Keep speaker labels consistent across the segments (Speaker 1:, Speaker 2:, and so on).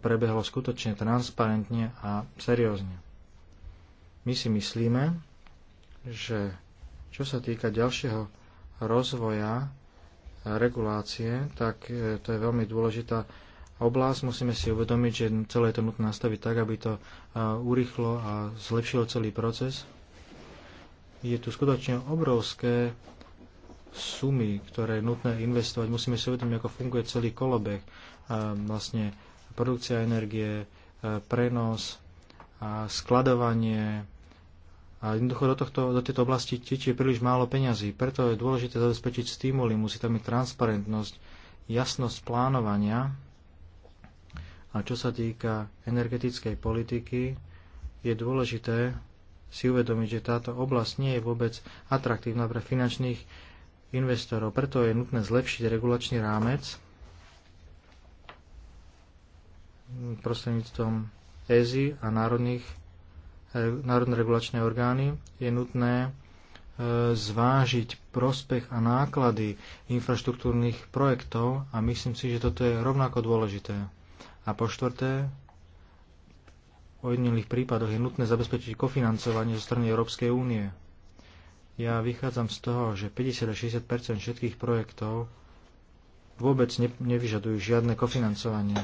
Speaker 1: prebehlo skutočne transparentne a seriózne. My si myslíme, že čo sa týka ďalšieho rozvoja regulácie, tak e, to je veľmi dôležitá oblasť. Musíme si uvedomiť, že celé je to nutné nastaviť tak, aby to e, urýchlo a zlepšilo celý proces. Je tu skutočne obrovské sumy, ktoré je nutné investovať. Musíme si uvedomiť, ako funguje celý kolobeh. Vlastne produkcia energie, e, prenos skladovanie. A jednoducho do, tohto, do tejto oblasti tečie príliš málo peňazí. Preto je dôležité zabezpečiť stimuly, musí tam byť transparentnosť, jasnosť plánovania. A čo sa týka energetickej politiky, je dôležité si uvedomiť, že táto oblasť nie je vôbec atraktívna pre finančných investorov. Preto je nutné zlepšiť regulačný rámec prostredníctvom EZI a národných, e, národné regulačné orgány, je nutné e, zvážiť prospech a náklady infraštruktúrnych projektov a myslím si, že toto je rovnako dôležité. A po štvrté, v ojedinelých prípadoch je nutné zabezpečiť kofinancovanie zo strany Európskej únie. Ja vychádzam z toho, že 50 60 všetkých projektov vôbec nevyžadujú žiadne kofinancovanie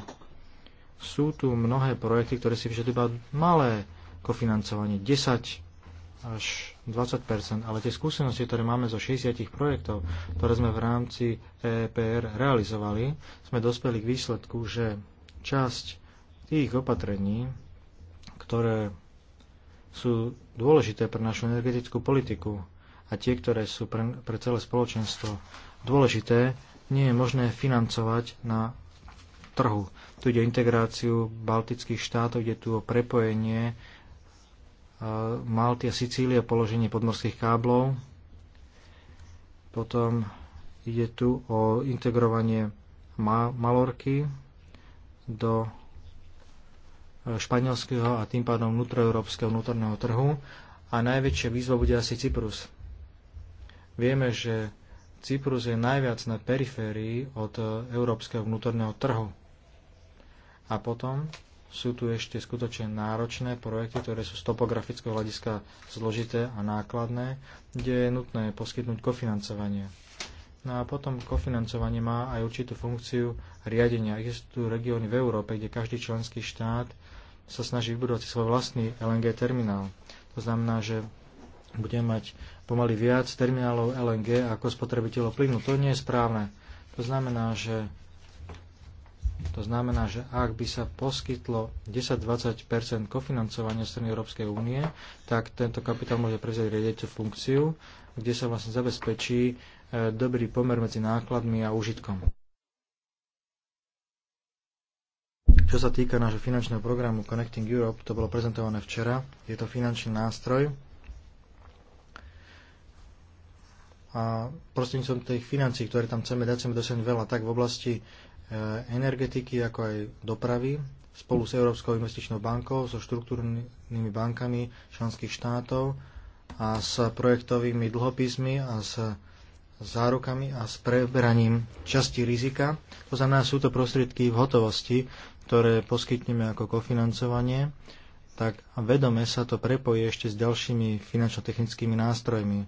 Speaker 1: sú tu mnohé projekty, ktoré si vyžadujú iba malé kofinancovanie, 10 až 20 ale tie skúsenosti, ktoré máme zo 60 projektov, ktoré sme v rámci EPR realizovali, sme dospeli k výsledku, že časť tých opatrení, ktoré sú dôležité pre našu energetickú politiku a tie, ktoré sú pre, pre celé spoločenstvo dôležité, nie je možné financovať na trhu. Tu ide o integráciu baltických štátov, ide tu o prepojenie e, Malty a Sicílie, položenie podmorských káblov. Potom ide tu o integrovanie Malorky do e, španielského a tým pádom vnútroeurópskeho vnútorného trhu a najväčšia výzva bude asi Cyprus. Vieme, že Cyprus je najviac na periférii od e, európskeho vnútorného trhu. A potom sú tu ešte skutočne náročné projekty, ktoré sú z topografického hľadiska zložité a nákladné, kde je nutné poskytnúť kofinancovanie. No a potom kofinancovanie má aj určitú funkciu riadenia. Existujú regióny v Európe, kde každý členský štát sa snaží vybudovať si svoj vlastný LNG terminál. To znamená, že budeme mať pomaly viac terminálov LNG ako spotrebiteľov plynu. To nie je správne. To znamená, že to znamená, že ak by sa poskytlo 10-20 kofinancovania strany Európskej únie, tak tento kapitál môže prevziať riadiacu funkciu, kde sa vlastne zabezpečí e, dobrý pomer medzi nákladmi a užitkom. Čo sa týka nášho finančného programu Connecting Europe, to bolo prezentované včera. Je to finančný nástroj a prostredníctvom tých financií, ktoré tam chceme dať, chceme dosiahnuť veľa tak v oblasti Eh, energetiky, ako aj dopravy, spolu s Európskou investičnou bankou, so štruktúrnymi bankami členských štátov a s projektovými dlhopismi a s zárukami a s preberaním časti rizika. To znamená, sú to prostriedky v hotovosti, ktoré poskytneme ako kofinancovanie, tak vedome sa to prepojí ešte s ďalšími finančno-technickými nástrojmi.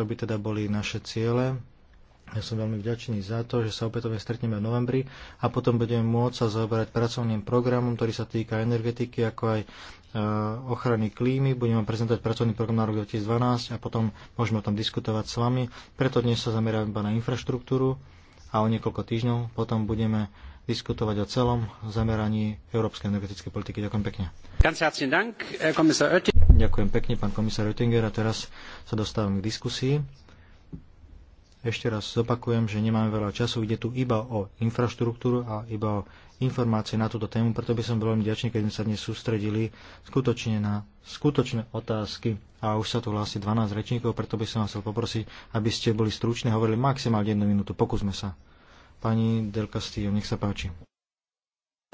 Speaker 1: To by teda boli naše ciele ja som veľmi vďačný za to, že sa opätovne stretneme v novembri a potom budeme môcť sa zaoberať pracovným programom, ktorý sa týka energetiky, ako aj eh, ochrany klímy. Budeme prezentovať pracovný program na rok 2012 a potom môžeme o tom diskutovať s vami. Preto dnes sa zamerám iba na infraštruktúru a o niekoľko týždňov potom budeme diskutovať o celom zameraní európskej energetickej politiky. Ďakujem pekne. Ďakujem pekne, pán komisár Oettinger. A teraz sa dostávam k diskusii. Ešte raz zopakujem, že nemáme veľa času, ide tu iba o infraštruktúru a iba o informácie na túto tému, preto by som bol veľmi vďačný, keď sme sa dnes sústredili skutočne na skutočné otázky. A už sa tu hlási 12 rečníkov, preto by som vás chcel poprosiť, aby ste boli stručné, hovorili maximálne jednu minútu, pokúsme sa. Pani Del Castillo, nech sa páči.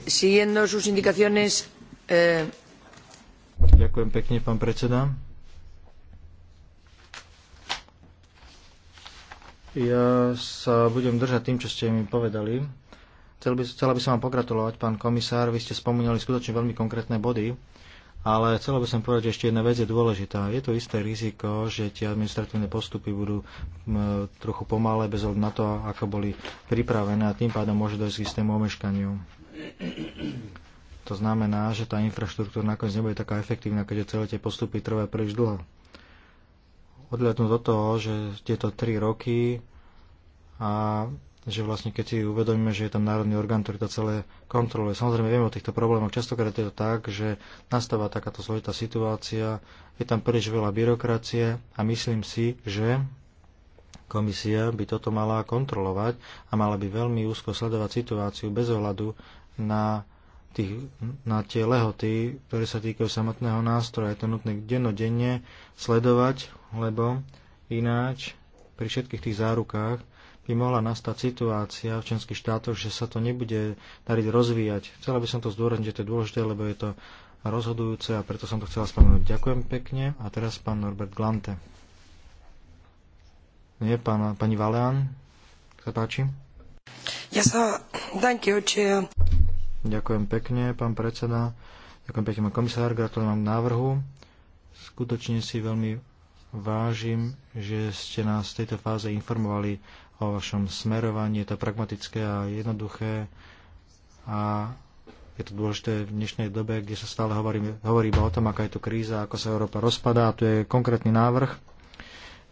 Speaker 2: Siguiendo sus indicaciones, eh... Ďakujem
Speaker 1: pekne, pán predseda. Ja sa budem držať tým, čo ste mi povedali. Chcel by, chcela by som vám pogratulovať, pán komisár. Vy ste spomínali skutočne veľmi konkrétne body, ale chcela by som povedať, že ešte jedna vec je dôležitá. Je to isté riziko, že tie administratívne postupy budú m, trochu pomalé, bez ohľadu na to, ako boli pripravené a tým pádom môže dojsť k istému omeškaniu. To znamená, že tá infraštruktúra nakoniec nebude taká efektívna, keďže celé tie postupy trvajú príliš dlho odhľadnúť do toho, že tieto tri roky a že vlastne keď si uvedomíme, že je tam národný orgán, ktorý to celé kontroluje. Samozrejme vieme o týchto problémoch, častokrát je to tak, že nastáva takáto zložitá situácia, je tam príliš veľa byrokracie a myslím si, že komisia by toto mala kontrolovať a mala by veľmi úzko sledovať situáciu bez ohľadu na, tých, na tie lehoty, ktoré sa týkajú samotného nástroja. Je to nutné dennodenne sledovať lebo ináč pri všetkých tých zárukách by mohla nastať situácia v členských štátoch, že sa to nebude dariť rozvíjať. Chcela by som to zdôrazniť, že to je dôležité, lebo je to rozhodujúce a preto som to chcela spomenúť. Ďakujem pekne a teraz pán Norbert Glante. Nie, pán, pani Valean, sa páči. Ja sa, Danke, you, Ďakujem pekne, pán predseda. Ďakujem pekne, pán komisár. Gratulujem vám návrhu. Skutočne si veľmi vážim, že ste nás v tejto fáze informovali o vašom smerovaní. Je to pragmatické a jednoduché a je to dôležité v dnešnej dobe, kde sa stále hovorí, hovorí iba o tom, aká je tu kríza, ako sa Európa rozpadá. A tu je konkrétny návrh,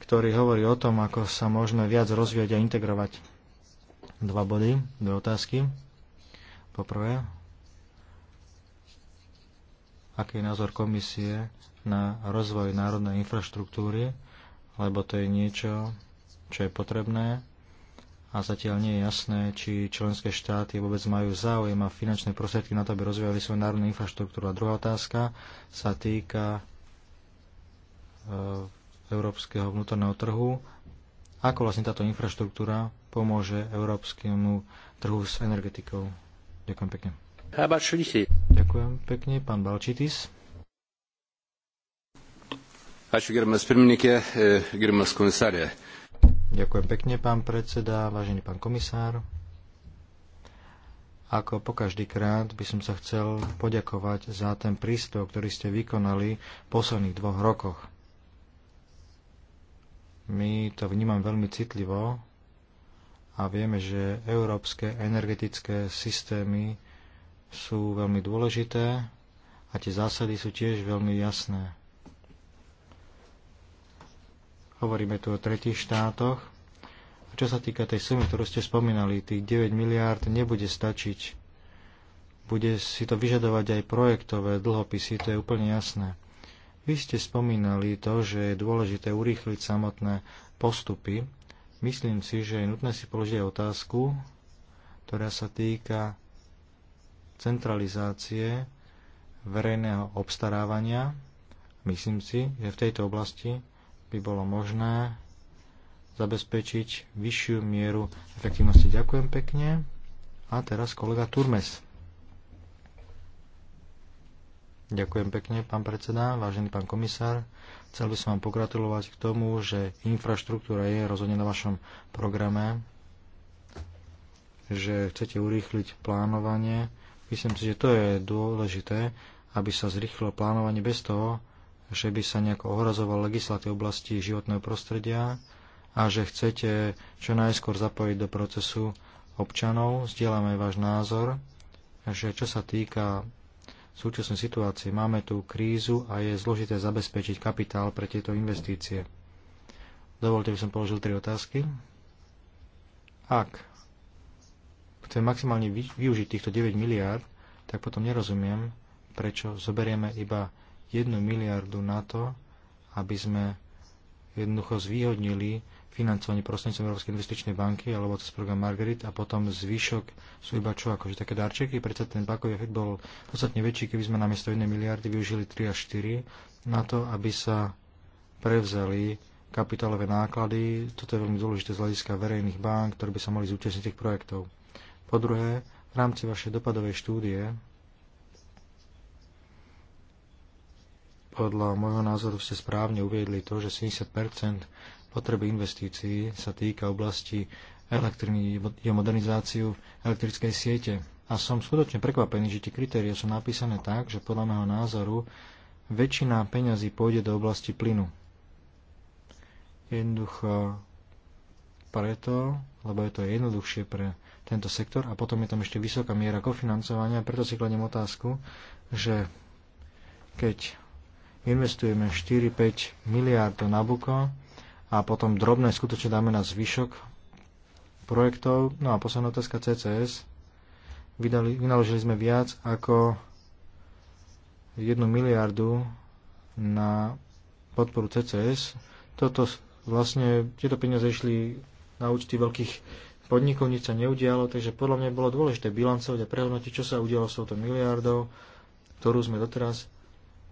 Speaker 1: ktorý hovorí o tom, ako sa môžeme viac rozvíjať a integrovať. Dva body, dve otázky. Poprvé, aký je názor komisie na rozvoj národnej infraštruktúry, lebo to je niečo, čo je potrebné a zatiaľ nie je jasné, či členské štáty vôbec majú záujem a finančné prostriedky na to, aby rozvíjali svoju národnú infraštruktúru. A druhá otázka sa týka e, európskeho vnútorného trhu. Ako vlastne táto infraštruktúra pomôže európskemu trhu s energetikou? Ďakujem pekne. Ďakujem pekne, pán Balčitis. E, Ďakujem pekne, pán predseda, vážený pán komisár. Ako po každý krát by som sa chcel poďakovať za ten prístup, ktorý ste vykonali v posledných dvoch rokoch. My to vnímam veľmi citlivo a vieme, že európske energetické systémy sú veľmi dôležité a tie zásady sú tiež veľmi jasné. Hovoríme tu o tretich štátoch. A čo sa týka tej sumy, ktorú ste spomínali, tých 9 miliárd nebude stačiť. Bude si to vyžadovať aj projektové dlhopisy, to je úplne jasné. Vy ste spomínali to, že je dôležité urýchliť samotné postupy. Myslím si, že je nutné si položiť otázku, ktorá sa týka centralizácie verejného obstarávania. Myslím si, že v tejto oblasti by bolo možné zabezpečiť vyššiu mieru efektivnosti. Ďakujem pekne. A teraz kolega Turmes. Ďakujem pekne, pán predseda, vážený pán komisár. Chcel by som vám pogratulovať k tomu, že infraštruktúra je rozhodne na vašom programe, že chcete urýchliť plánovanie. Myslím si, že to je dôležité, aby sa zrýchlo plánovanie bez toho, že by sa nejako ohrazoval legislatív oblasti životného prostredia a že chcete čo najskôr zapojiť do procesu občanov. Zdieľame váš názor, že čo sa týka súčasnej situácie, máme tu krízu a je zložité zabezpečiť kapitál pre tieto investície. Dovolte, by som položil tri otázky. Ak chcem maximálne využiť týchto 9 miliárd, tak potom nerozumiem, prečo zoberieme iba 1 miliardu na to, aby sme jednoducho zvýhodnili financovanie prostredníctvom Európskej investičnej banky alebo cez program Margaret a potom zvyšok sú iba čo akože také darčeky. Predsa ten bankový efekt bol podstatne väčší, keby sme namiesto 1 miliardy využili 3 až 4 na to, aby sa prevzali kapitálové náklady. Toto je veľmi dôležité z hľadiska verejných bank, ktoré by sa mohli zúčastniť tých projektov. Po druhé, v rámci vašej dopadovej štúdie Podľa môjho názoru ste správne uviedli to, že 70 potreby investícií sa týka oblasti elektriny, je modernizáciu elektrickej siete. A som skutočne prekvapený, že tie kritéria sú napísané tak, že podľa môjho názoru väčšina peňazí pôjde do oblasti plynu. Jednoducho preto, lebo je to jednoduchšie pre tento sektor a potom je tam ešte vysoká miera kofinancovania, preto si kladiem otázku, že keď investujeme 4-5 miliárd do Nabuko a potom drobné skutočne dáme na zvyšok projektov. No a posledná otázka CCS. Vydali, vynaložili sme viac ako 1 miliardu na podporu CCS. Toto vlastne, tieto peniaze išli na účty veľkých podnikov, nič sa neudialo, takže podľa mňa bolo dôležité bilancovať a prehodnotiť, čo sa udialo s touto miliardou, ktorú sme doteraz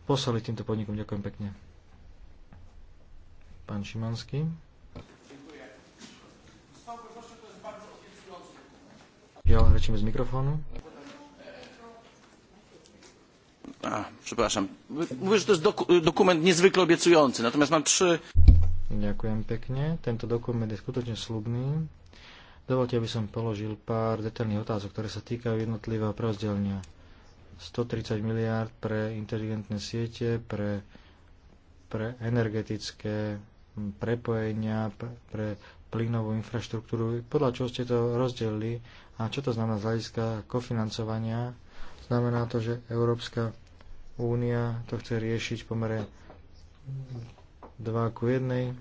Speaker 1: poslali týmto podnikom. Ďakujem pekne. Pán Šimanský. Ja rečím z mikrofónu.
Speaker 2: A, przepraszam. Mówię, że to jest doku dokument niezwykle obiecujący, natomiast mam trzy...
Speaker 1: Ďakujem pekne. Tento dokument je skutočne slubný. Dovolte, aby som položil pár detailných otázok, ktoré sa týkajú jednotlivého prerozdelenia. 130 miliárd pre inteligentné siete, pre, pre energetické prepojenia, pre plynovú infraštruktúru. Podľa čoho ste to rozdelili a čo to znamená z hľadiska kofinancovania? Znamená to, že Európska únia to chce riešiť v pomere 2 ku 1.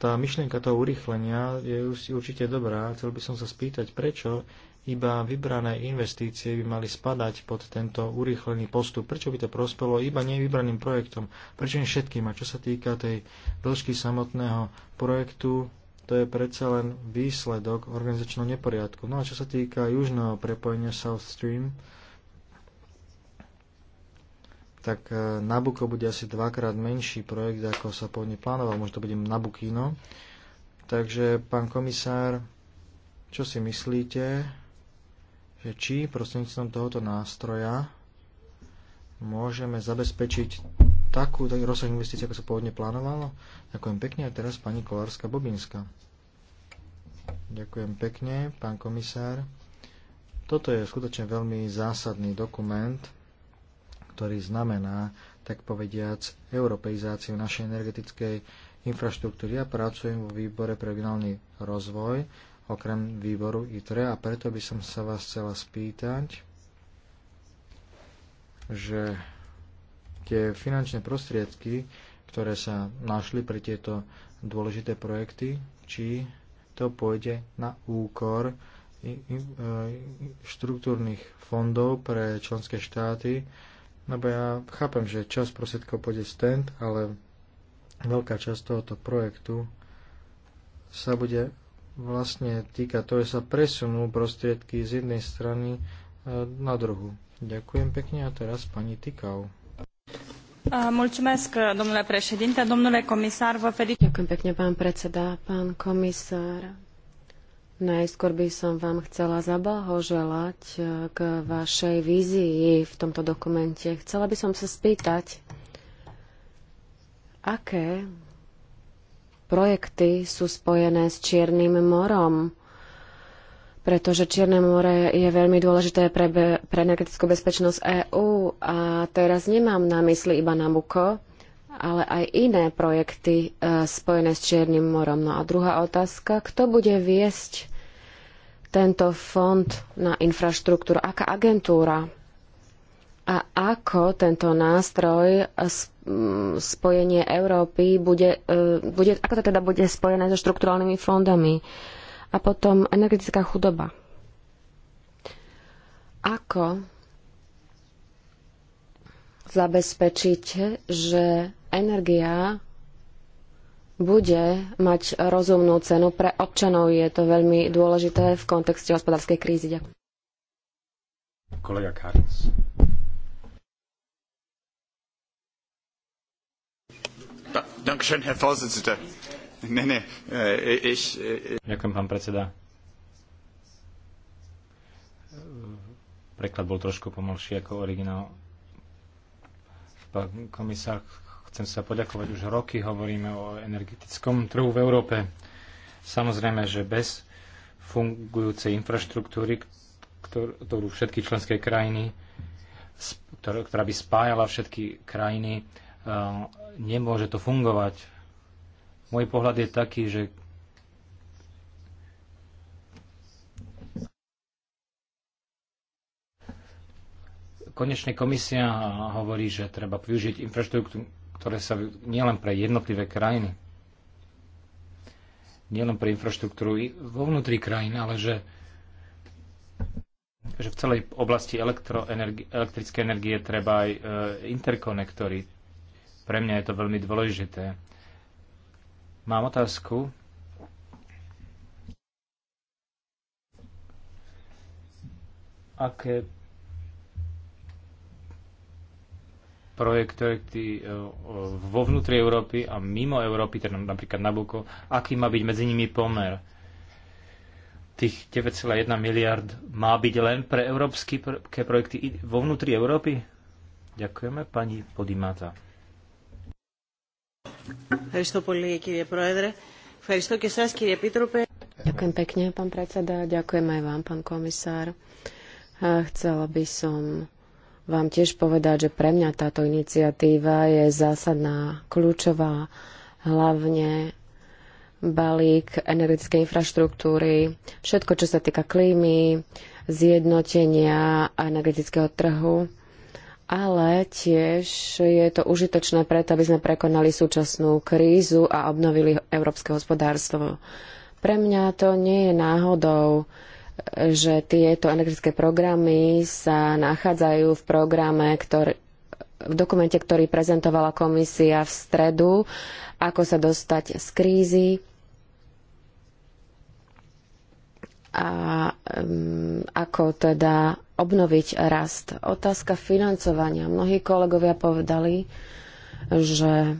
Speaker 1: Tá myšlienka toho urychlenia je určite dobrá. Chcel by som sa spýtať, prečo iba vybrané investície by mali spadať pod tento urýchlený postup. Prečo by to prospelo iba nevybraným projektom? Prečo nie všetkým? A čo sa týka tej dĺžky samotného projektu, to je predsa len výsledok organizačného neporiadku. No a čo sa týka južného prepojenia South Stream, tak e, Nabuko bude asi dvakrát menší projekt, ako sa pôvodne plánoval. Možno to bude Nabukino. Takže, pán komisár, čo si myslíte? či prostredníctvom tohoto nástroja môžeme zabezpečiť takú tak rozsah investícií, ako sa pôvodne plánovalo. Ďakujem pekne a teraz pani Kolárska Bobinska. Ďakujem pekne, pán komisár. Toto je skutočne veľmi zásadný dokument, ktorý znamená, tak povediac, europeizáciu našej energetickej infraštruktúry. Ja pracujem vo výbore pre regionálny rozvoj okrem výboru ITRE a preto by som sa vás chcela spýtať, že tie finančné prostriedky, ktoré sa našli pre tieto dôležité projekty, či to pôjde na úkor e, štruktúrnych fondov pre členské štáty, lebo ja chápem, že čas prostriedkov pôjde stent, ale veľká časť tohoto projektu sa bude vlastne týka toho, že sa presunú prostriedky z jednej strany e, na druhu. Ďakujem pekne a teraz pani Tikau.
Speaker 2: Mulțumesc, domnule președinte, domnule comisar, vă felicit. Ďakujem pekne, pán predseda, pán komisár. Najskôr by som vám chcela zablahoželať e, k vašej vízii v tomto dokumente. Chcela by som sa spýtať, aké projekty sú spojené s Čiernym morom, pretože Čierne more je veľmi dôležité pre, be, pre energetickú bezpečnosť EÚ a teraz nemám na mysli iba Nabuko, ale aj iné projekty e, spojené s Čiernym morom. No a druhá otázka, kto bude viesť tento fond na infraštruktúru, aká agentúra a ako tento nástroj mm, spojenie Európy bude, e, bude ako to teda bude spojené so štrukturálnymi fondami a potom energetická chudoba. Ako zabezpečiť, že energia bude mať rozumnú cenu pre občanov. Je to veľmi dôležité v kontexte hospodárskej krízy. Ďakujem.
Speaker 3: Kolega Äh, äh, äh. Ďakujem, pán predseda. Preklad bol trošku pomalší ako originál. Pán komisár, chcem sa poďakovať. Už roky hovoríme o energetickom trhu v Európe. Samozrejme, že bez fungujúcej infraštruktúry, ktorú všetky členské krajiny, ktorá by spájala všetky krajiny, nemôže to fungovať. Môj pohľad je taký, že konečne komisia hovorí, že treba využiť infraštruktúru, ktoré sa nielen pre jednotlivé krajiny, nielen pre infraštruktúru vo vnútri krajín, ale že, že v celej oblasti elektrické energie treba aj e, interkonektory. Pre mňa je to veľmi dôležité. Mám otázku. Aké projekty e, e, vo vnútri Európy a mimo Európy, teda napríklad Nabuko, aký má byť medzi nimi pomer? Tých 9,1 miliard má byť len pre európske projekty vo vnútri Európy? Ďakujeme, pani Podimata.
Speaker 2: Ďakujem pekne, pán predseda. Ďakujem aj vám, pán komisár. chcela by som vám tiež povedať, že pre mňa táto iniciatíva je zásadná, kľúčová, hlavne balík energetickej infraštruktúry, všetko, čo sa týka klímy, zjednotenia energetického trhu ale tiež je to užitočné preto, aby sme prekonali súčasnú krízu a obnovili európske hospodárstvo. Pre mňa to nie je náhodou, že tieto energetické programy sa nachádzajú v programe, ktorý, v dokumente, ktorý prezentovala komisia v stredu, ako sa dostať z krízy a um, ako teda obnoviť rast. Otázka financovania. Mnohí kolegovia povedali, že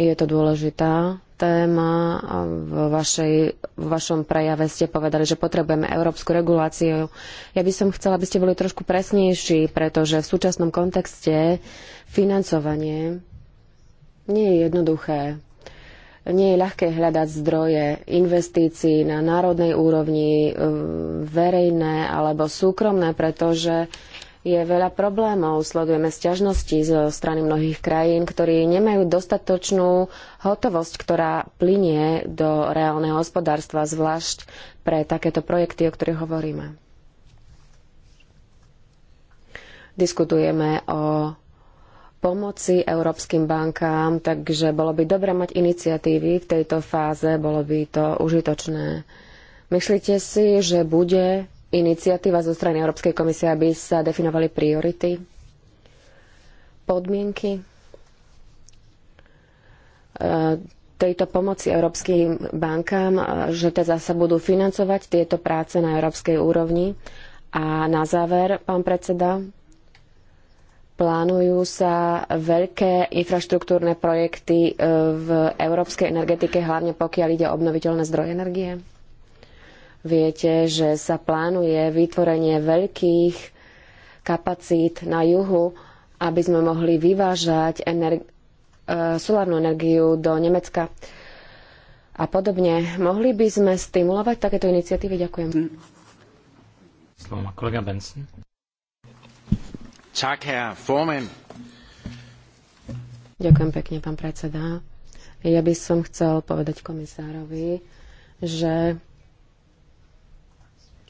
Speaker 2: je to dôležitá téma. V, vašej, v vašom prejave ste povedali, že potrebujeme európsku reguláciu. Ja by som chcela, aby ste boli trošku presnejší, pretože v súčasnom kontexte financovanie nie je jednoduché nie je ľahké hľadať zdroje investícií na národnej úrovni, e, verejné alebo súkromné, pretože je veľa problémov. Sledujeme sťažnosti zo strany mnohých krajín, ktorí nemajú dostatočnú hotovosť, ktorá plinie do reálneho hospodárstva, zvlášť pre takéto projekty, o ktorých hovoríme. Diskutujeme o pomoci európskym bankám, takže bolo by dobré mať iniciatívy v tejto fáze, bolo by to užitočné. Myslíte si, že bude iniciatíva zo strany Európskej komisie, aby sa definovali priority, podmienky e, tejto pomoci európskym bankám, e, že teda sa budú financovať tieto práce na európskej úrovni? A na záver, pán predseda, Plánujú sa veľké infraštruktúrne projekty e, v európskej energetike, hlavne pokiaľ ide o obnoviteľné zdroje energie? Viete, že sa plánuje vytvorenie veľkých kapacít na juhu, aby sme mohli vyvážať ener- e, solárnu energiu do Nemecka a podobne. Mohli by sme stimulovať takéto iniciatívy? Ďakujem.
Speaker 3: Slovo má kolega Benson.
Speaker 2: Ďakujem pekne, pán predseda. Ja by som chcel povedať komisárovi, že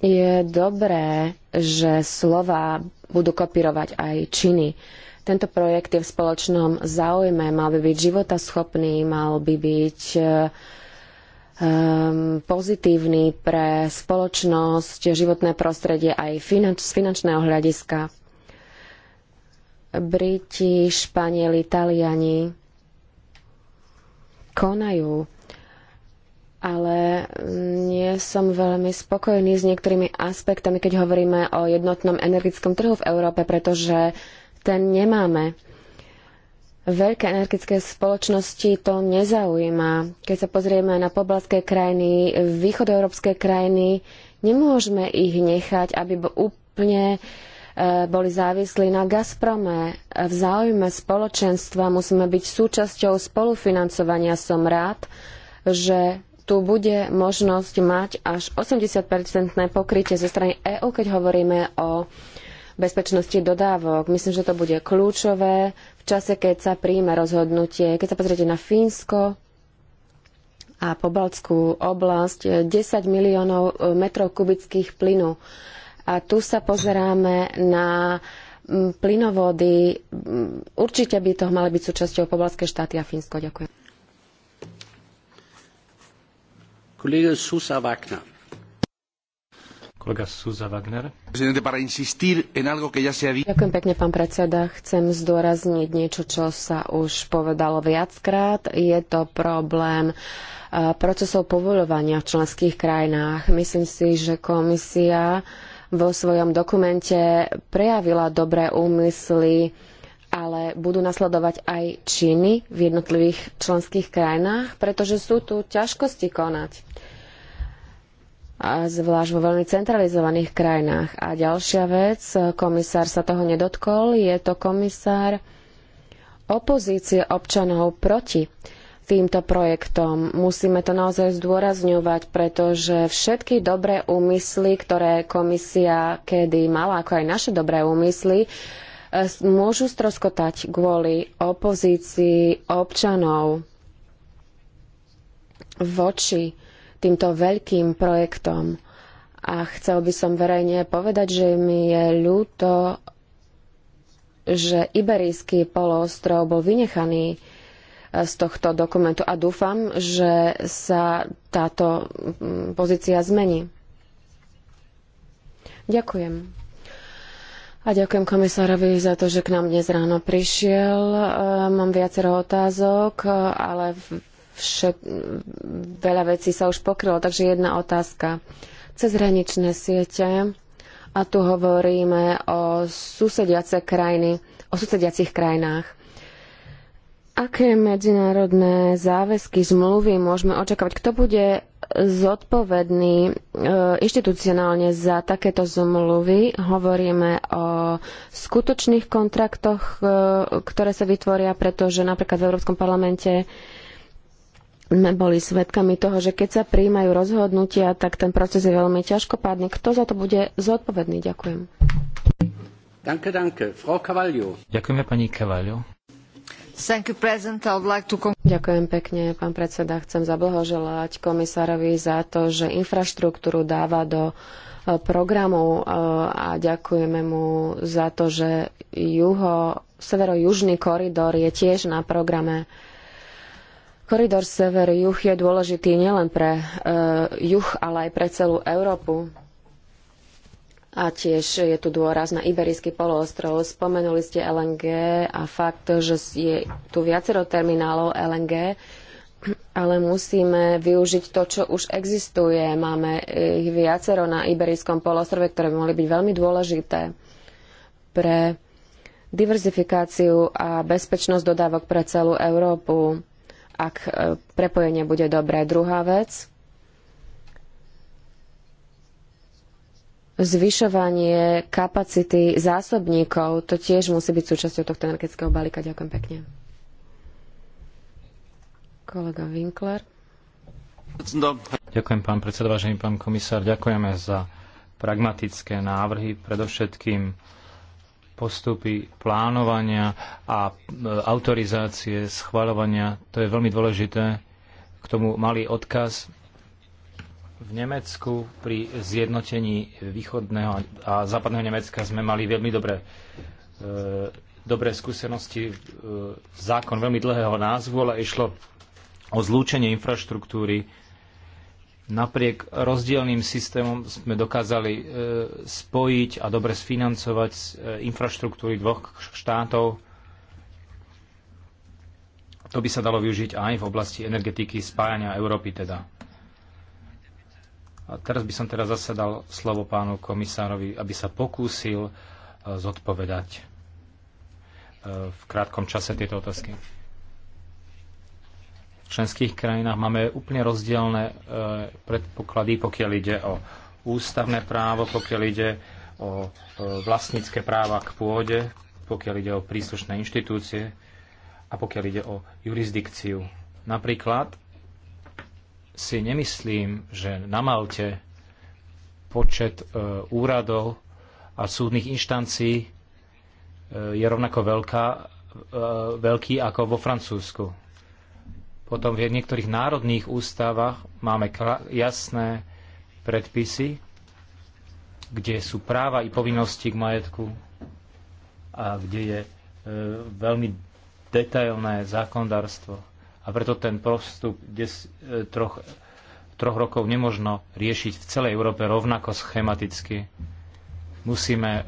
Speaker 2: je dobré, že slova budú kopírovať aj činy. Tento projekt je v spoločnom záujme, mal by byť životaschopný, mal by byť um, pozitívny pre spoločnosť, životné prostredie aj finanč, z finančného hľadiska. Briti, Španieli, Taliani konajú. Ale nie som veľmi spokojný s niektorými aspektami, keď hovoríme o jednotnom energetickom trhu v Európe, pretože ten nemáme. Veľké energetické spoločnosti to nezaujíma. Keď sa pozrieme na poblaské krajiny, východoeurópske krajiny, nemôžeme ich nechať, aby úplne uh, E, boli závislí na Gazprome. V záujme spoločenstva musíme byť súčasťou spolufinancovania. Som rád, že tu bude možnosť mať až 80-percentné pokrytie zo strany EÚ, keď hovoríme o bezpečnosti dodávok. Myslím, že to bude kľúčové v čase, keď sa príjme rozhodnutie. Keď sa pozriete na Fínsko a Pobaltskú oblasť, 10 miliónov metrov kubických plynu a tu sa pozeráme na mm, plynovody. Určite by to mali byť súčasťou pobalské štáty a Fínsko. Ďakujem.
Speaker 3: Kolega Susa Wagner. Kolega Susa Wagner.
Speaker 1: Ďakujem
Speaker 2: pekne, pán predseda. Chcem zdôrazniť niečo, čo sa už povedalo viackrát. Je to problém eh, procesov povoľovania v členských krajinách. Myslím si, že komisia vo svojom dokumente prejavila dobré úmysly, ale budú nasledovať aj činy v jednotlivých členských krajinách, pretože sú tu ťažkosti konať. A zvlášť vo veľmi centralizovaných krajinách. A ďalšia vec, komisár sa toho nedotkol, je to komisár opozície občanov proti týmto projektom. Musíme to naozaj zdôrazňovať, pretože všetky dobré úmysly, ktoré komisia kedy mala, ako aj naše dobré úmysly, e, môžu stroskotať kvôli opozícii občanov voči týmto veľkým projektom. A chcel by som verejne povedať, že mi je ľúto, že Iberijský poloostrov bol vynechaný E, z tohto dokumentu a dúfam, že sa táto pozícia zmení. Ďakujem. A ďakujem komisárovi za to, že k nám dnes ráno prišiel. E, mám viacero otázok, e, ale všet... veľa vecí sa už pokrylo, takže jedna otázka. Cezhraničné siete, a tu hovoríme o susediace krajiny, o susediacich krajinách. Aké medzinárodné záväzky, zmluvy môžeme očakávať? Kto bude zodpovedný e, inštitucionálne za takéto zmluvy. Hovoríme o skutočných kontraktoch, e, ktoré sa vytvoria, pretože napríklad v Európskom parlamente sme boli svedkami toho, že keď sa príjmajú rozhodnutia, tak ten proces je veľmi ťažkopádny. Kto za to bude zodpovedný? Ďakujem.
Speaker 3: Danke, danke. Frau Ďakujeme pani Cavaglio.
Speaker 2: Ďakujem pekne, pán predseda. Chcem zablahoželať komisárovi za to, že infraštruktúru dáva do e, programu e, a ďakujeme mu za to, že juho, severo-južný koridor je tiež na programe. Koridor sever-juh je dôležitý nielen pre e, juh, ale aj pre celú Európu. A tiež je tu dôraz na Iberijský poloostrov. Spomenuli ste LNG a fakt, že je tu viacero terminálov LNG, ale musíme využiť to, čo už existuje. Máme e, ich viacero na Iberijskom poloostrove, ktoré by mohli byť veľmi dôležité pre diverzifikáciu a bezpečnosť dodávok pre celú Európu, ak e, prepojenie bude dobré. Druhá vec, zvyšovanie kapacity zásobníkov, to tiež musí byť súčasťou tohto energetického balíka. Ďakujem pekne. Kolega Winkler.
Speaker 3: Ďakujem, pán predseda, vážený pán komisár. Ďakujeme za pragmatické návrhy, predovšetkým postupy plánovania a e, autorizácie, schvaľovania. To je veľmi dôležité. K tomu malý odkaz v Nemecku pri zjednotení východného a západného Nemecka sme mali veľmi dobré, e, dobré skúsenosti. E, zákon veľmi dlhého názvu, ale išlo o zlúčenie infraštruktúry. Napriek rozdielným systémom sme dokázali e, spojiť a dobre sfinancovať e, infraštruktúry dvoch štátov. To by sa dalo využiť aj v oblasti energetiky spájania Európy teda. A teraz by som teraz zase dal slovo pánu komisárovi, aby sa pokúsil e, zodpovedať e, v krátkom čase tieto otázky. V členských krajinách máme úplne rozdielne e, predpoklady, pokiaľ ide o ústavné právo, pokiaľ ide o vlastnícke práva k pôde, pokiaľ ide o príslušné inštitúcie a pokiaľ ide o jurisdikciu. Napríklad si nemyslím, že na Malte počet e, úradov a súdnych inštancií e, je rovnako veľká, e, veľký ako vo Francúzsku. Potom v niektorých národných ústavách máme jasné predpisy, kde sú práva i povinnosti k majetku a kde je veľmi detailné zákonodárstvo a preto ten postup des, e, troch, troch rokov nemožno riešiť v celej Európe rovnako schematicky. Musíme e, e,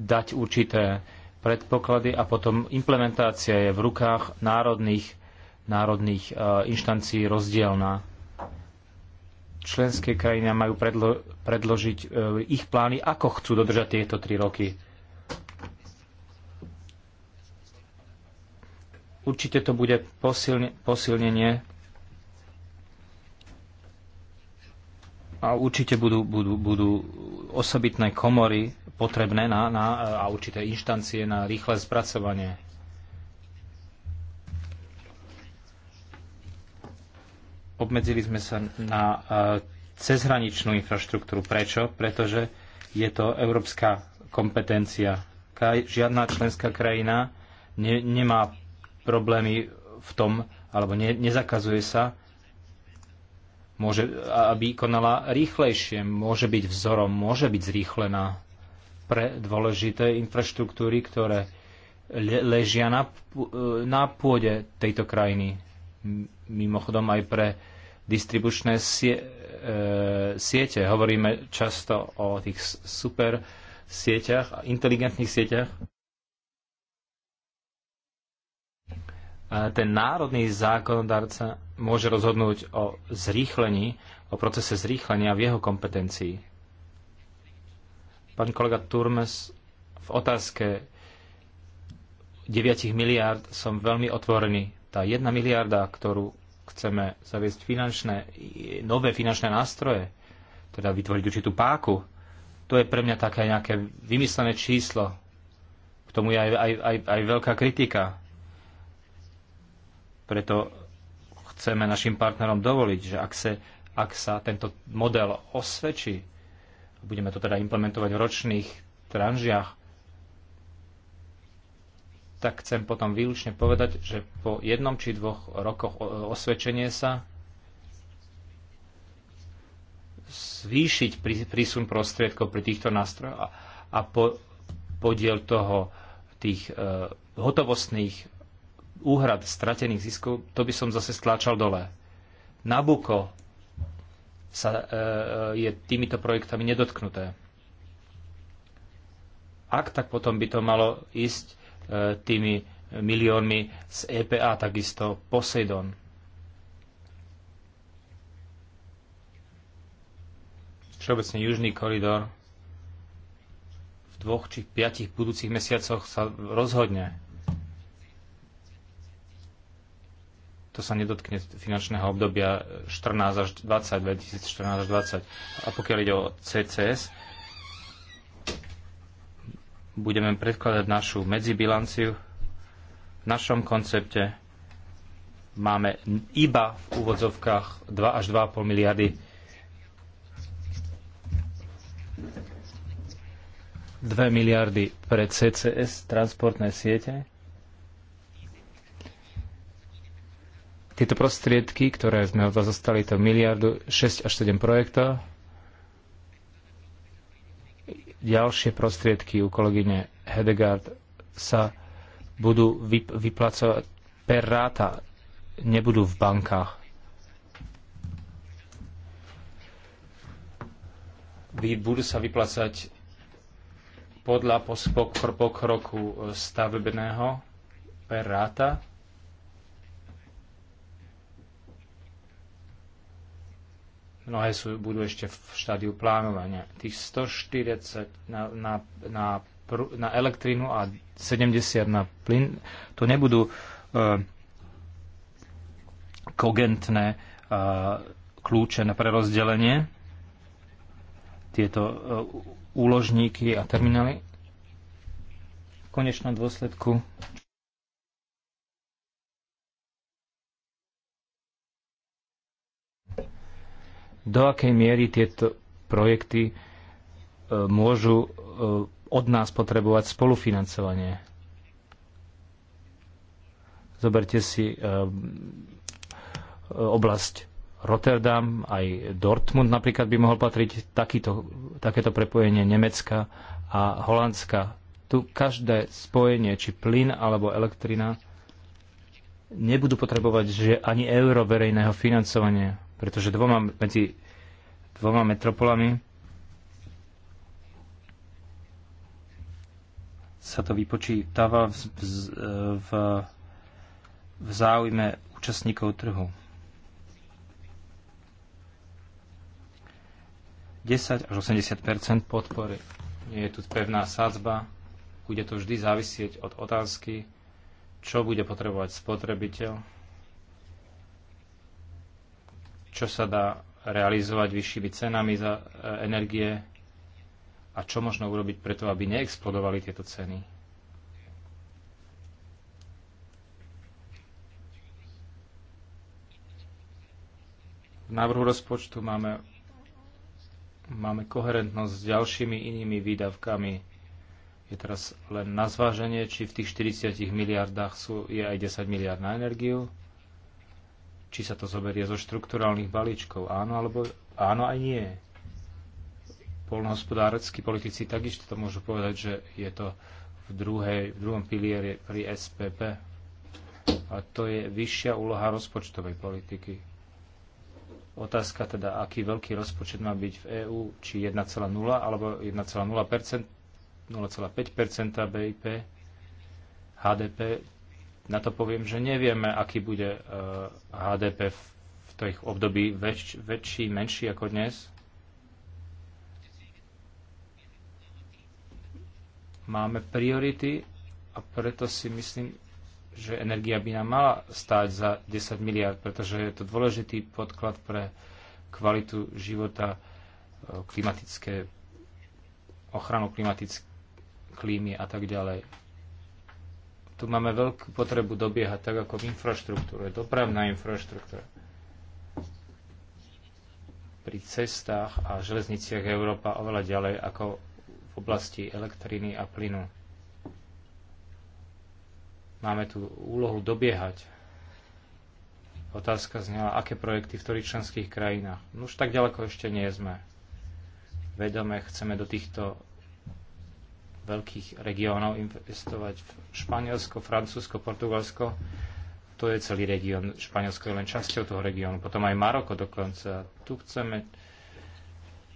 Speaker 3: dať určité predpoklady a potom implementácia je v rukách národných, národných e, inštancií rozdielná. Členské krajiny majú predlo, predložiť e, ich plány, ako chcú dodržať tieto tri roky Určite to bude posilne, posilnenie a určite budú, budú, budú osobitné komory potrebné na, na, a určité inštancie na rýchle spracovanie. Obmedzili sme sa na e, cezhraničnú infraštruktúru. Prečo? Pretože je to európska kompetencia. Žiadna členská krajina ne, nemá problémy v tom, alebo ne, nezakazuje sa, môže, aby konala rýchlejšie, môže byť vzorom, môže byť zrýchlená pre dôležité infraštruktúry, ktoré ležia na, e, na pôde tejto krajiny. Mimochodom aj pre distribučné sie, e, siete. Hovoríme často o tých super sieťach, inteligentných sieťach. ten národný zákonodárca môže rozhodnúť o zrýchlení, o procese zrýchlenia v jeho kompetencii. Pán kolega Turmes, v otázke 9 miliárd som veľmi otvorený. Tá jedna miliarda, ktorú chceme zaviesť finančné, nové finančné nástroje, teda vytvoriť určitú páku, to je pre mňa také nejaké vymyslené číslo. K tomu je aj, aj, aj, aj veľká kritika preto chceme našim partnerom dovoliť, že ak, se, ak sa tento model osvedčí, budeme to teda implementovať v ročných tranžiach, tak chcem potom výlučne povedať, že po jednom či dvoch rokoch osvedčenie sa zvýšiť prísun prostriedkov pri týchto nástrojoch a, a po, podiel toho tých e, hotovostných úhrad stratených ziskov, to by som zase stláčal dole. Nabuko sa, e, e, je týmito projektami nedotknuté. Ak tak potom by to malo ísť e, tými miliónmi z EPA, takisto Poseidon. Všeobecne južný koridor v dvoch či piatich budúcich mesiacoch sa rozhodne to sa nedotkne finančného obdobia 14 až 20, 2014 až 20. A pokiaľ ide o CCS, budeme predkladať našu medzibilanciu. V našom koncepte máme iba v úvodzovkách 2 až 2,5 miliardy Dve miliardy pre CCS, transportné siete, tieto prostriedky, ktoré sme od vás zostali, to miliardu 6 až 7 projektov, ďalšie prostriedky u kolegyne Hedegard sa budú vyplacovať per ráta, nebudú v bankách. Budú sa vyplacať podľa pokroku e, stavebného per ráta Mnohé sú, budú ešte v štádiu plánovania. Tých 140 na, na, na, pr, na elektrínu a 70 na plyn, to nebudú uh, kogentné uh, kľúče na prerozdelenie. Tieto uh, úložníky a terminály v konečnom dôsledku do akej miery tieto projekty e, môžu e, od nás potrebovať spolufinancovanie. Zoberte si e, oblasť Rotterdam, aj Dortmund napríklad by mohol patriť takýto, takéto prepojenie Nemecka a Holandska. Tu každé spojenie, či plyn alebo elektrina, nebudú potrebovať že ani euro verejného financovania pretože dvoma, medzi dvoma metropolami sa to vypočítava v, v, v záujme účastníkov trhu. 10 až 80 podpory. Nie je tu pevná sadzba. Bude to vždy závisieť od otázky, čo bude potrebovať spotrebiteľ čo sa dá realizovať vyššími cenami za e, energie a čo možno urobiť preto, aby neexplodovali tieto ceny. V návrhu rozpočtu máme, máme koherentnosť s ďalšími inými výdavkami. Je teraz len na zváženie, či v tých 40 miliardách sú, je aj 10 miliard na energiu či sa to zoberie zo štrukturálnych balíčkov. Áno, alebo áno aj nie. Polnohospodársky politici takisto to môžu povedať, že je to v, druhej, v druhom pilieri pri SPP. A to je vyššia úloha rozpočtovej politiky. Otázka teda, aký veľký rozpočet má byť v EÚ, či 1,0 alebo 1,0%, 0,5% BIP, HDP, na to poviem, že nevieme, aký bude e, HDP v tých období väč, väčší, menší ako dnes. Máme priority a preto si myslím, že energia by nám mala stáť za 10 miliard, pretože je to dôležitý podklad pre kvalitu života, e, klimatické, ochranu klimatické klímy a tak ďalej tu máme veľkú potrebu dobiehať, tak ako v infraštruktúre, dopravná infraštruktúra. Pri cestách a železniciach Európa oveľa ďalej ako v oblasti elektriny a plynu. Máme tu úlohu dobiehať. Otázka znela, aké projekty v ktorých členských krajinách. No už tak ďaleko ešte nie sme. Vedome chceme do týchto veľkých regiónov investovať v Španielsko, Francúzsko, Portugalsko. To je celý región. Španielsko je len časťou toho regiónu. Potom aj Maroko dokonca. Tu chceme,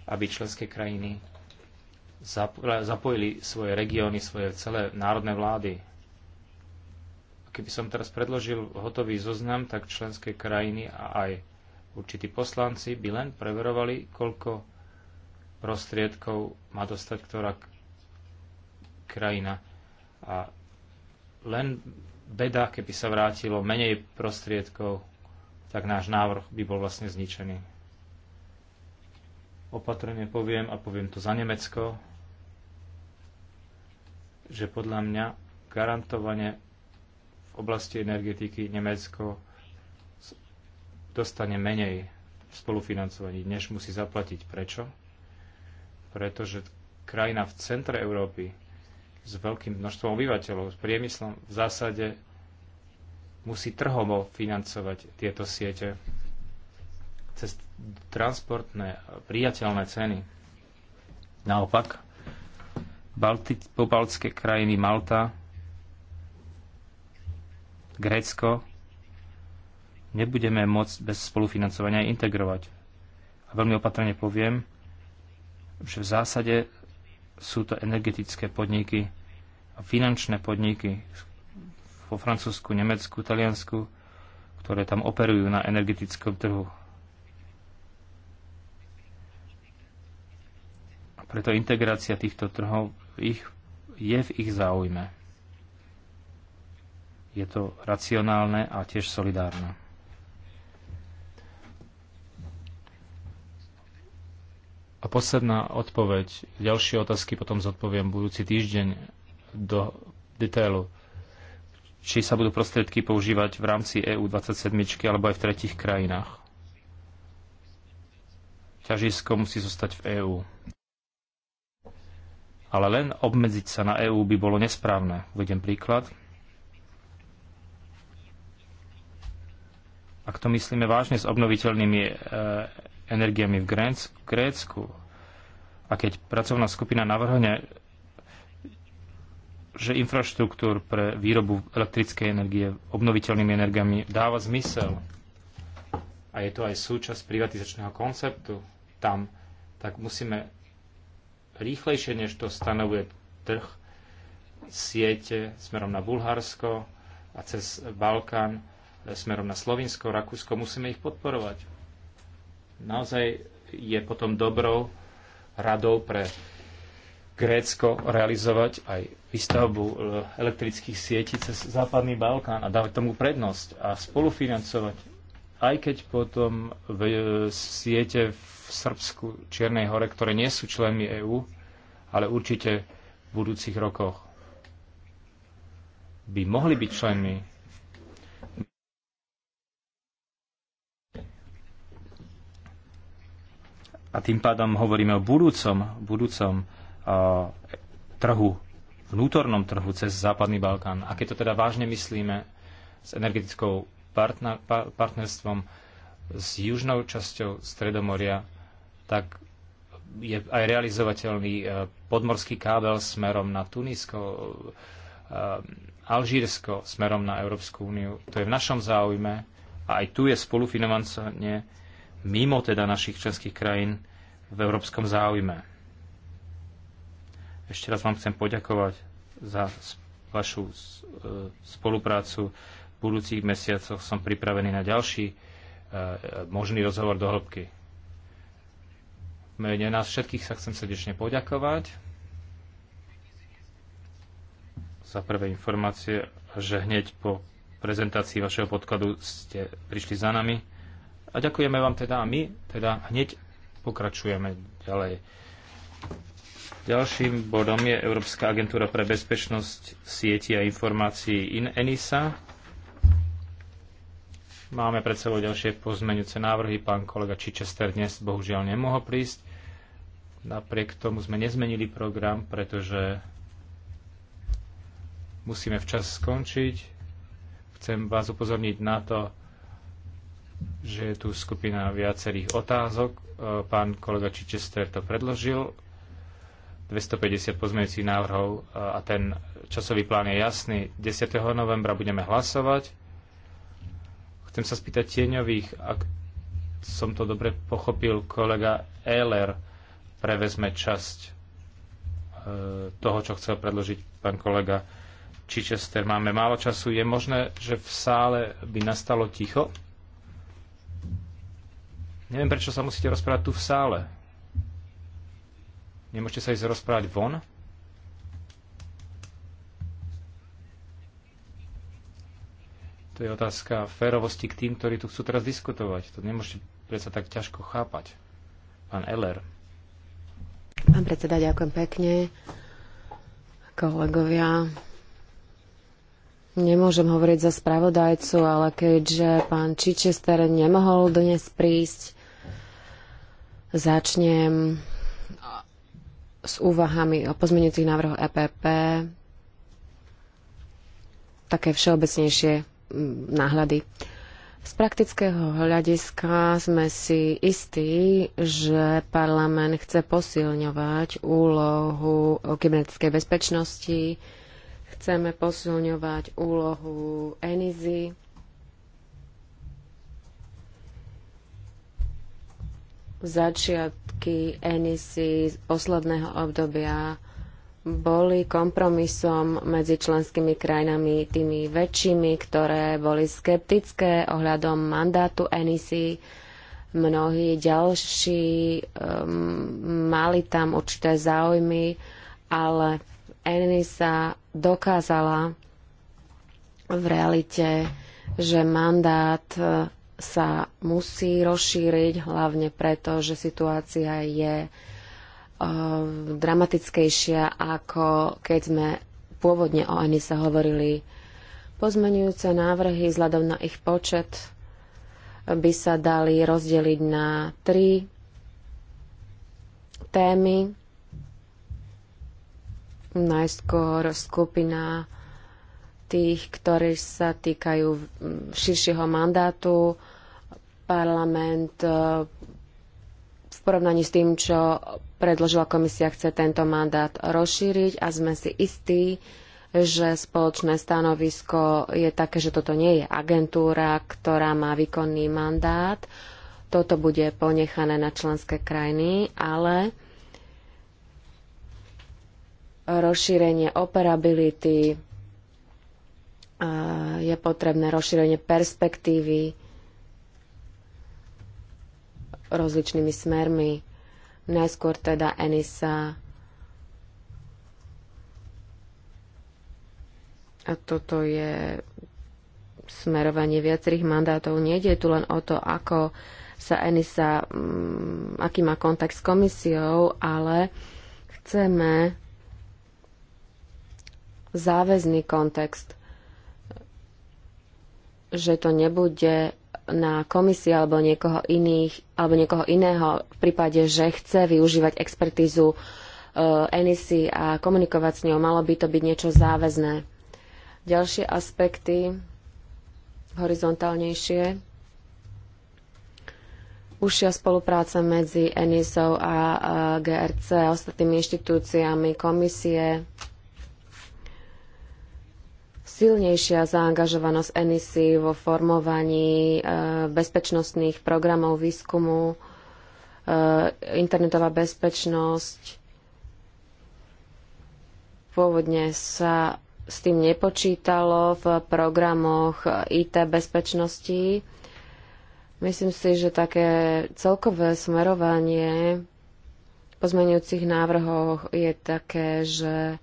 Speaker 3: aby členské krajiny zapojili svoje regióny, svoje celé národné vlády. Keby som teraz predložil hotový zoznam, tak členské krajiny a aj určití poslanci by len preverovali, koľko prostriedkov má dostať ktorá krajina. A len beda, keby sa vrátilo menej prostriedkov, tak náš návrh by bol vlastne zničený. Opatrne poviem, a poviem to za Nemecko, že podľa mňa garantovane v oblasti energetiky Nemecko dostane menej spolufinancovaní, než musí zaplatiť. Prečo? Pretože krajina v centre Európy s veľkým množstvom obyvateľov, s priemyslom v zásade musí trhovo financovať tieto siete cez transportné priateľné ceny. Naopak, Balti- pobaltské krajiny Malta, Grécko nebudeme môcť bez spolufinancovania integrovať. A veľmi opatrne poviem, že v zásade sú to energetické podniky, finančné podniky vo Francúzsku, Nemecku, Taliansku, ktoré tam operujú na energetickom trhu. A preto integrácia týchto trhov ich, je v ich záujme. Je to racionálne a tiež solidárne. A posledná odpoveď. Ďalšie otázky potom zodpoviem budúci týždeň do detailu. Či sa budú prostriedky používať v rámci EU 27 alebo aj v tretich krajinách. Ťažisko musí zostať v EÚ. Ale len obmedziť sa na EÚ by bolo nesprávne. Uvedem príklad. Ak to myslíme vážne s obnoviteľnými e, energiami v Grécku, a keď pracovná skupina navrhne že infraštruktúr pre výrobu elektrickej energie obnoviteľnými energiami dáva zmysel a je to aj súčasť privatizačného konceptu tam, tak musíme rýchlejšie, než to stanovuje trh, siete smerom na Bulharsko a cez Balkán e, smerom na Slovinsko, Rakúsko, musíme ich podporovať. Naozaj je potom dobrou radou pre Grécko realizovať aj výstavbu e, elektrických sietí cez Západný Balkán a dávať tomu prednosť a spolufinancovať, aj keď potom v e, siete v Srbsku, Čiernej hore, ktoré nie sú členmi EÚ, ale určite v budúcich rokoch by mohli byť členmi. A tým pádom hovoríme o budúcom, budúcom trhu, vnútornom trhu cez Západný Balkán. A keď to teda vážne myslíme s energetickou partner, partnerstvom s južnou časťou Stredomoria, tak je aj realizovateľný e, podmorský kábel smerom na Tunisko, e, Alžírsko smerom na Európsku úniu. To je v našom záujme a aj tu je spolufinancovanie mimo teda našich členských krajín v európskom záujme. Ešte raz vám chcem poďakovať za vašu e, spoluprácu. V budúcich mesiacoch som pripravený na ďalší e, možný rozhovor do hĺbky. Mene nás všetkých sa chcem srdečne poďakovať za prvé informácie, že hneď po prezentácii vašeho podkladu ste prišli za nami. A ďakujeme vám teda a my teda hneď pokračujeme ďalej. Ďalším bodom je Európska agentúra pre bezpečnosť sieti a informácií in ENISA. Máme pred sebou ďalšie pozmeňujúce návrhy. Pán kolega Čičester dnes bohužiaľ nemohol prísť. Napriek tomu sme nezmenili program, pretože musíme včas skončiť. Chcem vás upozorniť na to, že je tu skupina viacerých otázok. Pán kolega Čičester to predložil 250 pozmeňujúcich návrhov e, a ten časový plán je jasný. 10. novembra budeme hlasovať. Chcem sa spýtať tieňových, ak som to dobre pochopil, kolega Ehler prevezme časť e, toho, čo chcel predložiť pán kolega Čičester. Máme málo času. Je možné, že v sále by nastalo ticho? Neviem, prečo sa musíte rozprávať tu v sále. Nemôžete sa ísť rozprávať von? To je otázka férovosti k tým, ktorí tu chcú teraz diskutovať. To nemôžete predsa tak ťažko chápať. Pán Eller.
Speaker 2: Pán predseda, ďakujem pekne. Kolegovia, nemôžem hovoriť za spravodajcu, ale keďže pán Čičester nemohol dnes prísť, začnem s úvahami o pozmeňujúcich návrhoch EPP, také všeobecnejšie mm, náhľady. Z praktického hľadiska sme si istí, že parlament chce posilňovať úlohu kybernetickej bezpečnosti, chceme posilňovať úlohu ENISY, začiatky enisy z posledného obdobia boli kompromisom medzi členskými krajinami, tými väčšími, ktoré boli skeptické ohľadom mandátu Enisy. Mnohí ďalší um, mali tam určité záujmy, ale Enisa dokázala v realite, že mandát sa musí rozšíriť, hlavne preto, že situácia je eh, dramatickejšia, ako keď sme pôvodne o Anise hovorili. Pozmenujúce návrhy vzhľadom na ich počet by sa dali rozdeliť na tri témy. Najskôr skupina tých, ktorí sa týkajú širšieho mandátu. Parlament eh, v porovnaní s tým, čo predložila komisia, chce tento mandát rozšíriť a sme si istí, že spoločné stanovisko je také, že toto nie je agentúra, ktorá má výkonný mandát. Toto bude ponechané na členské krajiny, ale rozšírenie operability je potrebné rozšírenie perspektívy rozličnými smermi. Najskôr teda Enisa a toto je smerovanie viacerých mandátov. Nejde tu len o to, ako sa Enisa, mm, aký má kontakt s komisiou, ale chceme záväzný kontext že to nebude na komisii alebo niekoho iných, alebo niekoho iného v prípade, že chce využívať expertízu Enisy e a komunikovať s ňou. Malo by to byť niečo záväzné. Ďalšie aspekty horizontálnejšie. Užšia spolupráca medzi NISO e a GRC a ostatnými inštitúciami komisie silnejšia zaangažovanosť NISI e vo formovaní e, bezpečnostných programov výskumu, e, internetová bezpečnosť. Pôvodne sa s tým nepočítalo v programoch IT bezpečnosti. Myslím si, že také celkové smerovanie pozmeňujúcich návrhov je také, že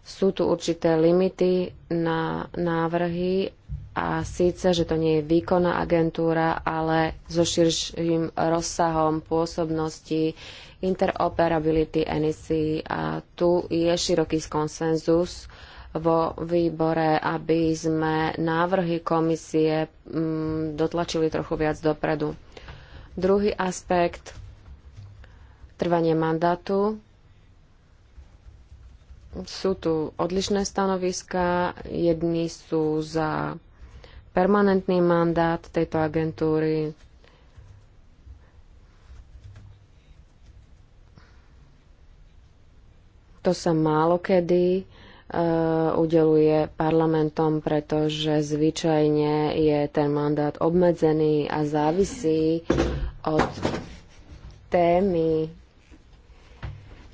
Speaker 2: sú tu určité limity na návrhy a síce, že to nie je výkonná agentúra, ale so širším rozsahom pôsobnosti interoperability NEC a tu je široký konsenzus vo výbore, aby sme návrhy komisie mm, dotlačili trochu viac dopredu. Druhý aspekt, trvanie mandátu. Sú tu odlišné stanoviska. Jedni sú za permanentný mandát tejto agentúry, to sa málo kedy e, udeluje parlamentom, pretože zvyčajne je ten mandát obmedzený a závisí od témy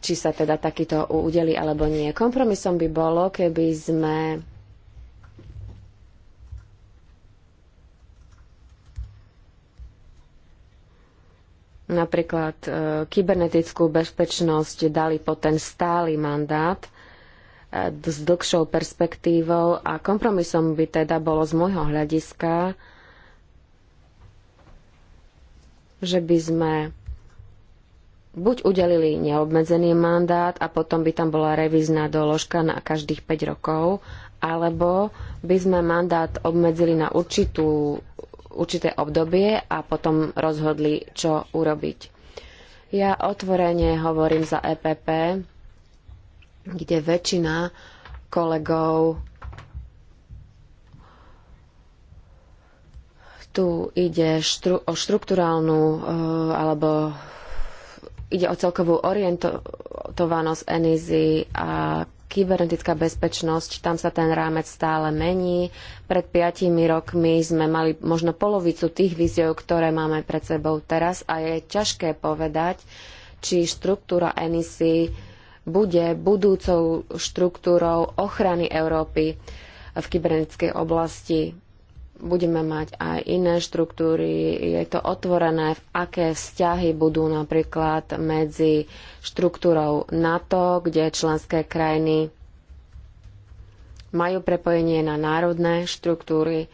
Speaker 2: či sa teda takýto udeli alebo nie. Kompromisom by bolo, keby sme napríklad e, kybernetickú bezpečnosť dali po ten stály mandát e, s dlhšou perspektívou a kompromisom by teda bolo z môjho hľadiska, že by sme buď udelili neobmedzený mandát a potom by tam bola revízna doložka na každých 5 rokov, alebo by sme mandát obmedzili na určitú, určité obdobie a potom rozhodli, čo urobiť. Ja otvorene hovorím za EPP, kde väčšina kolegov tu ide štru, o štruktúrálnu uh, e, alebo ide o celkovú orientovanosť Enizy a kybernetická bezpečnosť, tam sa ten rámec stále mení. Pred piatimi rokmi sme mali možno polovicu tých víziev, ktoré máme pred sebou teraz a je ťažké povedať, či štruktúra ENISY bude budúcou štruktúrou ochrany Európy v kybernetickej oblasti budeme mať aj iné štruktúry. Je to otvorené, v aké vzťahy budú napríklad medzi štruktúrou NATO, kde členské krajiny majú prepojenie na národné štruktúry.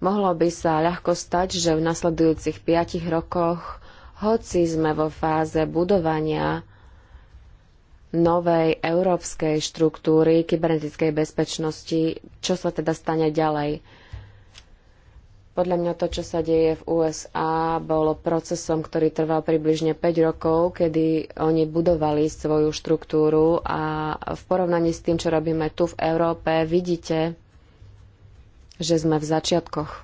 Speaker 2: Mohlo by sa ľahko stať, že v nasledujúcich piatich rokoch, hoci sme vo fáze budovania novej európskej štruktúry kybernetickej bezpečnosti, čo sa teda stane ďalej podľa mňa to, čo sa deje v USA, bolo procesom, ktorý trval približne 5 rokov, kedy oni budovali svoju štruktúru a v porovnaní s tým, čo robíme tu v Európe, vidíte, že sme v začiatkoch.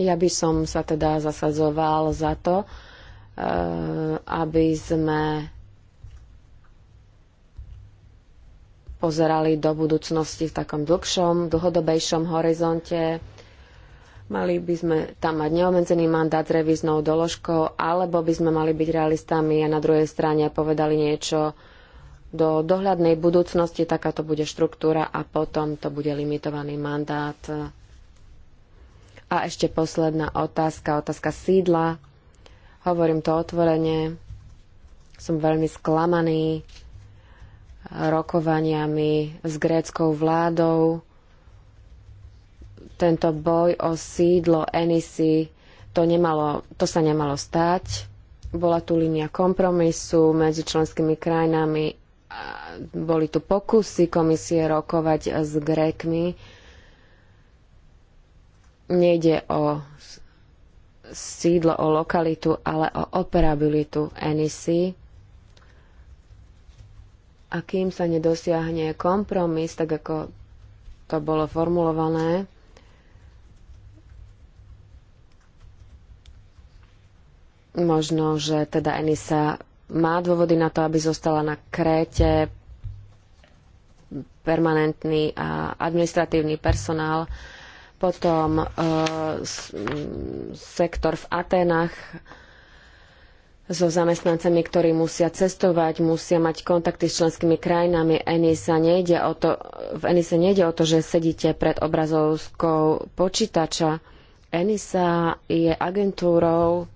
Speaker 2: Ja by som sa teda zasadzoval za to, eh, aby sme pozerali do budúcnosti v takom dlhšom, dlhodobejšom horizonte. Mali by sme tam mať neobmedzený mandát s revíznou doložkou, alebo by sme mali byť realistami a na druhej strane povedali niečo do dohľadnej budúcnosti, takáto bude štruktúra a potom to bude limitovaný mandát. A ešte posledná otázka, otázka sídla. Hovorím to otvorene. Som veľmi sklamaný rokovaniami s gréckou vládou. Tento boj o sídlo Enisy, to, nemalo, to sa nemalo stať. Bola tu línia kompromisu medzi členskými krajinami. Boli tu pokusy komisie rokovať s Grékmi. Nejde o sídlo, o lokalitu, ale o operabilitu Enisy a kým sa nedosiahne kompromis, tak ako to bolo formulované, možno, že teda Enisa má dôvody na to, aby zostala na Kréte permanentný a administratívny personál, potom e, s, sektor v Atenách, so zamestnancami, ktorí musia cestovať, musia mať kontakty s členskými krajinami. Enisa nejde o to, v Enise nejde o to, že sedíte pred obrazovskou počítača. Enisa je agentúrou,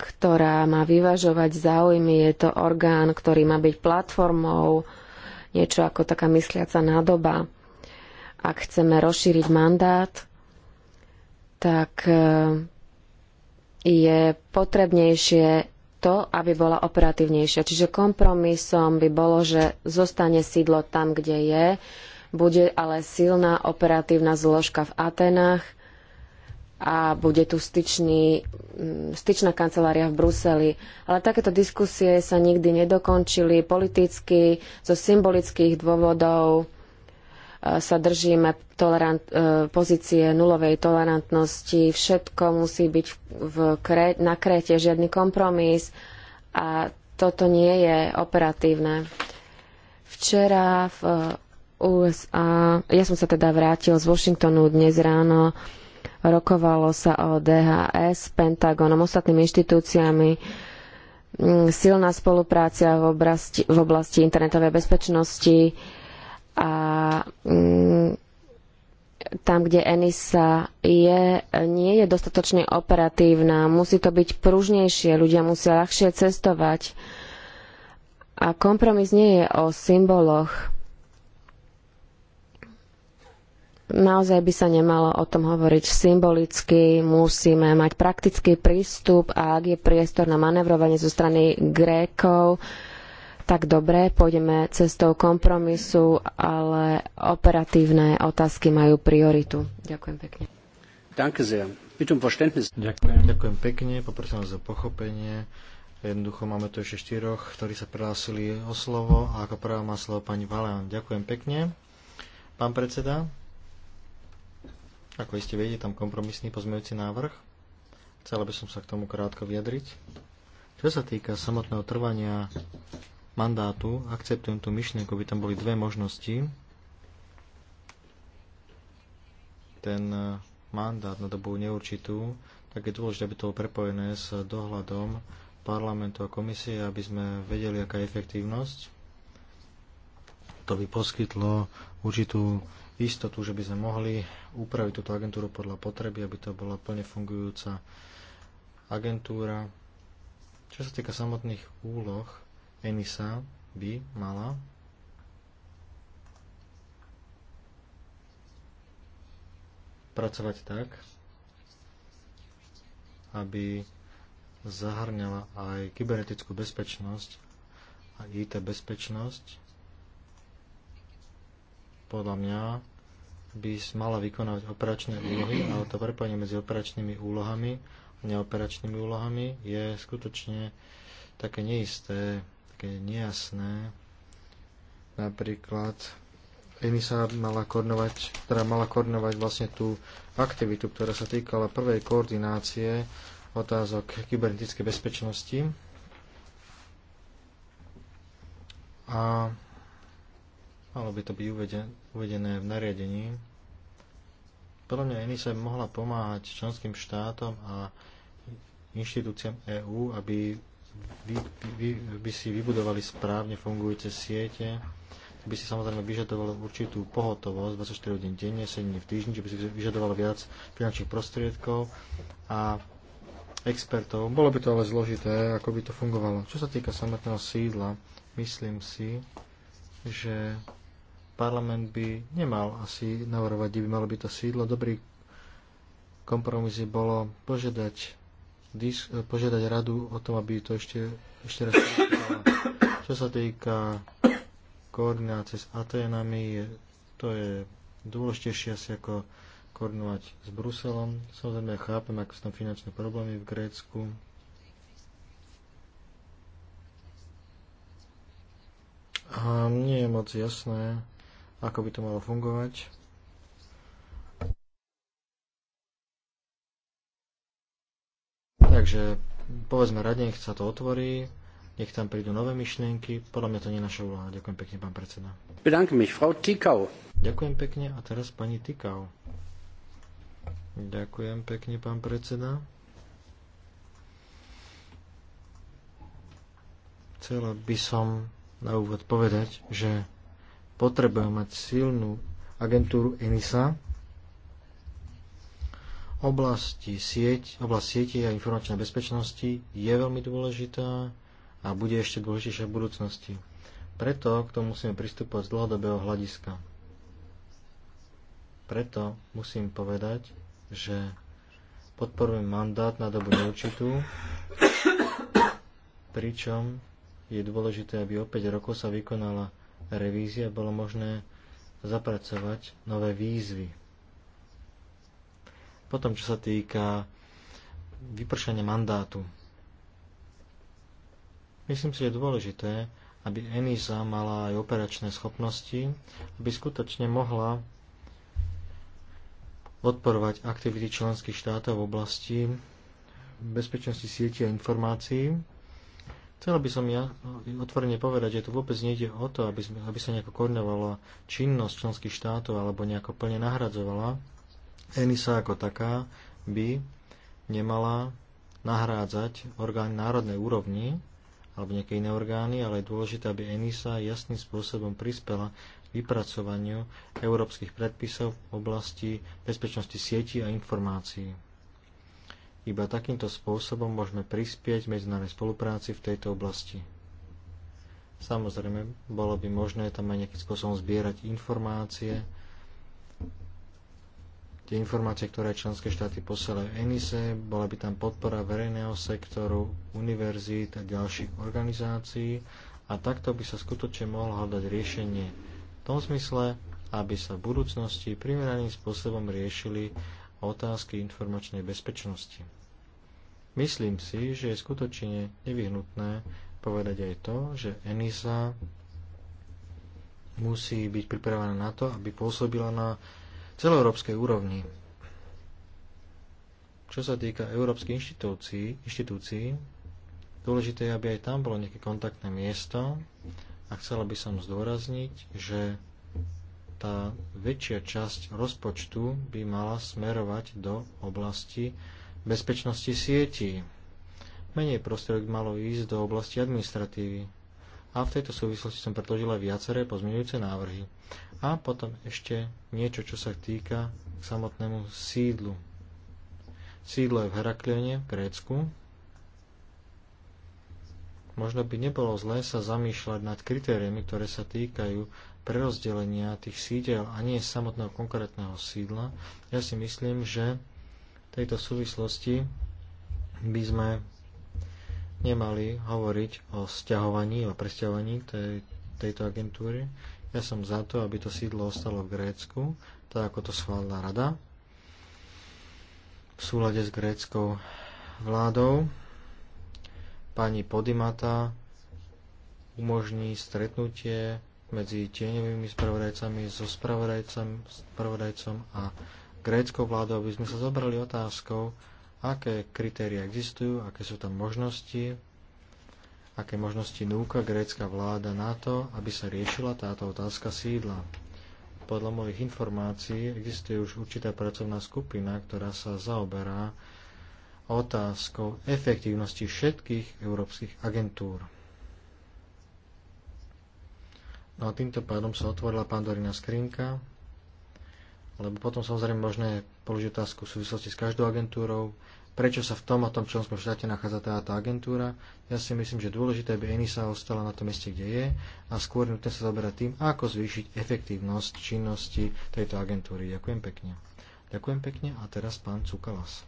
Speaker 2: ktorá má vyvažovať záujmy. Je to orgán, ktorý má byť platformou, niečo ako taká mysliaca nádoba. Ak chceme rozšíriť mandát, tak eh, je potrebnejšie to, aby bola operatívnejšia. Čiže kompromisom by bolo, že zostane sídlo tam, kde je, bude ale silná operatívna zložka v Atenách a bude tu styčný, mm, styčná kancelária v Bruseli. Ale takéto diskusie sa nikdy nedokončili politicky, zo symbolických dôvodov sa držíme tolerant, e, pozície nulovej tolerantnosti, všetko musí byť v, kre, na Kréte, žiadny kompromis a toto nie je operatívne. Včera v e, USA, ja som sa teda vrátil z Washingtonu dnes ráno, rokovalo sa o DHS, Pentagonom, ostatnými inštitúciami, mm, silná spolupráca v oblasti, v oblasti internetovej bezpečnosti, a mm, tam, kde ENISA je, nie je dostatočne operatívna. Musí to byť pružnejšie, ľudia musia ľahšie cestovať. A kompromis nie je o symboloch. naozaj by sa nemalo o tom hovoriť symbolicky, musíme mať praktický prístup a ak je priestor na manevrovanie zo strany Grékov, tak dobre, pôjdeme cestou kompromisu, ale operatívne otázky majú prioritu. Ďakujem pekne. Um
Speaker 1: ďakujem, ďakujem pekne, poprosím vás za pochopenie. Jednoducho máme tu ešte štyroch, ktorí sa prihlásili o slovo a ako prvá má slovo pani Valen. Ďakujem pekne. Pán predseda, ako iste viete, tam kompromisný pozmeňujúci návrh. Chcel by som sa k tomu krátko vyjadriť. Čo sa týka samotného trvania mandátu akceptujem tú myšlienku, by tam boli dve možnosti. Ten e, mandát na dobu neurčitú, tak je dôležité, aby to bolo prepojené s dohľadom parlamentu a komisie, aby sme vedeli, aká je efektívnosť. To by poskytlo určitú istotu, že by sme mohli upraviť túto agentúru podľa potreby, aby to bola plne fungujúca agentúra. Čo sa týka samotných úloh, Enisa by mala pracovať tak, aby zahrňala aj kybernetickú bezpečnosť a IT bezpečnosť. Podľa mňa by mala vykonávať operačné úlohy, ale to prepojenie medzi operačnými úlohami a neoperačnými úlohami je skutočne také neisté také nejasné. Napríklad EMISA mala koordinovať, teda mala koordinovať vlastne tú aktivitu, ktorá sa týkala prvej koordinácie otázok kybernetickej bezpečnosti. A malo by to byť uvedené v nariadení. Podľa mňa ENISA mohla pomáhať členským štátom a inštitúciám EÚ, aby vy, vy, by si vybudovali správne fungujúce siete, by si samozrejme vyžadovalo určitú pohotovosť 24 hodín denne, 7 dní v týždni, že by si vyžadovalo viac finančných prostriedkov a expertov. Bolo by to ale zložité, ako by to fungovalo. Čo sa týka samotného sídla, myslím si, že parlament by nemal asi navrhovať, kde by malo byť to sídlo. Dobrý kompromis by bolo požiadať požiadať radu o tom, aby to ešte, ešte raz Čo sa týka koordinácie s Aténami, to je dôležitejšie asi ako koordinovať s Bruselom. Samozrejme, ja chápem, ako sú tam finančné problémy v Grécku. A nie je moc jasné, ako by to malo fungovať. Takže povedzme radne, nech sa to otvorí, nech tam prídu nové myšlienky. Podľa mňa to nie je naša úloha. Ďakujem pekne, pán predseda. Mich, Frau Tikau. Ďakujem pekne a teraz pani Tikau. Ďakujem pekne, pán predseda. Chcela by som na úvod povedať, že potrebujem mať silnú agentúru ENISA, oblasti sieť, oblast sieti a informačnej bezpečnosti je veľmi dôležitá a bude ešte dôležitejšia v budúcnosti. Preto k tomu musíme pristúpať z dlhodobého hľadiska. Preto musím povedať, že podporujem mandát na dobu neurčitú, pričom je dôležité, aby o 5 rokov sa vykonala revízia, bolo možné zapracovať nové výzvy. Potom, čo sa týka vypršania mandátu. Myslím si, že je dôležité, aby ENISA mala aj operačné schopnosti, aby skutočne mohla podporovať aktivity členských štátov v oblasti bezpečnosti sieti a informácií. Chcela by som ja otvorene povedať, že tu vôbec nejde o to, aby, aby sa nejako koordinovala činnosť členských štátov alebo nejako plne nahradzovala ENISA ako taká by nemala nahrádzať orgány národnej úrovni alebo nejaké iné orgány, ale je dôležité, aby ENISA jasným spôsobom prispela k vypracovaniu európskych predpisov v oblasti bezpečnosti sieti a informácií. Iba takýmto spôsobom môžeme prispieť medzinárodnej spolupráci v tejto oblasti. Samozrejme, bolo by možné tam aj nejakým spôsobom zbierať informácie, tie informácie, ktoré členské štáty posielajú ENISE, bola by tam podpora verejného sektoru, univerzít a ďalších organizácií a takto by sa skutočne mohlo hľadať riešenie v tom smysle, aby sa v budúcnosti primeraným spôsobom riešili otázky informačnej bezpečnosti. Myslím si, že je skutočne nevyhnutné povedať aj to, že ENISA musí byť pripravená na to, aby pôsobila na celoeurópskej úrovni. Čo sa týka európskych inštitúcií, inštitúcií, dôležité je, aby aj tam bolo nejaké kontaktné miesto a chcela by som zdôrazniť, že tá väčšia časť rozpočtu by mala smerovať do oblasti bezpečnosti sietí. Menej prostriedok malo ísť do oblasti administratívy. A v tejto súvislosti som predložila viaceré pozmeňujúce návrhy. A potom ešte niečo, čo sa týka k samotnému sídlu. Sídlo je v Heraklione, v Grécku. Možno by nebolo zlé sa zamýšľať nad kritériami, ktoré sa týkajú prerozdelenia tých sídel a nie samotného konkrétneho sídla. Ja si myslím, že v tejto súvislosti by sme nemali hovoriť o sťahovaní, o presťahovaní tej, tejto agentúry, ja som za to, aby to sídlo ostalo v Grécku, tak ako to schválila rada, v súlade s gréckou vládou. Pani Podimata umožní stretnutie medzi tieňovými spravodajcami so spravodajcom, spravodajcom a gréckou vládou, aby sme sa zobrali otázkou, aké kritéria existujú, aké sú tam možnosti, aké možnosti núka grécka vláda na to, aby sa riešila táto otázka sídla. Podľa mojich informácií existuje už určitá pracovná skupina, ktorá sa zaoberá otázkou efektívnosti všetkých európskych agentúr. No a týmto pádom sa otvorila pandorína skrinka, lebo potom samozrejme možné položiť otázku v súvislosti s každou agentúrou, prečo sa v tom a tom členskom štáte nachádza tá, tá agentúra. Ja si myslím, že dôležité, aby ENISA ostala na tom mieste, kde je a skôr nutné sa zaberať tým, ako zvýšiť efektívnosť činnosti tejto agentúry. Ďakujem pekne. Ďakujem pekne a teraz pán Cukalas.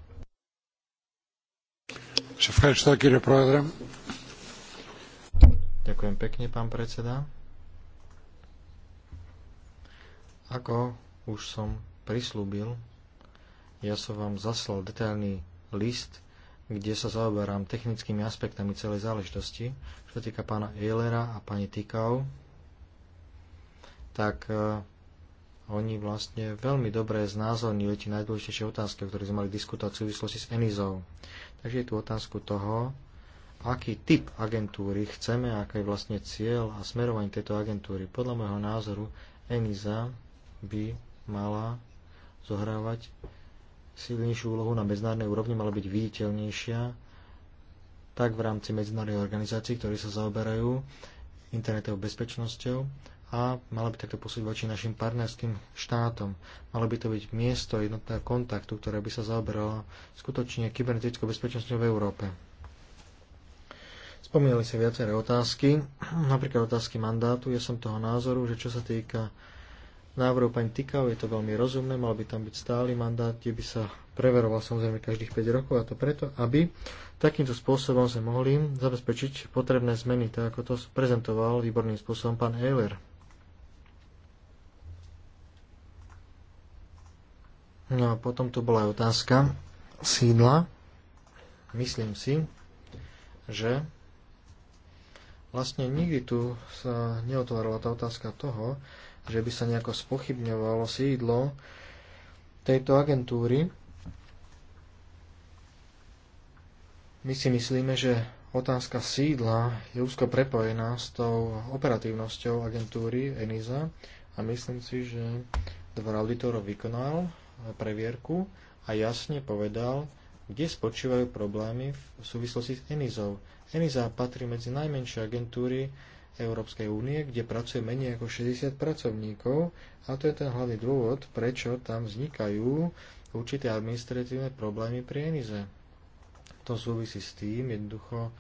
Speaker 1: Ďakujem pekne, pán predseda. Ako už som prislúbil, ja som vám zaslal detailný list, kde sa zaoberám technickými aspektami celej záležitosti, čo sa týka pána Eilera a pani Tikau, tak uh, oni vlastne veľmi dobre znázornili tie najdôležitejšie otázky, o ktorých sme mali diskutovať v súvislosti s Enizou. Takže je tu otázku toho, aký typ agentúry chceme, aký je vlastne cieľ a smerovanie tejto agentúry. Podľa môjho názoru Eniza by mala zohrávať silnejšiu úlohu na medzinárodnej úrovni, mala byť viditeľnejšia, tak v rámci medzinárodnej organizácií, ktorí sa zaoberajú internetovou bezpečnosťou a mala by takto posúť voči našim partnerským štátom. Malo by to byť miesto jednotného kontaktu, ktoré by sa zaoberalo skutočne kybernetickou bezpečnosťou v Európe. Spomínali sa viaceré otázky, napríklad otázky mandátu. Ja som toho názoru, že čo sa týka návrhu pani Tikau je to veľmi rozumné, mal by tam byť stály mandát, kde by sa preveroval samozrejme každých 5 rokov a to preto, aby takýmto spôsobom sme mohli zabezpečiť potrebné zmeny, tak ako to prezentoval výborným spôsobom pán Eiler. No a potom tu bola aj otázka sídla. Myslím si, že vlastne nikdy tu sa neotvárala tá otázka toho, že by sa nejako spochybňovalo sídlo tejto agentúry. My si myslíme, že otázka sídla je úzko prepojená s tou operatívnosťou agentúry ENISA a myslím si, že dvor auditorov vykonal previerku a jasne povedal, kde spočívajú problémy v súvislosti s ENISou. ENISA patrí medzi najmenšie agentúry Európskej únie, kde pracuje menej ako 60 pracovníkov a to je ten hlavný dôvod, prečo tam vznikajú určité administratívne problémy pri ENIZE. To súvisí s tým jednoducho, e,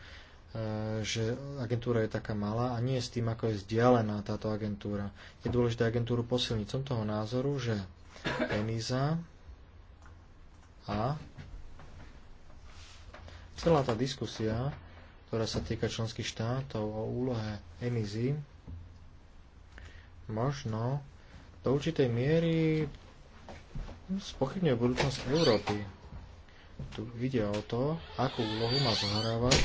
Speaker 1: že agentúra je taká malá a nie s tým, ako je vzdialená táto agentúra. Je dôležité agentúru posilniť. Som toho názoru, že Eniza a celá tá diskusia ktorá sa týka členských štátov o úlohe emizí, možno do určitej miery spochybňuje budúcnosť Európy. Tu ide o to, akú úlohu má zahrávať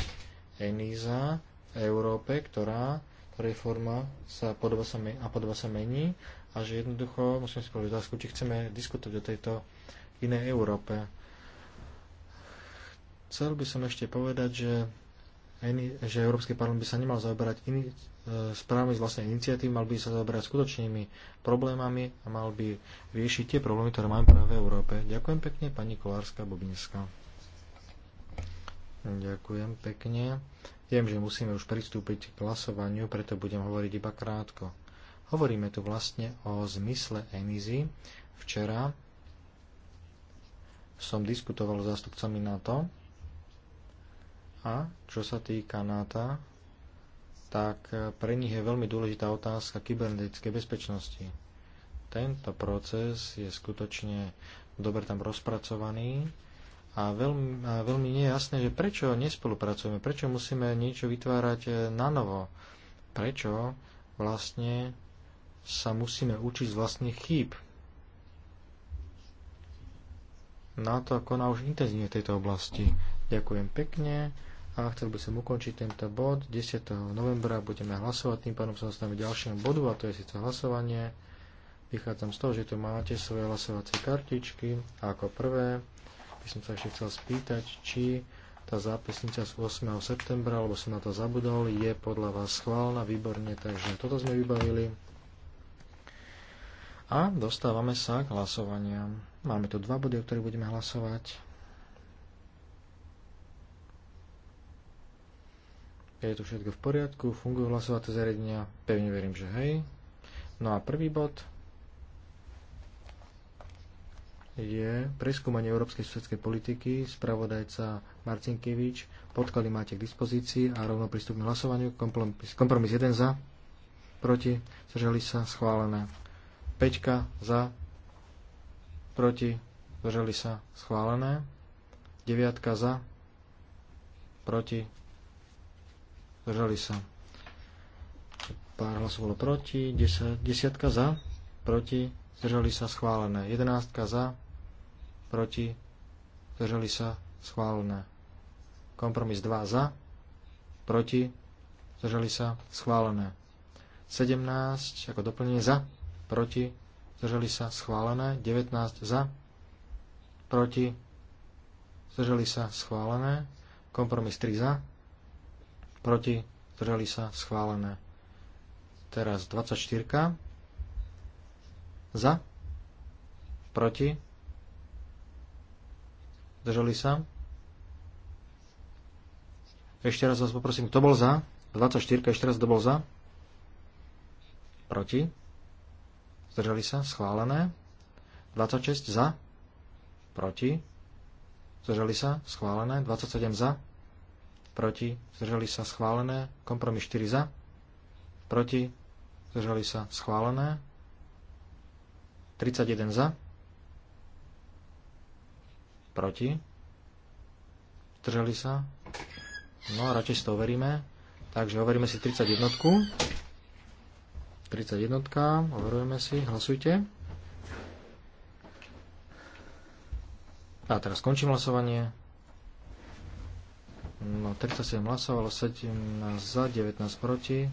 Speaker 1: Eníza v Európe, ktorá reforma forma sa podoba sa a podoba sa mení a že jednoducho musíme si povedať otázku, či chceme diskutovať o tejto inej Európe. Chcel by som ešte povedať, že že Európsky parlament by sa nemal zaoberať iný, e, správami z vlastnej iniciatívy, mal by sa zaoberať skutočnými problémami a mal by riešiť tie problémy, ktoré máme práve v Európe. Ďakujem pekne, pani Kolárska Bobinská. Ďakujem pekne. Viem, že musíme už pristúpiť k hlasovaniu, preto budem hovoriť iba krátko. Hovoríme tu vlastne o zmysle emízy. Včera som diskutoval s zástupcami NATO a čo sa týka NATO, tak pre nich je veľmi dôležitá otázka kybernetickej bezpečnosti. Tento proces je skutočne dobre tam rozpracovaný a veľmi, a veľmi nie je jasné, že prečo nespolupracujeme, prečo musíme niečo vytvárať e, na novo, prečo vlastne sa musíme učiť z vlastných chýb. na to koná už intenzívne v tejto oblasti. Ďakujem pekne a chcel by som ukončiť tento bod. 10. novembra budeme hlasovať, tým pádom sa dostaneme ďalšiemu bodu a to je síce hlasovanie. Vychádzam z toho, že tu máte svoje hlasovacie kartičky a ako prvé by som sa ešte chcel spýtať, či tá zápisnica z 8. septembra, alebo som na to zabudol, je podľa vás schválna, výborne, takže toto sme vybavili. A dostávame sa k hlasovaniam. Máme tu dva body, o ktorých budeme hlasovať. Je tu všetko v poriadku, fungujú hlasovaté zariadenia, pevne verím, že hej. No a prvý bod je preskúmanie európskej susedskej politiky, spravodajca Kivič, Podklady máte k dispozícii a rovno prístup k hlasovaniu. Kompromis, kompromis 1 za, proti, zdržali sa, schválené. 5 za, proti, zdržali sa, schválené. 9 za, proti, zdržali sa. Pár bolo proti, 10, desiatka za, proti, zdržali sa schválené. Jedenáctka za, proti, zdržali sa schválené. Kompromis 2 za, proti, zdržali sa schválené. 17 ako doplnenie za, proti, zdržali sa schválené. 19 za, proti, zdržali sa schválené. Kompromis 3 za, proti, zdržali sa, schválené. Teraz 24. Za, proti, zdržali sa. Ešte raz vás poprosím, kto bol za? 24, ešte raz kto bol za? Proti, zdržali sa, schválené. 26 za, proti, zdržali sa, schválené. 27 za, proti, zdržali sa schválené, kompromis 4 za, proti, zdržali sa schválené, 31 za, proti, zdržali sa, no a radšej si to overíme, takže overíme si 31. 31, overujeme si, hlasujte. A teraz skončím hlasovanie. No, 37 hlasovalo, 17 za, 19 proti.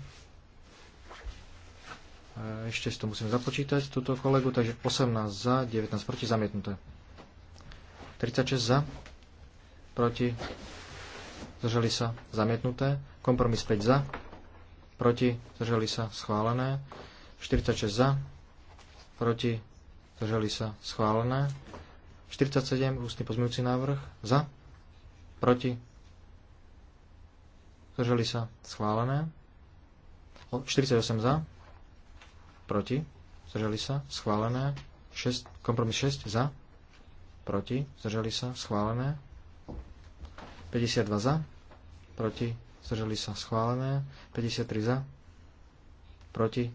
Speaker 1: Ešte si to musím započítať, túto kolegu, takže 18 za, 19 proti, zamietnuté. 36 za, proti, zdržali sa, zamietnuté. Kompromis 5 za, proti, zdržali sa, schválené. 46 za, proti, zdržali sa, schválené. 47, ústny pozmeňujúci návrh, za, proti, Zdržali sa. Schválené. 48 za. Proti. Zdržali sa. Schválené. 6, kompromis 6 za. Proti. Zdržali sa. Schválené. 52 za. Proti. Zdržali sa. Schválené. 53 za. Proti.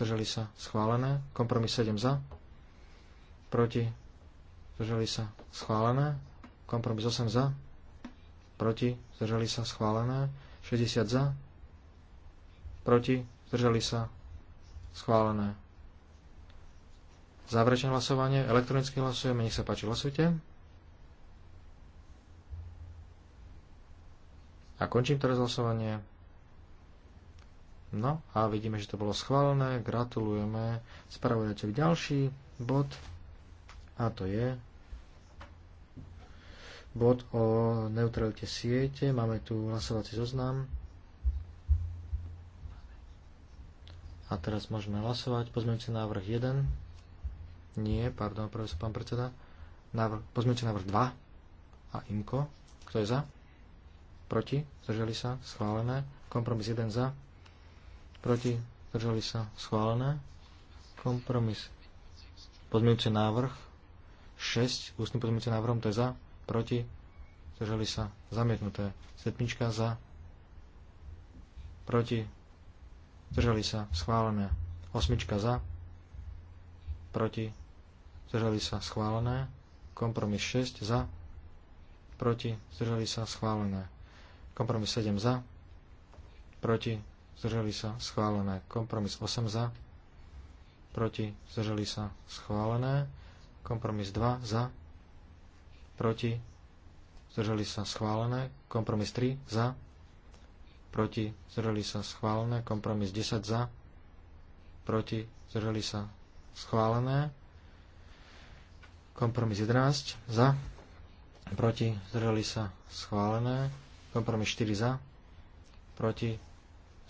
Speaker 1: Zdržali sa. Schválené. Kompromis 7 za. Proti. Zdržali sa. Schválené. Kompromis 8 za proti, zdržali sa, schválené. 60 za, proti, zdržali sa, schválené. Záverečné hlasovanie, elektronicky hlasujeme, nech sa páči, hlasujte. A končím teraz hlasovanie. No a vidíme, že to bolo schválené. Gratulujeme Spravujete ďalší bod a to je bod o neutralite siete. Máme tu hlasovací zoznam. A teraz môžeme hlasovať. Pozmeňujúci návrh 1. Nie, pardon, sa pán predseda. pozmeňujúci návrh 2 a IMKO. Kto je za? Proti? Zdržali sa? Schválené. Kompromis 1 za. Proti? Zdržali sa? Schválené. Kompromis. Pozmeňujúci návrh 6. Ústny pozmeňujúci návrhom. To je za proti, zdržali sa, zamietnuté. Sedmička za, proti, zdržali sa, schválené. Osmička za, proti, zdržali sa, schválené. Kompromis 6 za, proti, zdržali sa, schválené. Kompromis 7 za, proti, zdržali sa, schválené. Kompromis 8 za, proti, zdržali sa, schválené. Kompromis 2 za, proti, zdržali sa schválené, kompromis 3 za, proti, zdržali sa schválené, kompromis 10 za, proti, zdržali sa schválené, kompromis 11 za, proti, zdržali sa schválené, kompromis 4 za, proti,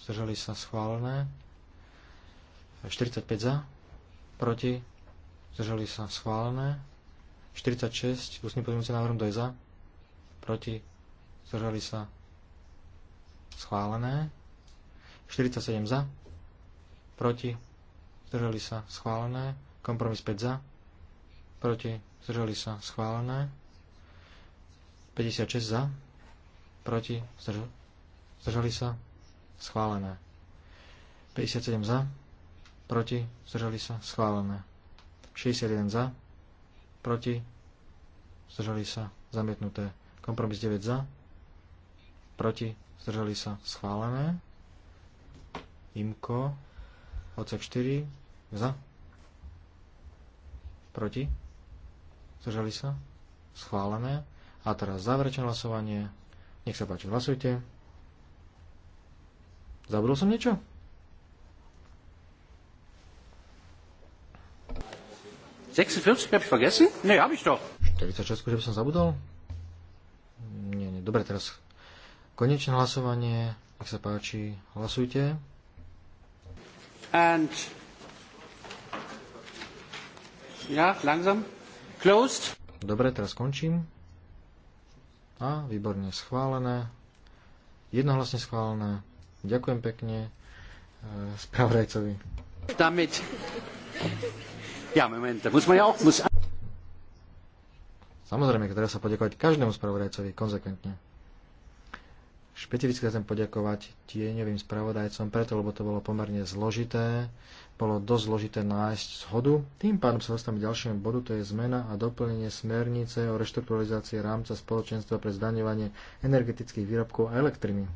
Speaker 1: zdržali sa schválené, 45 za, proti, zdržali sa schválené, 46 ústnym pozmeňujúcim návrhom, kto je za? Proti? Zdržali sa? Schválené. 47 za? Proti? Zdržali sa? Schválené. Kompromis 5 za? Proti? Zdržali sa? Schválené. 56 za? Proti? Zdržali sa? Schválené. 57 za? Proti? Zdržali sa? Schválené. 61 za? proti, zdržali sa, zamietnuté. Kompromis 9 za, proti, zdržali sa, schválené. Imko, odsek 4, za, proti, zdržali sa, schválené. A teraz záverečné hlasovanie. Nech sa páči, hlasujte. Zabudol som niečo? 46 habe ich vergessen? Ne, habe ich doch. 46, že by som zabudol? Nie, nie. Dobre, teraz konečné hlasovanie. Ak sa páči, hlasujte. And ja, langsam. Closed. Dobre, teraz končím. A, výborne, schválené. Jednohlasne schválené. Ďakujem pekne e, spravodajcovi. Damit. Samozrejme, treba sa poďakovať každému spravodajcovi konzekventne. Špecificky chcem poďakovať tieňovým spravodajcom preto, lebo to bolo pomerne zložité. Bolo dosť zložité nájsť zhodu. Tým pádom sa dostávame k ďalšiemu bodu, to je zmena a doplnenie smernice o reštrukturalizácii rámca spoločenstva pre zdaňovanie energetických výrobkov a elektriny.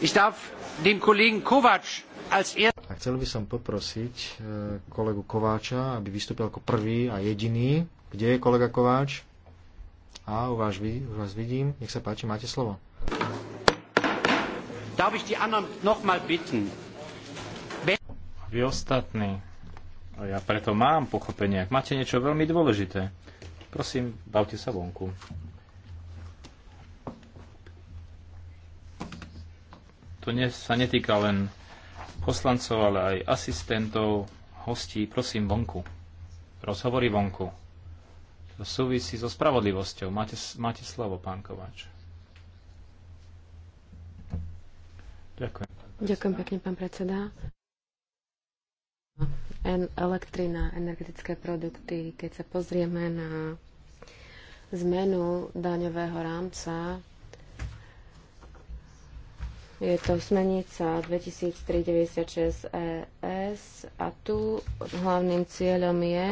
Speaker 1: Ich darf dem Kollegen als a chcel by som poprosiť e, kolegu Kováča, aby vystúpil ako prvý a jediný. Kde je kolega Kováč? A u vás, u vás vidím. Nech sa páči, máte slovo.
Speaker 3: Darf ich die anderen noch mal bitten?
Speaker 1: Vy ostatní,
Speaker 3: ja preto mám pochopenie, ak máte niečo veľmi dôležité, prosím, bavte sa vonku. To ne, sa netýka len poslancov, ale aj asistentov, hostí, prosím vonku. Rozhovory vonku. To súvisí so spravodlivosťou. Máte, máte slovo, pán Kováč. Ďakujem. Ďakujem
Speaker 2: pekne, pán predseda. En, elektrina, energetické produkty, keď sa pozrieme na zmenu daňového rámca, je to smernica 2396 ES a tu hlavným cieľom je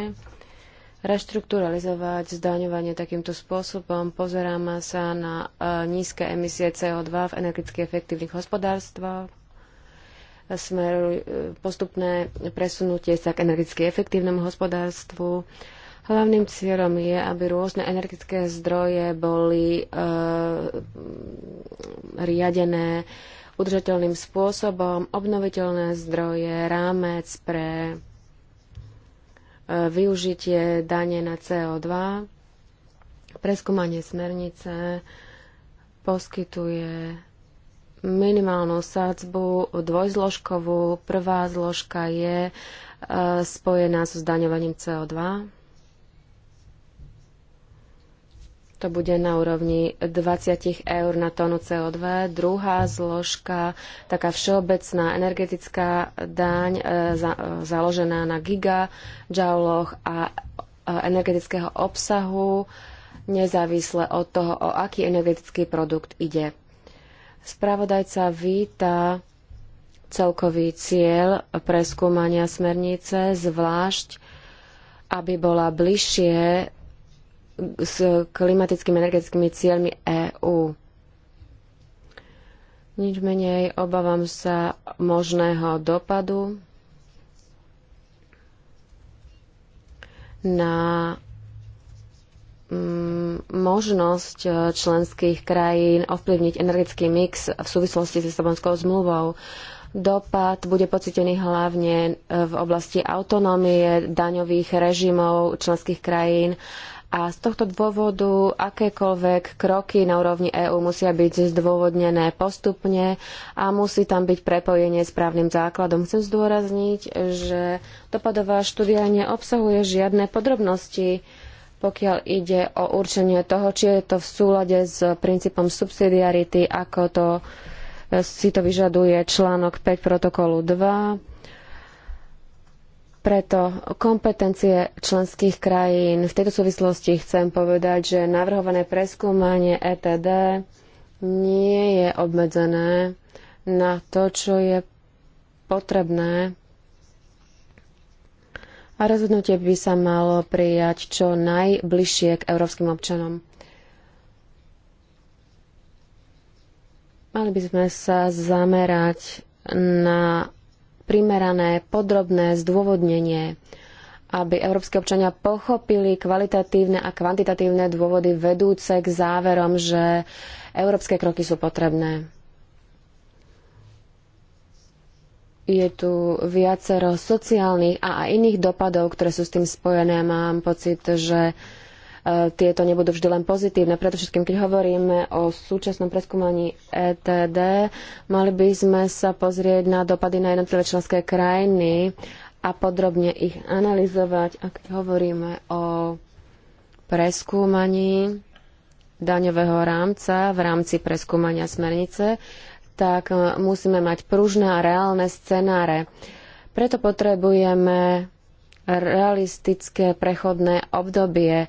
Speaker 2: reštrukturalizovať zdaňovanie takýmto spôsobom. Pozeráme sa na e, nízke emisie CO2 v energeticky efektívnych hospodárstvách smeru e, postupné presunutie sa k energeticky efektívnemu hospodárstvu, Hlavným cieľom je, aby rôzne energetické zdroje boli e, riadené udržateľným spôsobom, obnoviteľné zdroje, rámec pre eh, využitie dane na CO2, preskúmanie smernice poskytuje minimálnu sádzbu dvojzložkovú. Prvá zložka je eh, spojená so zdaňovaním CO2. to bude na úrovni 20 eur na tónu CO2. Druhá zložka, taká všeobecná energetická daň e, za, e, založená na gigajouloch a e, energetického obsahu, nezávisle od toho, o aký energetický produkt ide. Spravodajca víta celkový cieľ preskúmania smernice, zvlášť aby bola bližšie s klimatickými energetickými cieľmi EÚ. Nič menej obávam sa možného dopadu na mm, možnosť e, členských krajín ovplyvniť energetický mix v súvislosti s Lisabonskou zmluvou. Dopad bude pocitený hlavne e, v oblasti autonómie, daňových režimov členských krajín a z tohto dôvodu akékoľvek kroky na úrovni EÚ musia byť zdôvodnené postupne a musí tam byť prepojenie s právnym základom. Chcem zdôrazniť, že dopadová štúdia neobsahuje žiadne podrobnosti, pokiaľ ide o určenie toho, či je to v súlade s princípom subsidiarity, ako to e, si to vyžaduje článok 5 protokolu 2 preto kompetencie členských krajín v tejto súvislosti chcem povedať, že navrhované preskúmanie ETD nie je obmedzené na to, čo je potrebné a rozhodnutie by sa malo prijať čo najbližšie k európskym občanom. Mali by sme sa zamerať na primerané, podrobné zdôvodnenie, aby európske občania pochopili kvalitatívne a kvantitatívne dôvody vedúce k záverom, že európske kroky sú potrebné. je tu viacero sociálnych a, aj iných dopadov, ktoré sú s tým spojené. Mám pocit, že Eh, tieto nebudú vždy len pozitívne. všetkým keď hovoríme o súčasnom preskúmaní ETD, mali by sme sa pozrieť na dopady na jednotlivé členské krajiny a podrobne ich analyzovať, ak hovoríme o preskúmaní daňového rámca v rámci preskúmania smernice, tak eh, musíme mať pružné a reálne scenáre. Preto potrebujeme realistické prechodné obdobie,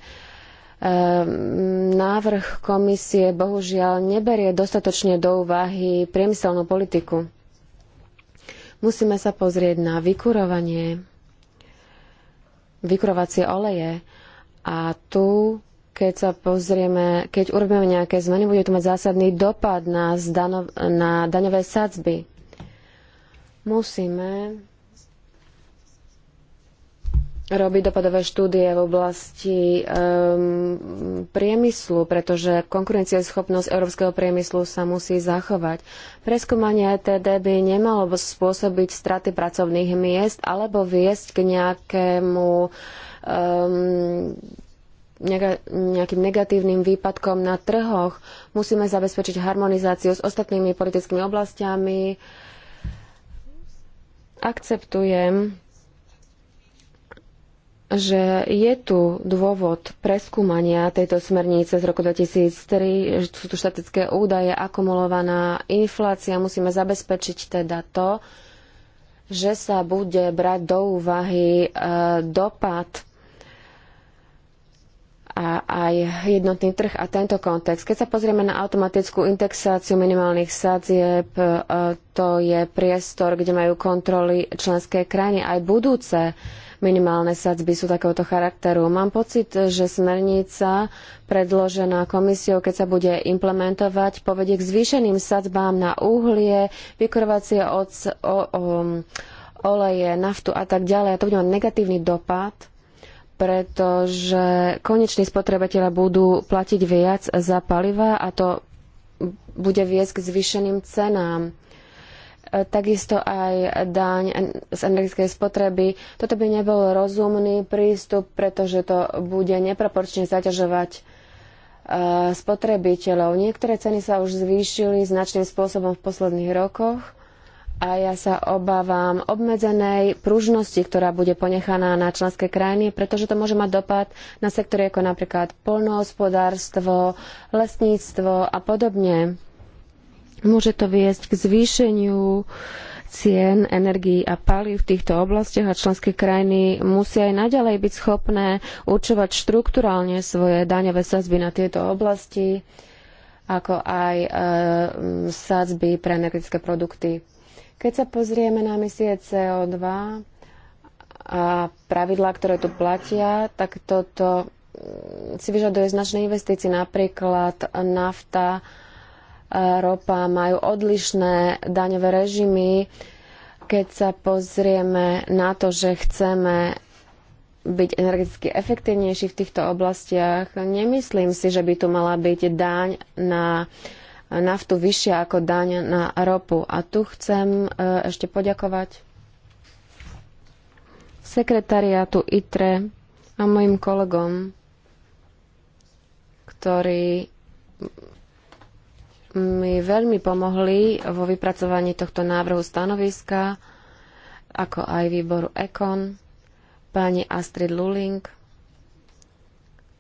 Speaker 2: Ehm, návrh komisie bohužiaľ neberie dostatočne do úvahy priemyselnú politiku. Musíme sa pozrieť na vykurovanie, vykurovacie oleje a tu, keď sa pozrieme, keď urobíme nejaké zmeny, bude to mať zásadný dopad na, na daňové sadzby. Musíme robí dopadové štúdie v oblasti um, priemyslu, pretože konkurencieschopnosť európskeho priemyslu sa musí zachovať. Preskúmanie ETD by nemalo spôsobiť straty pracovných miest alebo viesť k nejakému um, nejakým negatívnym výpadkom na trhoch. Musíme zabezpečiť harmonizáciu s ostatnými politickými oblastiami. Akceptujem že je tu dôvod preskúmania tejto smernice z roku 2003, že sú tu štatické údaje, akumulovaná inflácia, musíme zabezpečiť teda to, že sa bude brať do úvahy e, dopad a aj jednotný trh a tento kontext. Keď sa pozrieme na automatickú indexáciu minimálnych sadzieb, e, to je priestor, kde majú kontroly členské krajiny aj budúce minimálne sadzby sú takéhoto charakteru. Mám pocit, že smernica predložená komisiou, keď sa bude implementovať, povedie k zvýšeným sadzbám na uhlie, vykurovacie oc, o, o, oleje, naftu a tak ďalej. A to bude mať negatívny dopad pretože koneční spotrebitelia budú platiť viac za paliva a to bude viesť k zvýšeným cenám. E, takisto aj daň z energetickej spotreby. Toto by nebol rozumný prístup, pretože to bude neproporčne zaťažovať e, spotrebiteľov. Niektoré ceny sa už zvýšili značným spôsobom v posledných rokoch a ja sa obávam obmedzenej pružnosti, ktorá bude ponechaná na členské krajiny, pretože to môže mať dopad na sektory ako napríklad poľnohospodárstvo, lesníctvo a podobne. Môže to viesť k zvýšeniu cien energií a palív v týchto oblastiach a členské krajiny musia aj naďalej byť schopné určovať štrukturálne svoje daňové sadzby na tieto oblasti, ako aj e, sadzby pre energetické produkty. Keď sa pozrieme na misie CO2 a pravidlá, ktoré tu platia, tak toto si vyžaduje značné investície, napríklad nafta, ropa majú odlišné daňové režimy. Keď sa pozrieme na to, že chceme byť energeticky efektívnejší v týchto oblastiach, nemyslím si, že by tu mala byť daň na naftu vyššia ako daň na ropu. A tu chcem e, ešte poďakovať sekretariátu ITRE a mojim kolegom, ktorí mi veľmi pomohli vo vypracovaní tohto návrhu stanoviska, ako aj výboru EKON. Pani Astrid Luling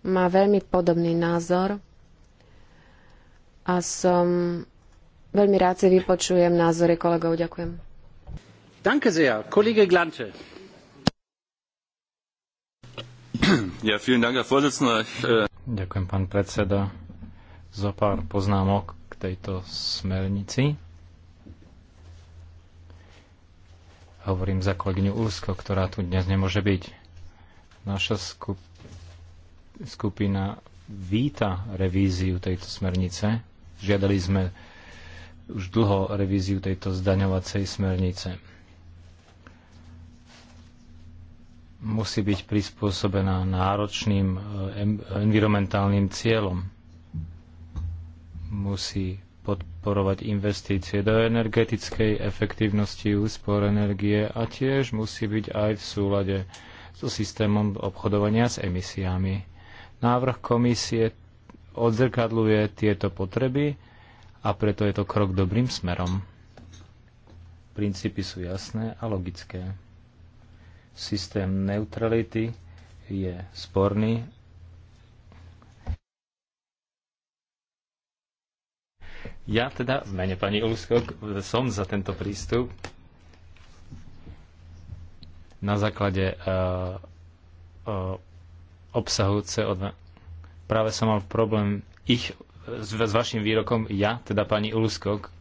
Speaker 2: má veľmi podobný názor a som veľmi rád si vypočujem názory kolegov. Ďakujem. Danke sehr, Kollege Glante.
Speaker 3: Ja, vielen Dank, Herr Vorsitzender. Äh, Ďakujem, pán predseda. Zo pár poznámok tejto smernici. Hovorím za kolegyňu Úsko, ktorá tu dnes nemôže byť. Naša skupina víta revíziu tejto smernice. Žiadali sme už dlho revíziu tejto zdaňovacej smernice. Musí byť prispôsobená náročným eh, environmentálnym cieľom musí podporovať investície do energetickej efektívnosti úspor energie a tiež musí byť aj v súlade so systémom obchodovania s emisiami. Návrh komisie odzrkadľuje tieto potreby a preto je to krok dobrým smerom. Princípy sú jasné a logické. Systém neutrality je sporný Ja teda v mene pani Ulskok som za tento prístup na základe uh, eh, uh, eh, obsahu CO2. Práve som mal problém ich s, s vašim výrokom, ja, teda pani Ulskok,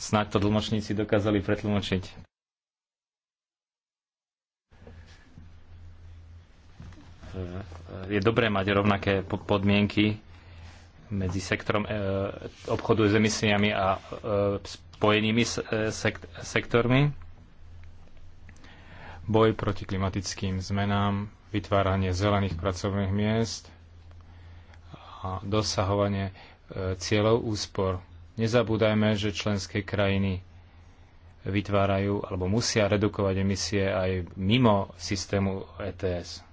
Speaker 3: snáď to tlmočníci dokázali pretlmočiť. Eh, je dobré mať rovnaké podmienky medzi sektorom e, obchodu s emisiami a e, spojenými e, sektormi, boj proti klimatickým zmenám, vytváranie zelených pracovných miest a dosahovanie cieľov úspor. Nezabúdajme, že členské krajiny vytvárajú alebo musia redukovať emisie aj mimo systému ETS.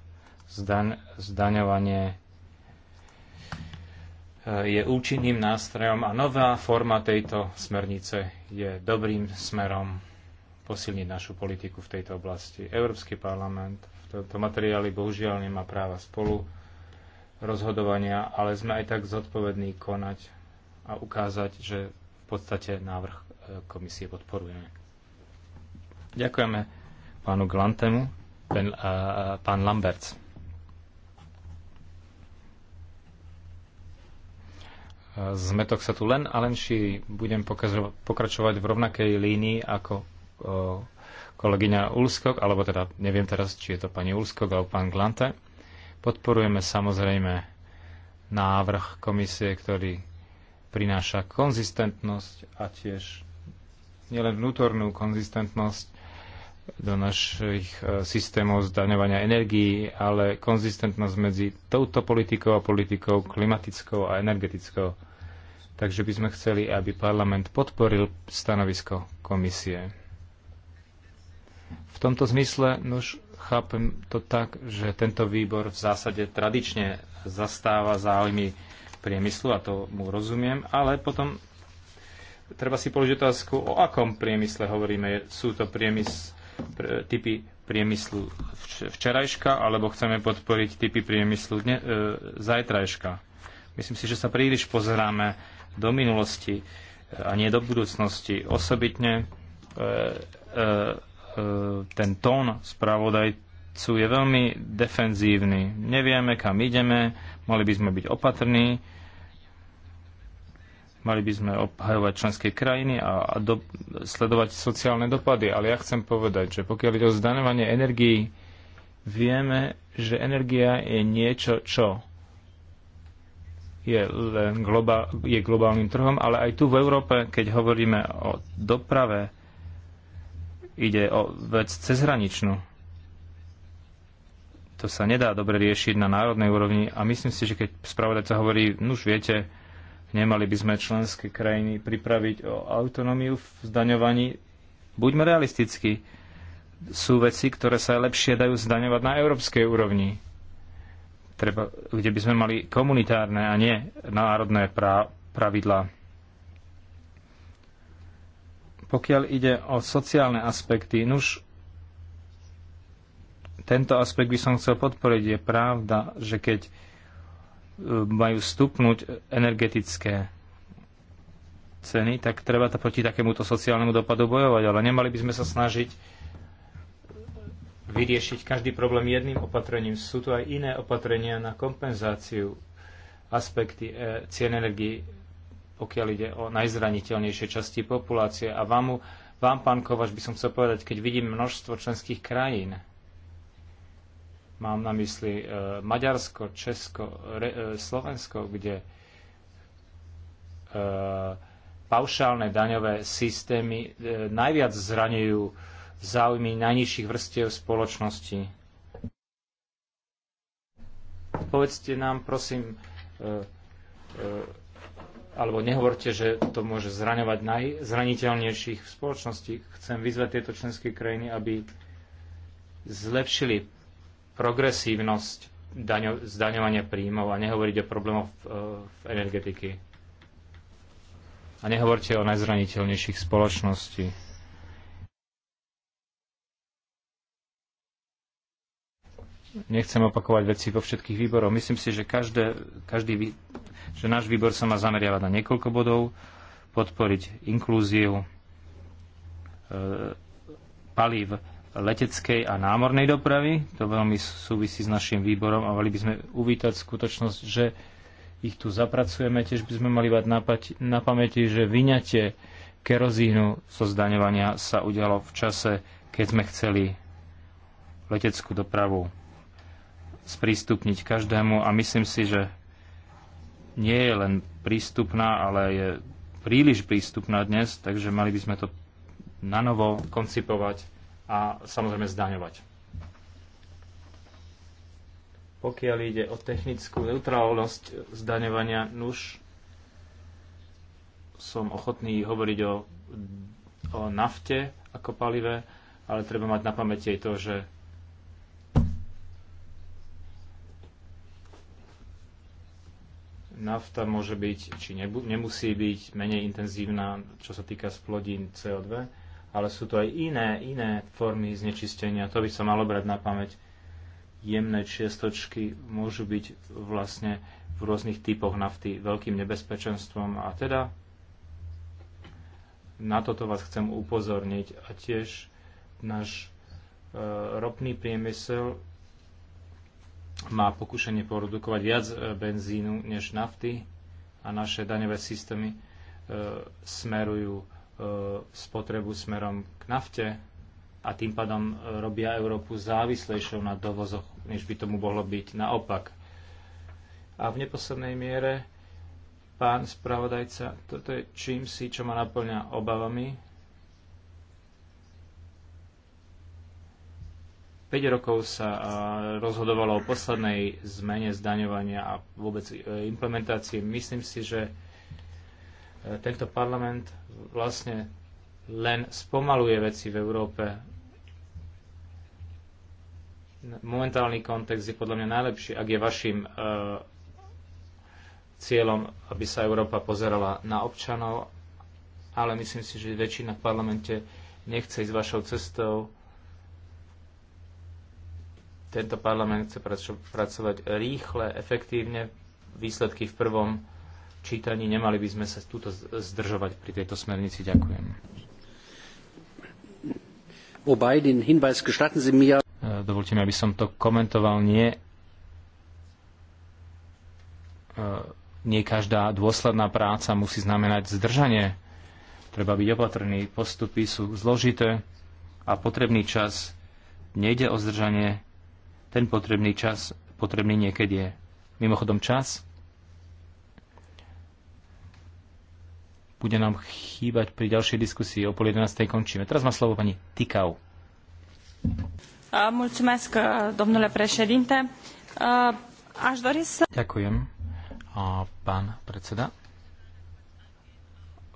Speaker 3: Zdaň, zdaňovanie je účinným nástrojom a nová forma tejto smernice je dobrým smerom posilniť našu politiku v tejto oblasti. Európsky parlament v tomto materiáli bohužiaľ nemá práva spolu rozhodovania, ale sme aj tak zodpovední konať a ukázať, že v podstate návrh e, komisie podporujeme. Ďakujeme pánu Glantemu, e, e, pán Lamberts. Zmetok sa tu len a len šíri. Budem pokračovať v rovnakej línii ako kolegyňa Ulskok, alebo teda neviem teraz, či je to pani Ulskok alebo pán Glante. Podporujeme samozrejme návrh komisie, ktorý prináša konzistentnosť a tiež nielen vnútornú konzistentnosť do našich e, systémov zdaňovania energií, ale konzistentnosť medzi touto politikou a politikou klimatickou a energetickou. Takže by sme chceli, aby parlament podporil stanovisko komisie. V tomto zmysle nož chápem to tak, že tento výbor v zásade tradične zastáva záujmy priemyslu a to mu rozumiem, ale potom treba si položiť otázku, o akom priemysle hovoríme. Sú to priemysl, pr, typy priemyslu včerajška, alebo chceme podporiť typy priemyslu dne, e, zajtrajška. Myslím si, že sa príliš pozeráme do minulosti e, a nie do budúcnosti. Osobitne e, e, ten tón spravodajcu je veľmi defenzívny. Nevieme, kam ideme, mali by sme byť opatrní, mali by sme obhajovať členské krajiny a, a do, sledovať sociálne dopady. Ale ja chcem povedať, že pokiaľ ide o zdanovanie energií, vieme, že energia je niečo, čo je, len globál, je globálnym trhom, ale aj tu v Európe, keď hovoríme o doprave, ide o vec cezhraničnú. To sa nedá dobre riešiť na národnej úrovni a myslím si, že keď spravodajca hovorí, no už viete, nemali by sme členské krajiny pripraviť o autonómiu v zdaňovaní, buďme realistickí. Sú veci, ktoré sa lepšie dajú zdaňovať na európskej úrovni treba, kde by sme mali komunitárne a nie národné pra, pravidlá. Pokiaľ ide o sociálne aspekty, nuž tento aspekt by som chcel podporiť. Je pravda, že keď e, majú stupnúť energetické ceny, tak treba to proti takémuto sociálnemu dopadu bojovať, ale nemali by sme sa snažiť vyriešiť každý problém jedným opatrením. Sú tu aj iné opatrenia na kompenzáciu aspekty e, cien energii, pokiaľ ide o najzraniteľnejšie časti populácie. A vám, vám pán Kovač, by som chcel povedať, keď vidím množstvo členských krajín, mám na mysli e, Maďarsko, Česko, re, e, Slovensko, kde e, paušálne daňové systémy e, najviac zraňujú záujmy najnižších vrstiev spoločnosti. Povedzte nám, prosím, e, e, alebo nehovorte, že to môže zraňovať najzraniteľnejších v spoločnosti. Chcem vyzvať tieto členské krajiny, aby zlepšili progresívnosť daňo, zdaňovania príjmov a nehovoriť o problémoch v, e, v energetiky. A nehovorte o najzraniteľnejších spoločnosti. nechcem opakovať veci vo všetkých výboroch. Myslím si, že, každé, každý, že náš výbor sa má zameriavať na niekoľko bodov, podporiť inklúziu e, palív leteckej a námornej dopravy. To veľmi súvisí s našim výborom a mali by sme uvítať skutočnosť, že ich tu zapracujeme. Tiež by sme mali mať na, na pamäti, že vyňatie kerozínu zo so zdaňovania sa udialo v čase, keď sme chceli leteckú dopravu sprístupniť každému a myslím si, že nie je len prístupná, ale je príliš prístupná dnes, takže mali by sme to na novo koncipovať a samozrejme zdaňovať. Pokiaľ ide o technickú neutrálnosť zdaňovania, nuž som ochotný hovoriť o, o nafte ako palive, ale treba mať na pamäti aj to, že nafta môže byť, či nebu- nemusí byť menej intenzívna, čo sa týka splodín CO2, ale sú to aj iné, iné formy znečistenia. To by sa malo brať na pamäť. Jemné čiestočky môžu byť vlastne v rôznych typoch nafty veľkým nebezpečenstvom a teda na toto vás chcem upozorniť a tiež náš e, ropný priemysel má pokušenie produkovať viac e, benzínu než nafty a naše daňové systémy e, smerujú e, spotrebu smerom k nafte a tým pádom e, robia Európu závislejšou na dovozoch, než by tomu mohlo byť naopak. A v neposlednej miere, pán spravodajca, toto je čím si, čo ma naplňa obavami, 5 rokov sa rozhodovalo o poslednej zmene zdaňovania a vôbec e, implementácie. Myslím si, že e, tento parlament vlastne len spomaluje veci v Európe. Momentálny kontext je podľa mňa najlepší, ak je vašim e, cieľom, aby sa Európa pozerala na občanov, ale myslím si, že väčšina v parlamente nechce ísť vašou cestou tento parlament chce pracovať rýchle, efektívne. Výsledky v prvom čítaní nemali by sme sa túto zdržovať pri tejto smernici. Ďakujem. Wobei den Hinweis gestatten Sie mir. E, dovolte mi, aby som to komentoval. Nie, e, nie každá dôsledná práca musí znamenať zdržanie. Treba byť opatrný. Postupy sú zložité a potrebný čas. Nejde o zdržanie, ten potrebný čas potrebný niekedy je. Mimochodom čas bude nám chýbať pri ďalšej diskusii. O pol 11. končíme. Teraz má slovo pani Tikau.
Speaker 2: Mulțumesc, domnule președinte. Aș dori să...
Speaker 3: Ďakujem, pán predseda.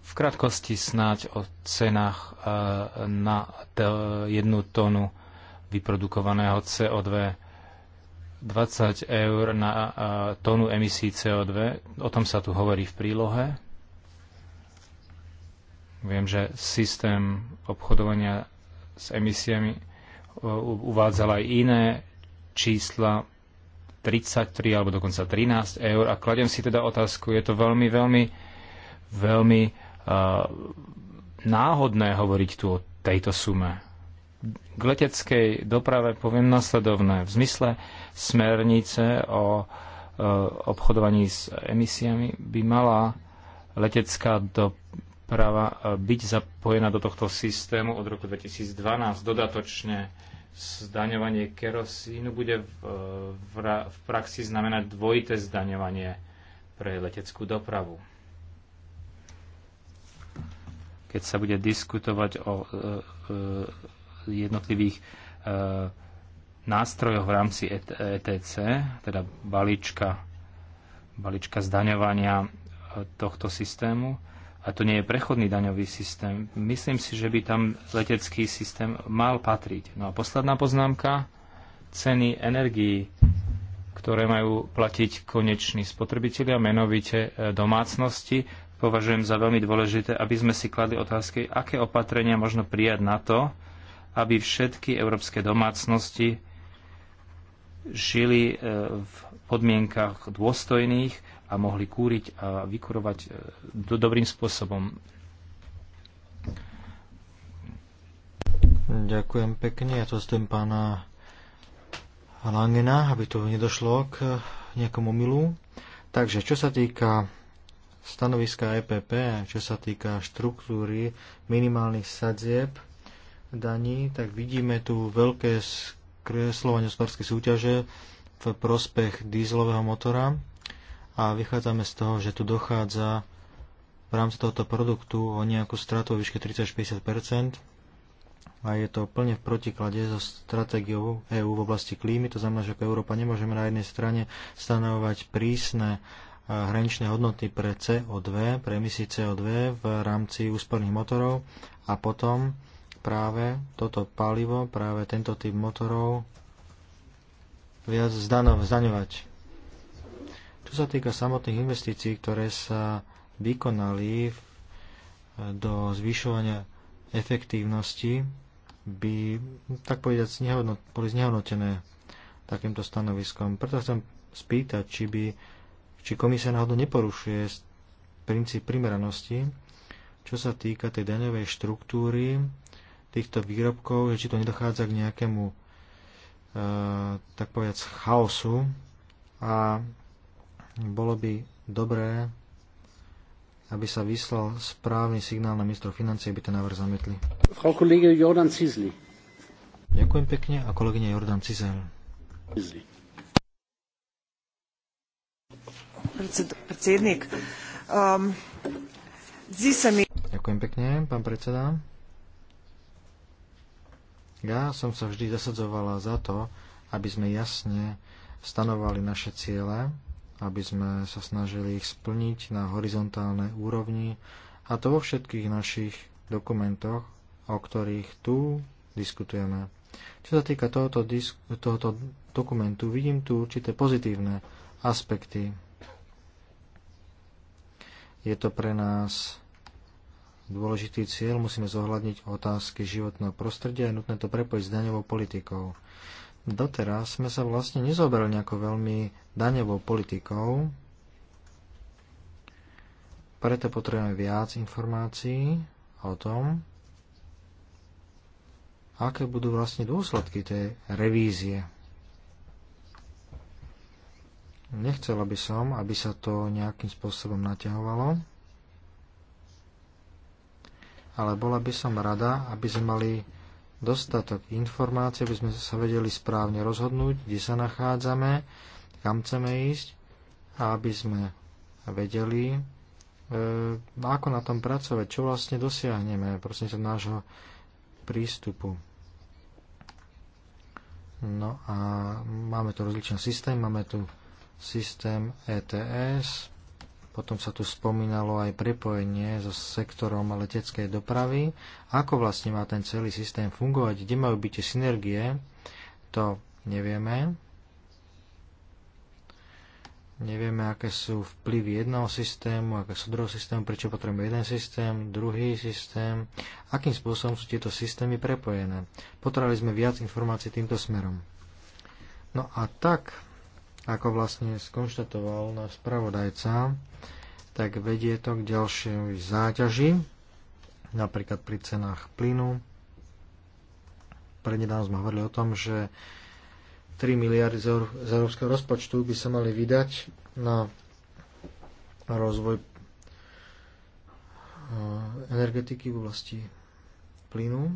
Speaker 3: V krátkosti snáď o cenách na jednu tónu vyprodukovaného CO2 20 eur na tonu emisí CO2. O tom sa tu hovorí v prílohe. Viem, že systém obchodovania s emisiami e, uvádzal aj iné čísla 33 alebo dokonca 13 eur a kladem si teda otázku, je to veľmi, veľmi, veľmi uh, náhodné hovoriť tu o tejto sume. K leteckej doprave poviem nasledovné. V zmysle smernice o e, obchodovaní s emisiami by mala letecká doprava e, byť zapojená do tohto systému od roku 2012. Dodatočne zdaňovanie kerosínu bude e, v, praxi znamenať dvojité zdaňovanie pre leteckú dopravu. Keď sa bude diskutovať o jednotlivých eh, nástrojoch v rámci ETC, e teda balíčka, balíčka zdaňovania eh, tohto systému. A to nie je prechodný daňový systém. Myslím si, že by tam letecký systém mal patriť. No a posledná poznámka. Ceny energií, ktoré majú platiť koneční spotrebitelia, menovite eh, domácnosti, považujem za veľmi dôležité, aby sme si kladli otázky, aké opatrenia možno prijať na to, aby všetky európske domácnosti žili e, v podmienkach dôstojných a mohli kúriť a vykurovať e, do dobrým spôsobom.
Speaker 1: Ďakujem pekne. Ja to stojím pána Langena, aby to nedošlo k nejakomu milu. Takže čo sa týka stanoviska EPP, čo sa týka štruktúry minimálnych sadzieb, daní, tak vidíme tu veľké skreslovanie hospodárskej súťaže v prospech dízlového motora a vychádzame z toho, že tu dochádza v rámci tohoto produktu o nejakú stratu o výške 30-50 a je to plne v protiklade so stratégiou EÚ v oblasti klímy. To znamená, že ako Európa nemôžeme na jednej strane stanovať prísne eh, hraničné hodnoty pre CO2, pre emisie CO2 v rámci úsporných motorov a potom práve toto palivo, práve tento typ motorov viac zdanov, zdaňovať. Čo sa týka samotných investícií, ktoré sa vykonali do zvyšovania efektívnosti, by, tak povedať, boli znehodnotené takýmto stanoviskom. Preto chcem spýtať, či, by, či komisia náhodou neporušuje princíp primeranosti, čo sa týka tej daňovej štruktúry týchto výrobkov, že či to nedochádza k nejakému e, tak povedať chaosu a bolo by dobré, aby sa vyslal správny signál na ministro financie, aby ten návrh zamietli.
Speaker 3: Frau kolege Jordan Cizli.
Speaker 1: Ďakujem pekne a kolegyne Jordan Cizel. Cizli. Predsedník, um, Ďakujem pekne, pán predseda. Ja som sa vždy zasadzovala za to, aby sme jasne stanovali naše ciele, aby sme sa snažili ich splniť na horizontálnej úrovni a to vo všetkých našich dokumentoch, o ktorých tu diskutujeme. Čo sa týka tohoto, disk, tohoto dokumentu, vidím tu určité pozitívne aspekty. Je to pre nás dôležitý cieľ, musíme zohľadniť otázky životného prostredia a je nutné to prepojiť s daňovou politikou. Doteraz sme sa vlastne nezoberali nejako veľmi daňovou politikou, preto potrebujeme viac informácií o tom, aké budú vlastne dôsledky tej revízie. Nechcela by som, aby sa to nejakým spôsobom naťahovalo ale bola by som rada, aby sme mali dostatok informácií, aby sme sa vedeli správne rozhodnúť, kde sa nachádzame, kam chceme ísť a aby sme vedeli, e, ako na tom pracovať, čo vlastne dosiahneme sa nášho prístupu. No a máme tu rozličný systém, máme tu systém ETS, potom sa tu spomínalo aj prepojenie so sektorom leteckej dopravy. Ako vlastne má ten celý systém fungovať? Kde majú byť tie synergie? To nevieme. Nevieme, aké sú vplyvy jedného systému, aké sú druhého systému, prečo potrebujeme jeden systém, druhý systém, akým spôsobom sú tieto systémy prepojené. Potrebovali sme viac informácií týmto smerom. No a tak ako vlastne skonštatoval na spravodajca, tak vedie to k ďalšej záťaži, napríklad pri cenách plynu. Prednedávno sme hovorili o tom, že 3 miliardy z európskeho rozpočtu by sa mali vydať na rozvoj e, energetiky v oblasti plynu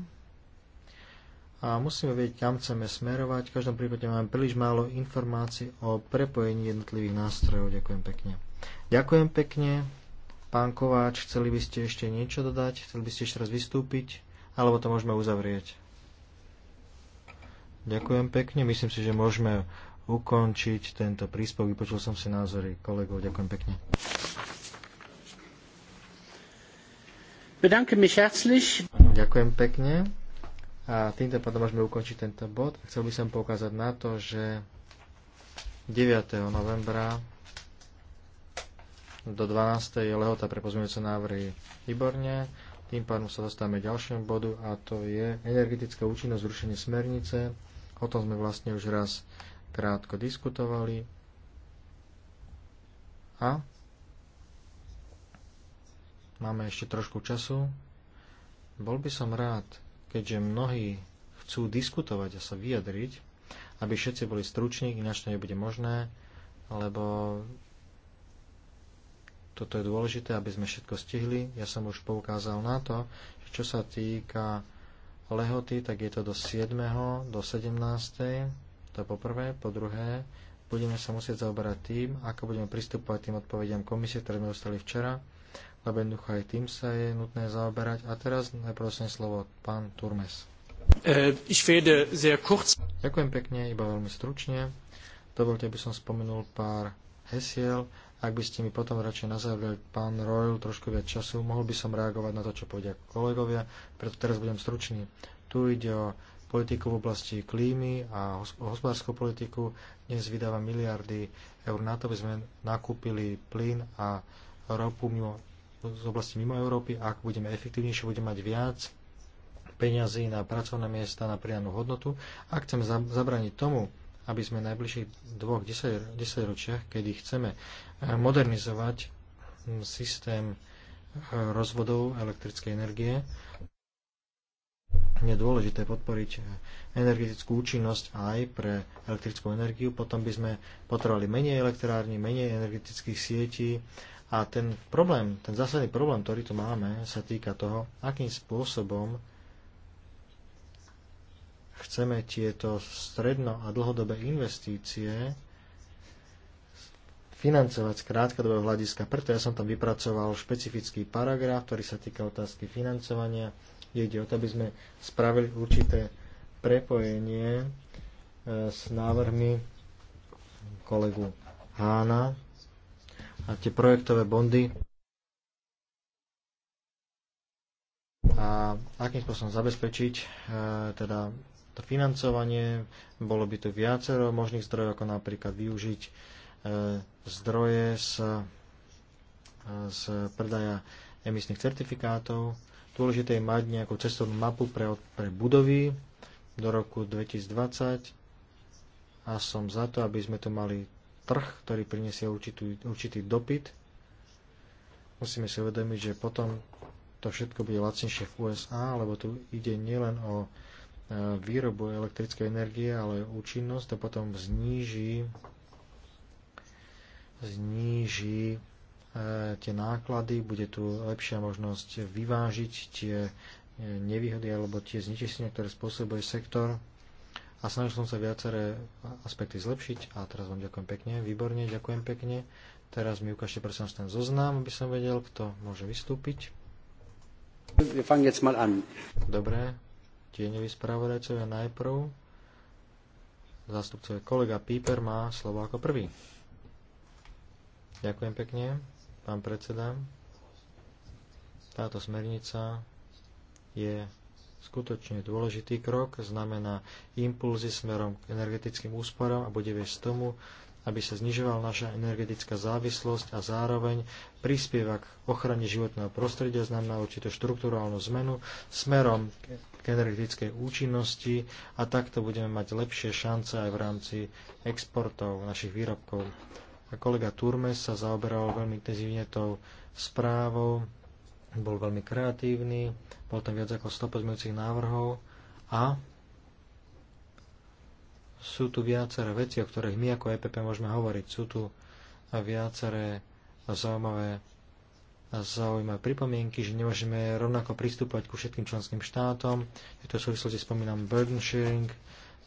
Speaker 1: a musíme vedieť, kam chceme smerovať. V každom prípade máme príliš málo informácií o prepojení jednotlivých nástrojov. Ďakujem pekne. Ďakujem pekne. Pán Kováč, chceli by ste ešte niečo dodať? Chceli by ste ešte raz vystúpiť? Alebo to môžeme uzavrieť? Ďakujem pekne. Myslím si, že môžeme ukončiť tento príspevok. Vypočul som si názory kolegov. Ďakujem pekne. Ďakujem pekne. A týmto pádom môžeme ukončiť tento bod. Chcel by som poukázať na to, že 9. novembra do 12. je lehota pre pozmeňujúce návrhy výborne. Tým pádom sa dostávame k ďalšiemu bodu a to je energetická účinnosť zrušenie smernice. O tom sme vlastne už raz krátko diskutovali. A máme ešte trošku času. Bol by som rád, keďže mnohí chcú diskutovať a sa vyjadriť, aby všetci boli struční, ináč to nebude možné, lebo toto je dôležité, aby sme všetko stihli. Ja som už poukázal na to, že čo sa týka lehoty, tak je to do 7. do 17. To je po Po druhé, budeme sa musieť zaoberať tým, ako budeme pristupovať tým odpovediam komisie, ktoré sme dostali včera. Nabenducha jednoducho aj tým sa je nutné zaoberať. A teraz najprosím slovo pán Turmes. Äh, sehr kurz... Ďakujem pekne, iba veľmi stručne. Dovolte, aby som spomenul pár hesiel. Ak by ste mi potom radšej nazavili pán Royal trošku viac času, mohol by som reagovať na to, čo povedia kolegovia, preto teraz budem stručný. Tu ide o politiku v oblasti klímy a hospodárskú politiku. Dnes vydáva miliardy eur na to, aby sme nakúpili plyn a ropu mimo z oblasti mimo Európy. Ak budeme efektívnejšie, budeme mať viac peňazí na pracovné miesta, na prianú hodnotu. A chcem zabraniť tomu, aby sme v najbližších dvoch desaťročiach, kedy chceme eh, modernizovať hm, systém eh, rozvodov elektrickej energie, je dôležité podporiť eh, energetickú účinnosť aj pre elektrickú energiu. Potom by sme potrebovali menej elektrární, menej energetických sietí a ten problém, ten zásadný problém, ktorý tu máme, sa týka toho, akým spôsobom chceme tieto stredno- a dlhodobé investície financovať z krátkodobého hľadiska. Preto ja som tam vypracoval špecifický paragraf, ktorý sa týka otázky financovania. Ide o to, aby sme spravili určité prepojenie e, s návrhmi kolegu Hána, a tie projektové bondy a akým spôsobom zabezpečiť e, teda to financovanie. Bolo by tu viacero možných zdrojov, ako napríklad využiť e, zdroje z, e, z predaja emisných certifikátov. Dôležité je mať nejakú cestovnú mapu pre, pre budovy do roku 2020 a som za to, aby sme tu mali trh, ktorý prinesie určitý, určitý dopyt. Musíme si uvedomiť, že potom to všetko bude lacnejšie v USA, lebo tu ide nielen o e, výrobu elektrickej energie, ale účinnosť to potom zníži zníži e, tie náklady, bude tu lepšia možnosť vyvážiť tie e, nevýhody alebo tie znečistenia, ktoré spôsobuje sektor a snažil som sa viaceré aspekty zlepšiť a teraz vám ďakujem pekne, výborne, ďakujem pekne. Teraz mi ukážte prosím ten zoznam, aby som vedel, kto môže vystúpiť. Dobre, tieňový spravodajcovia najprv. Zástupcovia kolega Píper má slovo ako prvý. Ďakujem pekne, pán predseda. Táto smernica je skutočne dôležitý krok, znamená impulzy smerom k energetickým úsporám a bude viesť tomu, aby sa znižovala naša energetická závislosť a zároveň prispieva k ochrane životného prostredia, znamená určitú štruktúrálnu zmenu smerom k energetickej účinnosti a takto budeme mať lepšie šance aj v rámci exportov našich výrobkov. A kolega Turmes sa zaoberal veľmi intenzívne tou správou bol veľmi kreatívny, bol tam viac ako 100 pozmeňujúcich návrhov a sú tu viaceré veci, o ktorých my ako EPP môžeme hovoriť. Sú tu viaceré zaujímavé, zaujímavé pripomienky, že nemôžeme rovnako pristúpať ku všetkým členským štátom. V tejto súvislosti spomínam burden sharing,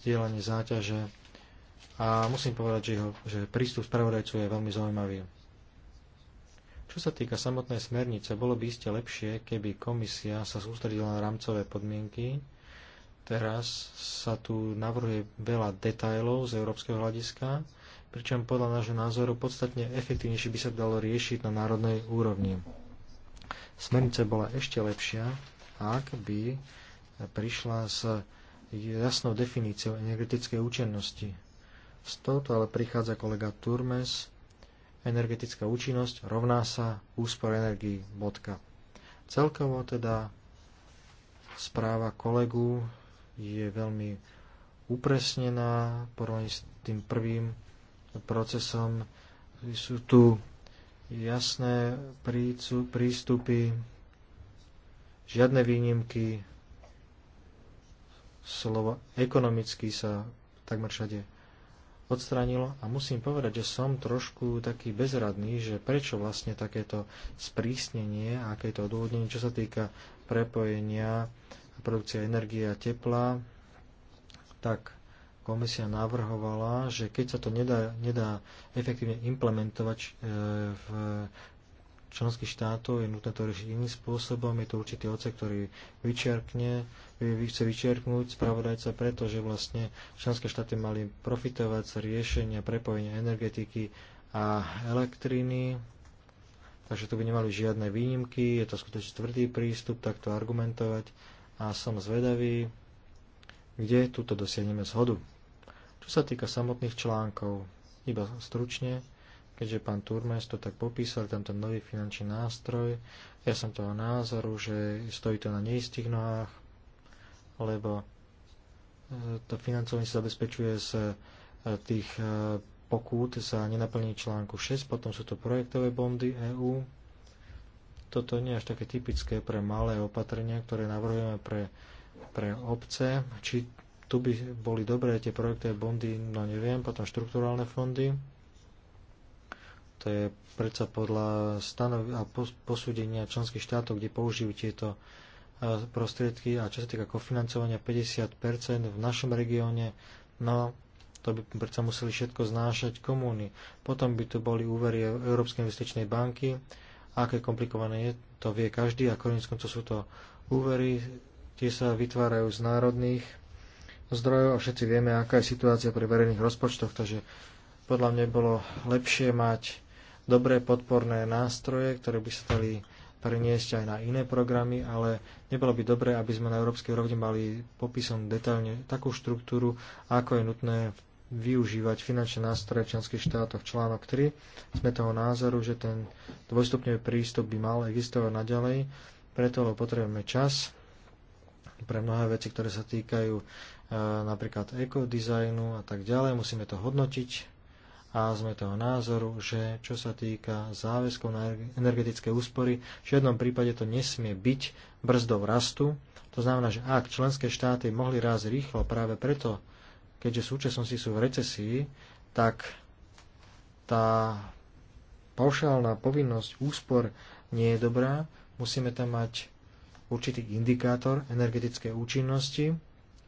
Speaker 1: zdieľanie záťaže a musím povedať, že, jeho, že prístup spravodajcu je veľmi zaujímavý. Čo sa týka samotnej smernice, bolo by iste lepšie, keby komisia sa sústredila na rámcové podmienky. Teraz sa tu navrhuje veľa detajlov z európskeho hľadiska, pričom podľa nášho názoru podstatne efektívnejšie by sa dalo riešiť na národnej úrovni. Smernica bola ešte lepšia, ak by prišla s jasnou definíciou energetickej účinnosti. S touto ale prichádza kolega Turmes, energetická účinnosť rovná sa úspor energii. Bodka. Celkovo teda správa kolegu je veľmi upresnená porovnaní s tým prvým procesom. Sú tu jasné prístupy, žiadne výnimky, slovo ekonomicky sa takmer všade odstránilo a musím povedať, že som trošku taký bezradný, že prečo vlastne takéto sprísnenie a aké odôvodnenie, čo sa týka prepojenia produkcia energie a tepla, tak komisia navrhovala, že keď sa to nedá, nedá efektívne implementovať e, v členských štátov, je nutné to riešiť iným spôsobom. Je to určitý odsek, ktorý vyčerkne, chce vyčerknúť spravodajca, pretože vlastne členské štáty mali profitovať z riešenia prepojenia energetiky a elektriny, takže tu by nemali žiadne výnimky, je to skutočne tvrdý prístup, takto argumentovať a som zvedavý, kde túto dosiahneme zhodu. Čo sa týka samotných článkov, iba stručne, keďže pán Turmes to tak popísal, tam ten nový finančný nástroj. Ja som toho názoru, že stojí to na neistých nohách, lebo e, to financovanie sa zabezpečuje z e, tých e, pokút za nenaplnenie článku 6, potom sú to projektové bondy EÚ. Toto nie je až také typické pre malé opatrenia, ktoré navrhujeme pre, pre obce. Či tu by boli dobré tie projektové bondy, no neviem, potom štrukturálne fondy to je predsa podľa stanov a posúdenia členských štátov, kde použijú tieto e, prostriedky a čo sa týka kofinancovania 50% v našom regióne, no to by predsa museli všetko znášať komúny. Potom by tu boli úvery Európskej investičnej banky, aké komplikované je, to vie každý a koniec koncov sú to úvery, tie sa vytvárajú z národných zdrojov a všetci vieme, aká je situácia pri verejných rozpočtoch, takže podľa mňa bolo lepšie mať dobré podporné nástroje, ktoré by sa dali preniesť aj na iné programy, ale nebolo by dobré, aby sme na európskej úrovni mali popisom detailne takú štruktúru, ako je nutné využívať finančné nástroje v členských štátoch. Článok 3 sme toho názoru, že ten dvojstupňový prístup by mal existovať naďalej, preto lebo potrebujeme čas pre mnohé veci, ktoré sa týkajú e, napríklad ekodizajnu a tak ďalej. Musíme to hodnotiť, a sme toho názoru, že čo sa týka záväzkov na energetické úspory, v žiadnom prípade to nesmie byť brzdou rastu. To znamená, že ak členské štáty mohli raz rýchlo práve preto, keďže v súčasnosti sú v recesii, tak tá paušálna povinnosť úspor nie je dobrá. Musíme tam mať určitý indikátor energetickej účinnosti,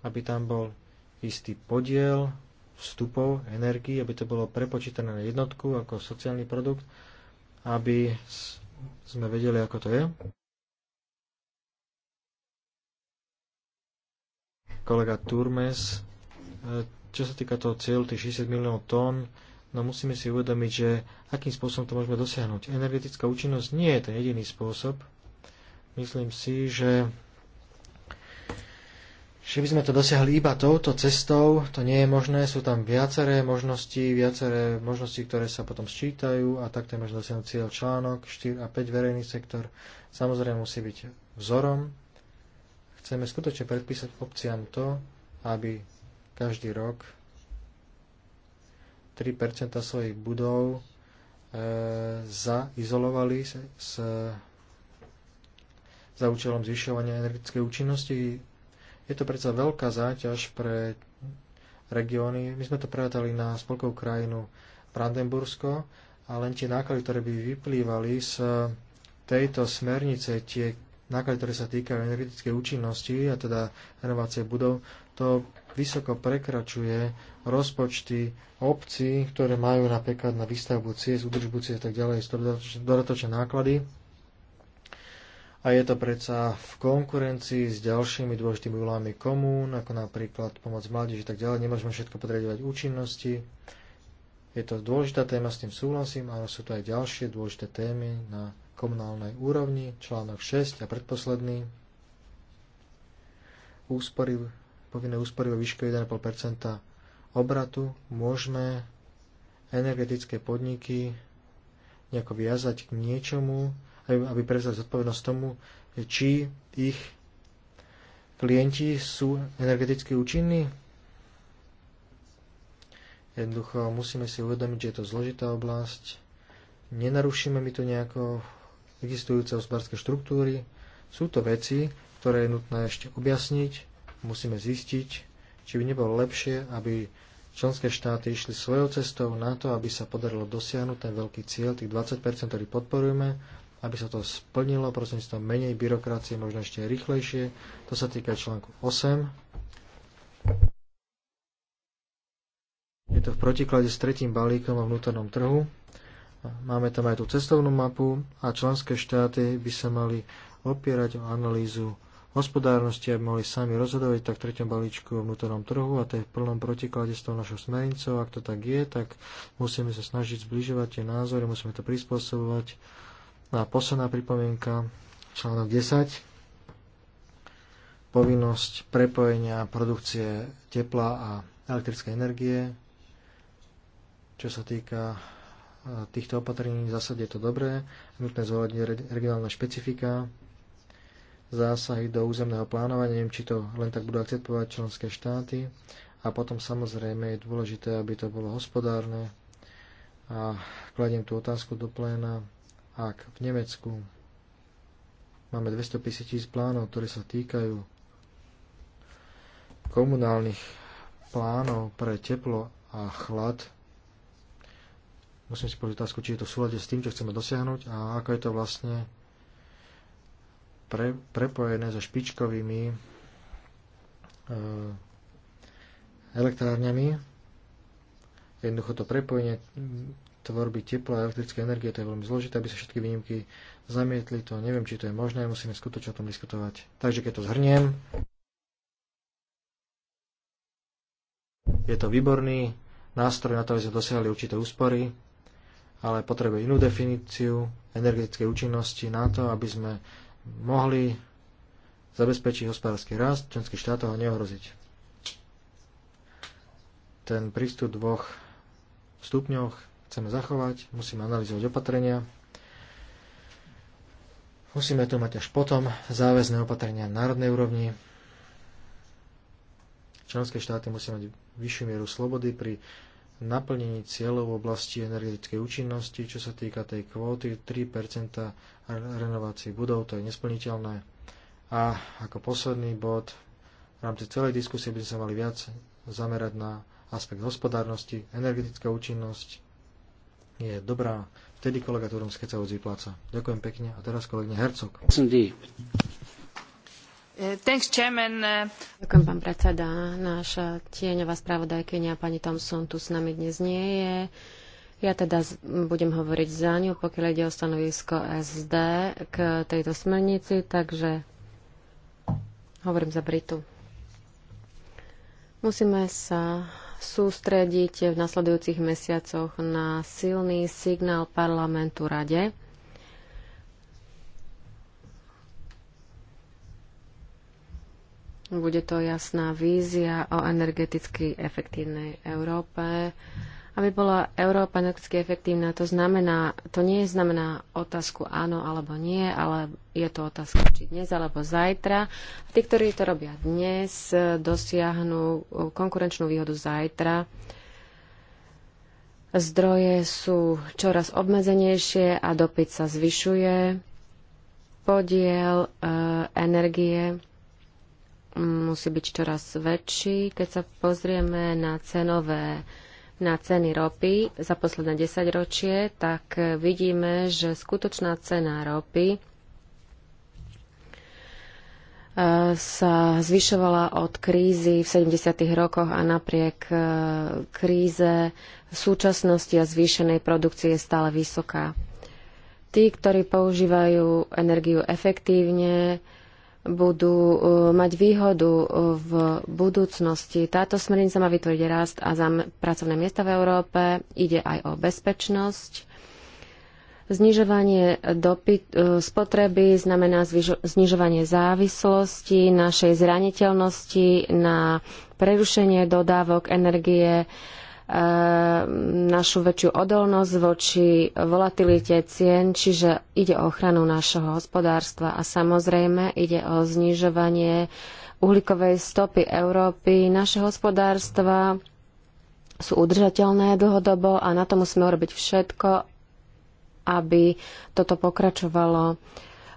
Speaker 1: aby tam bol istý podiel vstupov energii, aby to bolo prepočítané na jednotku ako sociálny produkt, aby sme vedeli, ako to je. Kolega Turmes, e, čo sa týka toho cieľu, tých 60 miliónov tón, no musíme si uvedomiť, že akým spôsobom to môžeme dosiahnuť. Energetická účinnosť nie je ten jediný spôsob. Myslím si, že že by sme to dosiahli iba touto cestou, to nie je možné, sú tam viaceré možnosti, viaceré možnosti, ktoré sa potom sčítajú a takto je možno dosiahnuť cieľ článok 4 a 5 verejný sektor. Samozrejme musí byť vzorom. Chceme skutočne predpísať obciam to, aby každý rok 3% svojich budov e, zaizolovali s, s, za účelom zvyšovania energetickej účinnosti je to predsa veľká záťaž pre regióny. My sme to prevedali na spolkovú krajinu Brandenbursko a len tie náklady, ktoré by vyplývali z tejto smernice, tie náklady, ktoré sa týkajú energetickej účinnosti a teda renovácie budov, to vysoko prekračuje rozpočty obcí, ktoré majú napríklad na výstavbu ciest, údržbu ciest a tak ďalej, dodatočné náklady a je to predsa v konkurencii s ďalšími dôležitými úlohami komún, ako napríklad pomoc mládeži a tak ďalej. Nemôžeme všetko podriadovať účinnosti. Je to dôležitá téma, s tým súhlasím, ale sú tu aj ďalšie dôležité témy na komunálnej úrovni, článok 6 a predposledný. Úspory, povinné úspory vo výške 1,5 obratu môžeme energetické podniky nejako viazať k niečomu, aby prevzali zodpovednosť tomu, či ich klienti sú energeticky účinní. Jednoducho musíme si uvedomiť, že je to zložitá oblasť. Nenarušíme mi to nejako existujúce hospodárske štruktúry. Sú to veci, ktoré je nutné ešte objasniť. Musíme zistiť, či by nebolo lepšie, aby členské štáty išli svojou cestou na to, aby sa podarilo dosiahnuť ten veľký cieľ, tých 20%, ktorý podporujeme, aby sa to splnilo prostredníctvom menej byrokracie, možno ešte rýchlejšie. To sa týka článku 8. Je to v protiklade s tretím balíkom o vnútornom trhu. Máme tam aj tú cestovnú mapu a členské štáty by sa mali opierať o analýzu hospodárnosti, aby mohli sami rozhodovať tak v treťom balíčku o vnútornom trhu a to je v plnom protiklade s tou našou smernicou. Ak to tak je, tak musíme sa snažiť zbližovať tie názory, musíme to prispôsobovať No a posledná pripomienka, článok 10. Povinnosť prepojenia produkcie tepla a elektrickej energie. Čo sa týka e, týchto opatrení, v zásade je to dobré. Nutné zohľadniť regionálne špecifika, zásahy do územného plánovania, neviem, či to len tak budú akceptovať členské štáty. A potom samozrejme je dôležité, aby to bolo hospodárne. A kladiem tú otázku do pléna, ak v Nemecku máme 250 tisíc plánov, ktoré sa týkajú komunálnych plánov pre teplo a chlad, musím si povedať otázku, či je to v súlade s tým, čo chceme dosiahnuť a ako je to vlastne pre, prepojené so špičkovými e, elektrárňami, jednoducho to prepojenie tvorby tepla a elektrické energie. To je veľmi zložité, aby sa všetky výnimky zamietli. To neviem, či to je možné, musíme skutočne o tom diskutovať. Takže keď to zhrniem, je to výborný nástroj na to, aby sme dosiahli určité úspory, ale potrebuje inú definíciu energetickej účinnosti na to, aby sme mohli zabezpečiť hospodársky rast členských štátov a neohroziť. Ten prístup dvoch stupňoch chceme zachovať, musíme analyzovať opatrenia, musíme tu mať až potom záväzné opatrenia na národnej úrovni, členské štáty musia mať vyššiu mieru slobody pri naplnení cieľov v oblasti energetickej účinnosti, čo sa týka tej kvóty 3% renovácií budov, to je nesplniteľné. A ako posledný bod, v rámci celej diskusie by sme sa mali viac zamerať na aspekt hospodárnosti, energetická účinnosť, je dobrá. Vtedy kolega Turms, keď sa vôbec vypláca. Ďakujem pekne. A teraz kolegne Hercog. Eh,
Speaker 2: thanks, eh, Ďakujem, pán predseda. Náša tieňová spravodajkynia pani Thompson tu s nami dnes nie je. Ja teda budem hovoriť za ňu, pokiaľ ide o stanovisko SD k tejto smernici, takže hovorím za Britu. Musíme sa sústrediť v nasledujúcich mesiacoch na silný signál parlamentu Rade. Bude to jasná vízia o energeticky efektívnej Európe aby bola Európa energeticky efektívna, to znamená, to nie je znamená otázku áno alebo nie, ale je to otázka či dnes alebo zajtra. A tí, ktorí to robia dnes, dosiahnu konkurenčnú výhodu zajtra. Zdroje sú čoraz obmedzenejšie a dopyt sa zvyšuje. Podiel e, energie musí byť čoraz väčší. Keď sa pozrieme na cenové na ceny ropy za posledné 10 ročie, tak vidíme, že skutočná cena ropy e, sa zvyšovala od krízy v 70. rokoch a napriek e, kríze súčasnosti a zvýšenej produkcie je stále vysoká. Tí, ktorí používajú energiu efektívne, budú eh, mať výhodu eh, v budúcnosti. Táto smernica má vytvoriť rast a pracovné miesta v Európe. Ide aj o bezpečnosť. Znižovanie dopyt, eh, spotreby znamená znižovanie závislosti, našej zraniteľnosti na prerušenie dodávok energie Eh, našu väčšiu odolnosť voči volatilite cien, čiže ide o ochranu nášho hospodárstva a samozrejme ide o znižovanie uhlíkovej stopy Európy. Naše hospodárstva sú udržateľné dlhodobo a na to musíme urobiť všetko, aby toto pokračovalo.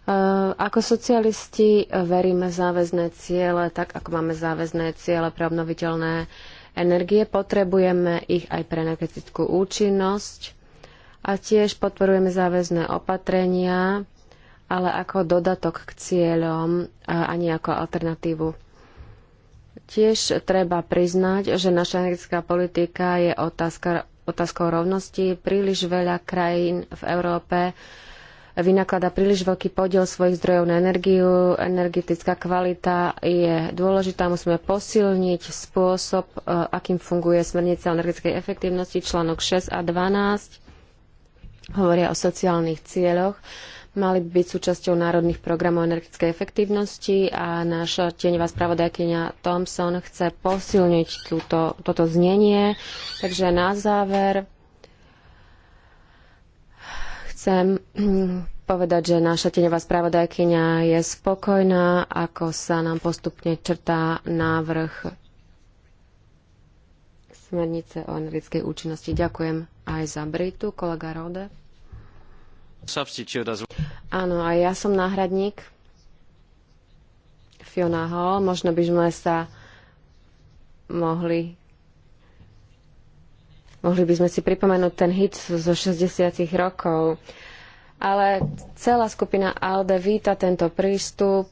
Speaker 2: Eh, ako socialisti veríme záväzné ciele, tak ako máme záväzné ciele pre obnoviteľné energie. Potrebujeme ich aj pre energetickú účinnosť a tiež podporujeme záväzné opatrenia, ale ako dodatok k cieľom a nie ako alternatívu. Tiež treba priznať, že naša energetická politika je otázka, otázkou rovnosti. Príliš veľa krajín v Európe vynakladá príliš veľký podiel svojich zdrojov na energiu. Energetická kvalita je dôležitá. Musíme posilniť spôsob, e, akým funguje smernica o energetickej efektívnosti, článok 6 a 12 hovoria o sociálnych cieľoch mali by byť súčasťou národných programov energetickej efektívnosti a náša tieňová spravodajkynia Thompson chce posilniť túto, toto znenie. Takže na záver Chcem povedať, že naša teňová spravodajkyňa je spokojná, ako sa nám postupne črtá návrh smernice o energetickej účinnosti. Ďakujem aj za Britu, kolega Rode. Áno, aj ja som náhradník. Fiona Hall, možno by sme sa mohli Mohli by sme si pripomenúť ten hit zo 60. rokov. Ale celá skupina ALDE víta tento prístup.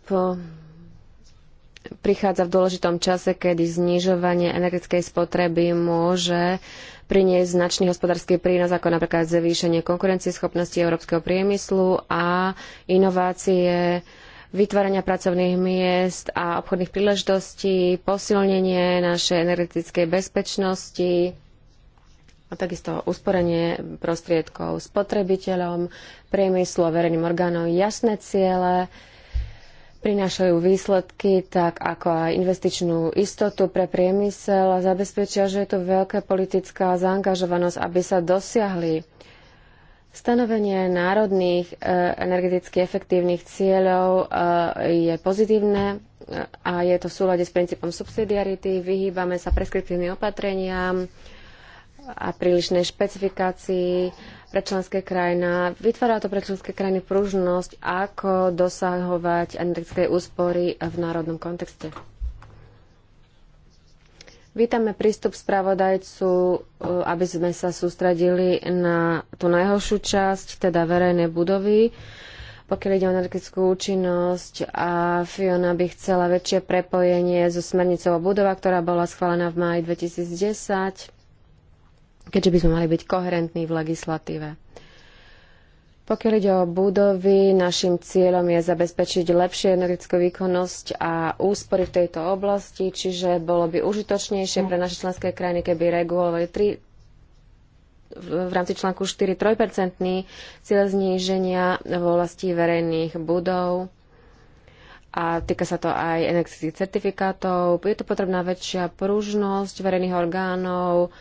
Speaker 2: Prichádza v dôležitom čase, kedy znižovanie energetickej spotreby môže priniesť značný hospodársky prínos, ako napríklad zvýšenie konkurencieschopnosti európskeho priemyslu a inovácie vytvárania pracovných miest a obchodných príležitostí, posilnenie našej energetickej bezpečnosti, a takisto usporenie prostriedkov spotrebiteľom, priemyslu a verejným orgánom jasné ciele, prinášajú výsledky, tak ako aj investičnú istotu pre priemysel a zabezpečia, že je to veľká politická zaangažovanosť, aby sa dosiahli Stanovenie národných e, energeticky efektívnych cieľov e, je pozitívne e, a je to v súlade s princípom subsidiarity. Vyhýbame sa preskriptívnym opatreniam, a prílišnej špecifikácii pre členské krajina. Vytvára to pre členské krajiny pružnosť, ako dosahovať energetické úspory v národnom kontexte. Vítame prístup spravodajcu, e, aby sme sa sústredili na tú najhoršiu časť, teda verejné budovy, pokiaľ ide o energetickú účinnosť a Fiona by chcela väčšie prepojenie so smernicou o budova, ktorá bola schválená v máji 2010 keďže by sme mali byť koherentní v legislatíve. Pokiaľ ide o budovy, našim cieľom je zabezpečiť lepšiu energetickú výkonnosť a úspory v tejto oblasti, čiže bolo by užitočnejšie pre naše členské krajiny, keby regulovali tri, v rámci článku 4 trojpercentný cieľ zníženia v oblasti verejných budov a týka sa to aj energetických certifikátov. Je tu potrebná väčšia pružnosť verejných orgánov,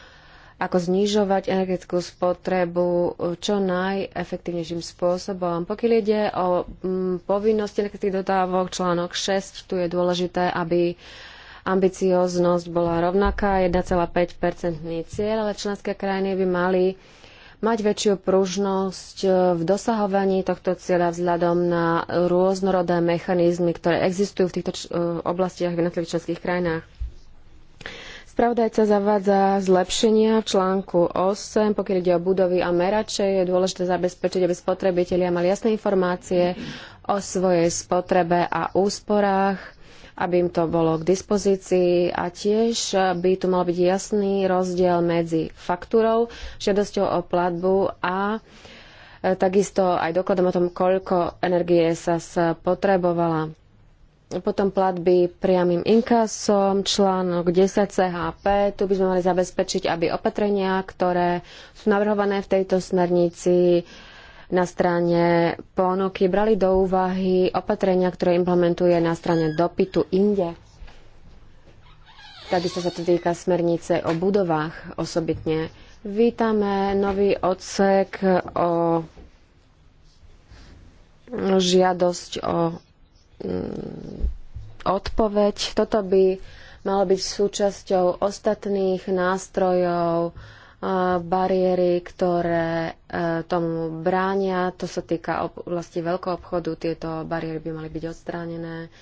Speaker 2: ako znižovať energetickú spotrebu čo najefektívnejším spôsobom. Pokiaľ ide o mm, povinnosti energetických dodávok, článok 6, tu je dôležité, aby ambicioznosť bola rovnaká, 1,5-percentný cieľ, ale členské krajiny by mali mať väčšiu pružnosť v dosahovaní tohto cieľa vzhľadom na rôznorodé mechanizmy, ktoré existujú v týchto eh, oblastiach v jednotlivých členských krajinách. Spravodajca zavádza zlepšenia v článku 8, pokiaľ ide o budovy a merače. Je dôležité zabezpečiť, aby spotrebitelia mali jasné informácie o svojej spotrebe a úsporách aby im to bolo k dispozícii a tiež by tu mal byť jasný rozdiel medzi faktúrou, žiadosťou o platbu a e, takisto aj dokladom o tom, koľko energie sa spotrebovala. Potom platby priamým inkasom, článok 10 CHP. Tu by sme mali zabezpečiť, aby opatrenia, ktoré sú navrhované v tejto smernici na strane ponuky, brali do úvahy opatrenia, ktoré implementuje na strane dopytu inde. sa sa to týka smernice o budovách osobitne. Vítame nový odsek o žiadosť o Mm, odpoveď. Toto by malo byť súčasťou ostatných nástrojov, eh, bariéry, ktoré eh, tomu bránia. To sa týka oblasti veľkého obchodu. Tieto bariéry by mali byť odstránené.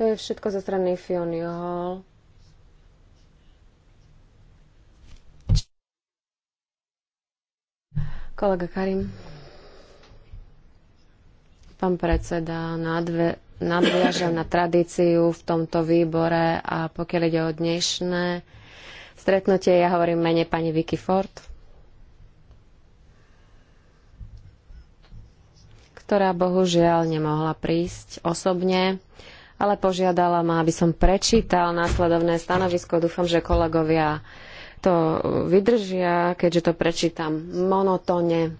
Speaker 2: To je všetko zo strany Fiony Hall. Kolega Karim. Pán predseda, na dve nadviažem na tradíciu v tomto výbore a pokiaľ ide o dnešné stretnutie, ja hovorím mene pani Vicky Ford, ktorá bohužiaľ nemohla prísť osobne, ale požiadala ma, aby som prečítal následovné stanovisko. Dúfam, že kolegovia to vydržia, keďže to prečítam monotone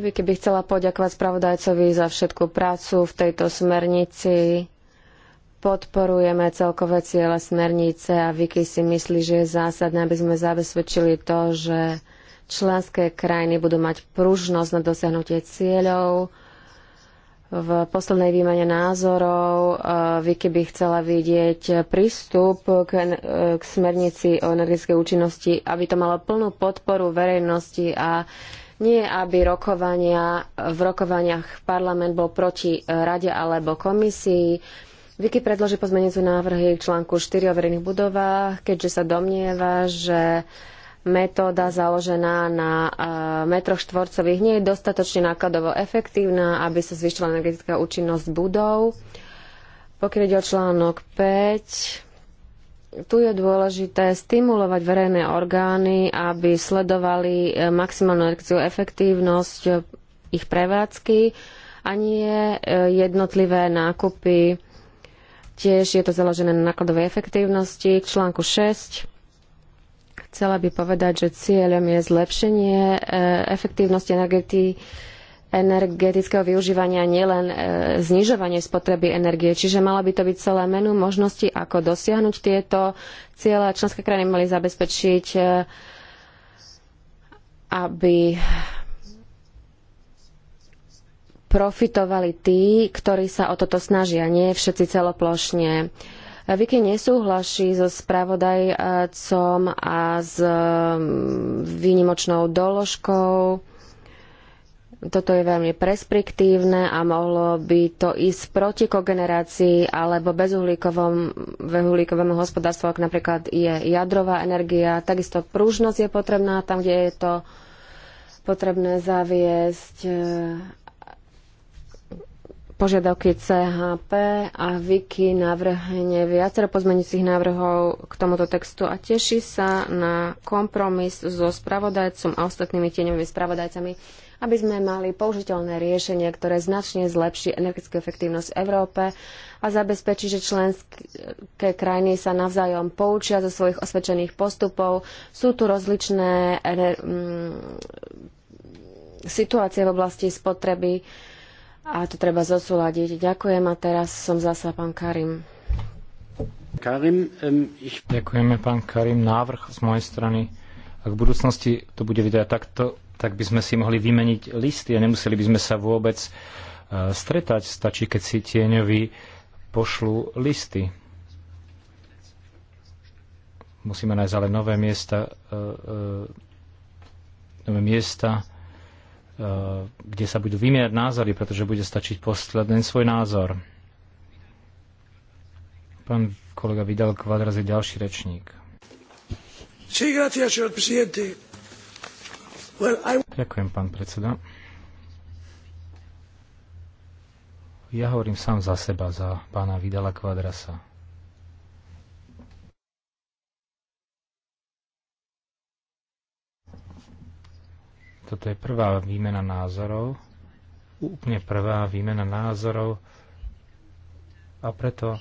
Speaker 2: Vicky by chcela poďakovať spravodajcovi za všetku prácu v tejto smernici. Podporujeme celkové ciele smernice a Vicky si myslí, že je zásadné, aby sme zabezpečili to, že členské krajiny budú mať pružnosť na dosiahnutie cieľov. V poslednej výmene názorov e, Vicky by chcela vidieť prístup k, e, k smernici o energetickej účinnosti, aby to malo plnú podporu verejnosti a nie, aby rokovania, v rokovaniach parlament bol proti e, rade alebo komisii. Vicky predloží pozmenicu návrhy k článku 4 o verejných budovách, keďže sa domnieva, že metóda založená na e, metroch štvorcových nie je dostatočne nákladovo efektívna, aby sa zvýšila energetická účinnosť budov. Pokiaľ ide o článok 5, tu je dôležité stimulovať verejné orgány, aby sledovali eh, maximálnu energetickú efektívnosť eh, ich prevádzky a nie eh, jednotlivé nákupy. Tiež je to založené na nákladovej efektívnosti. K článku 6 chcela by povedať, že cieľom je zlepšenie efektívnosti energetiky energetického využívania, nielen e, znižovanie spotreby energie. Čiže mala by to byť celé menu možností, ako dosiahnuť tieto ciele. Členské krajiny mali zabezpečiť, e, aby profitovali tí, ktorí sa o toto snažia, nie všetci celoplošne. Vicky nesúhlaší so spravodajcom a s mm, výnimočnou doložkou toto je veľmi prespriktívne a mohlo by to ísť proti kogenerácii alebo bezuhlíkovému hospodárstvu, ako napríklad je jadrová energia. Takisto pružnosť je potrebná tam, kde je to potrebné zaviesť e, požiadavky CHP a Viki navrhne viacero pozmeňujúcich návrhov k tomuto textu a teší sa na kompromis so spravodajcom a ostatnými tieňovými spravodajcami aby sme mali použiteľné riešenie, ktoré značne zlepší energetickú efektívnosť v Európe a zabezpečí, že členské krajiny sa navzájom poučia zo svojich osvedčených postupov. Sú tu rozličné mm, situácie v oblasti spotreby a to treba zosúľadiť. Ďakujem a teraz som zasa pán Karim.
Speaker 3: Karim, um, ich... Ďakujeme, pán Karim. Návrh z mojej strany, ak v budúcnosti to bude vyzerať takto, tak by sme si mohli vymeniť listy a nemuseli by sme sa vôbec e, stretať. Stačí, keď si tieňovi pošlu listy. Musíme nájsť ale nové miesta, e, e, nové miesta, kde sa budú vymieňať názory, pretože bude stačiť posledný svoj názor. Pán kolega Vidal Kvadras je ďalší rečník.
Speaker 2: Sí, gracias, señor presidente.
Speaker 3: Ďakujem, pán predseda. Ja hovorím sám za seba, za pána Vidala Kvadrasa. Toto je prvá výmena názorov, úplne prvá výmena názorov a preto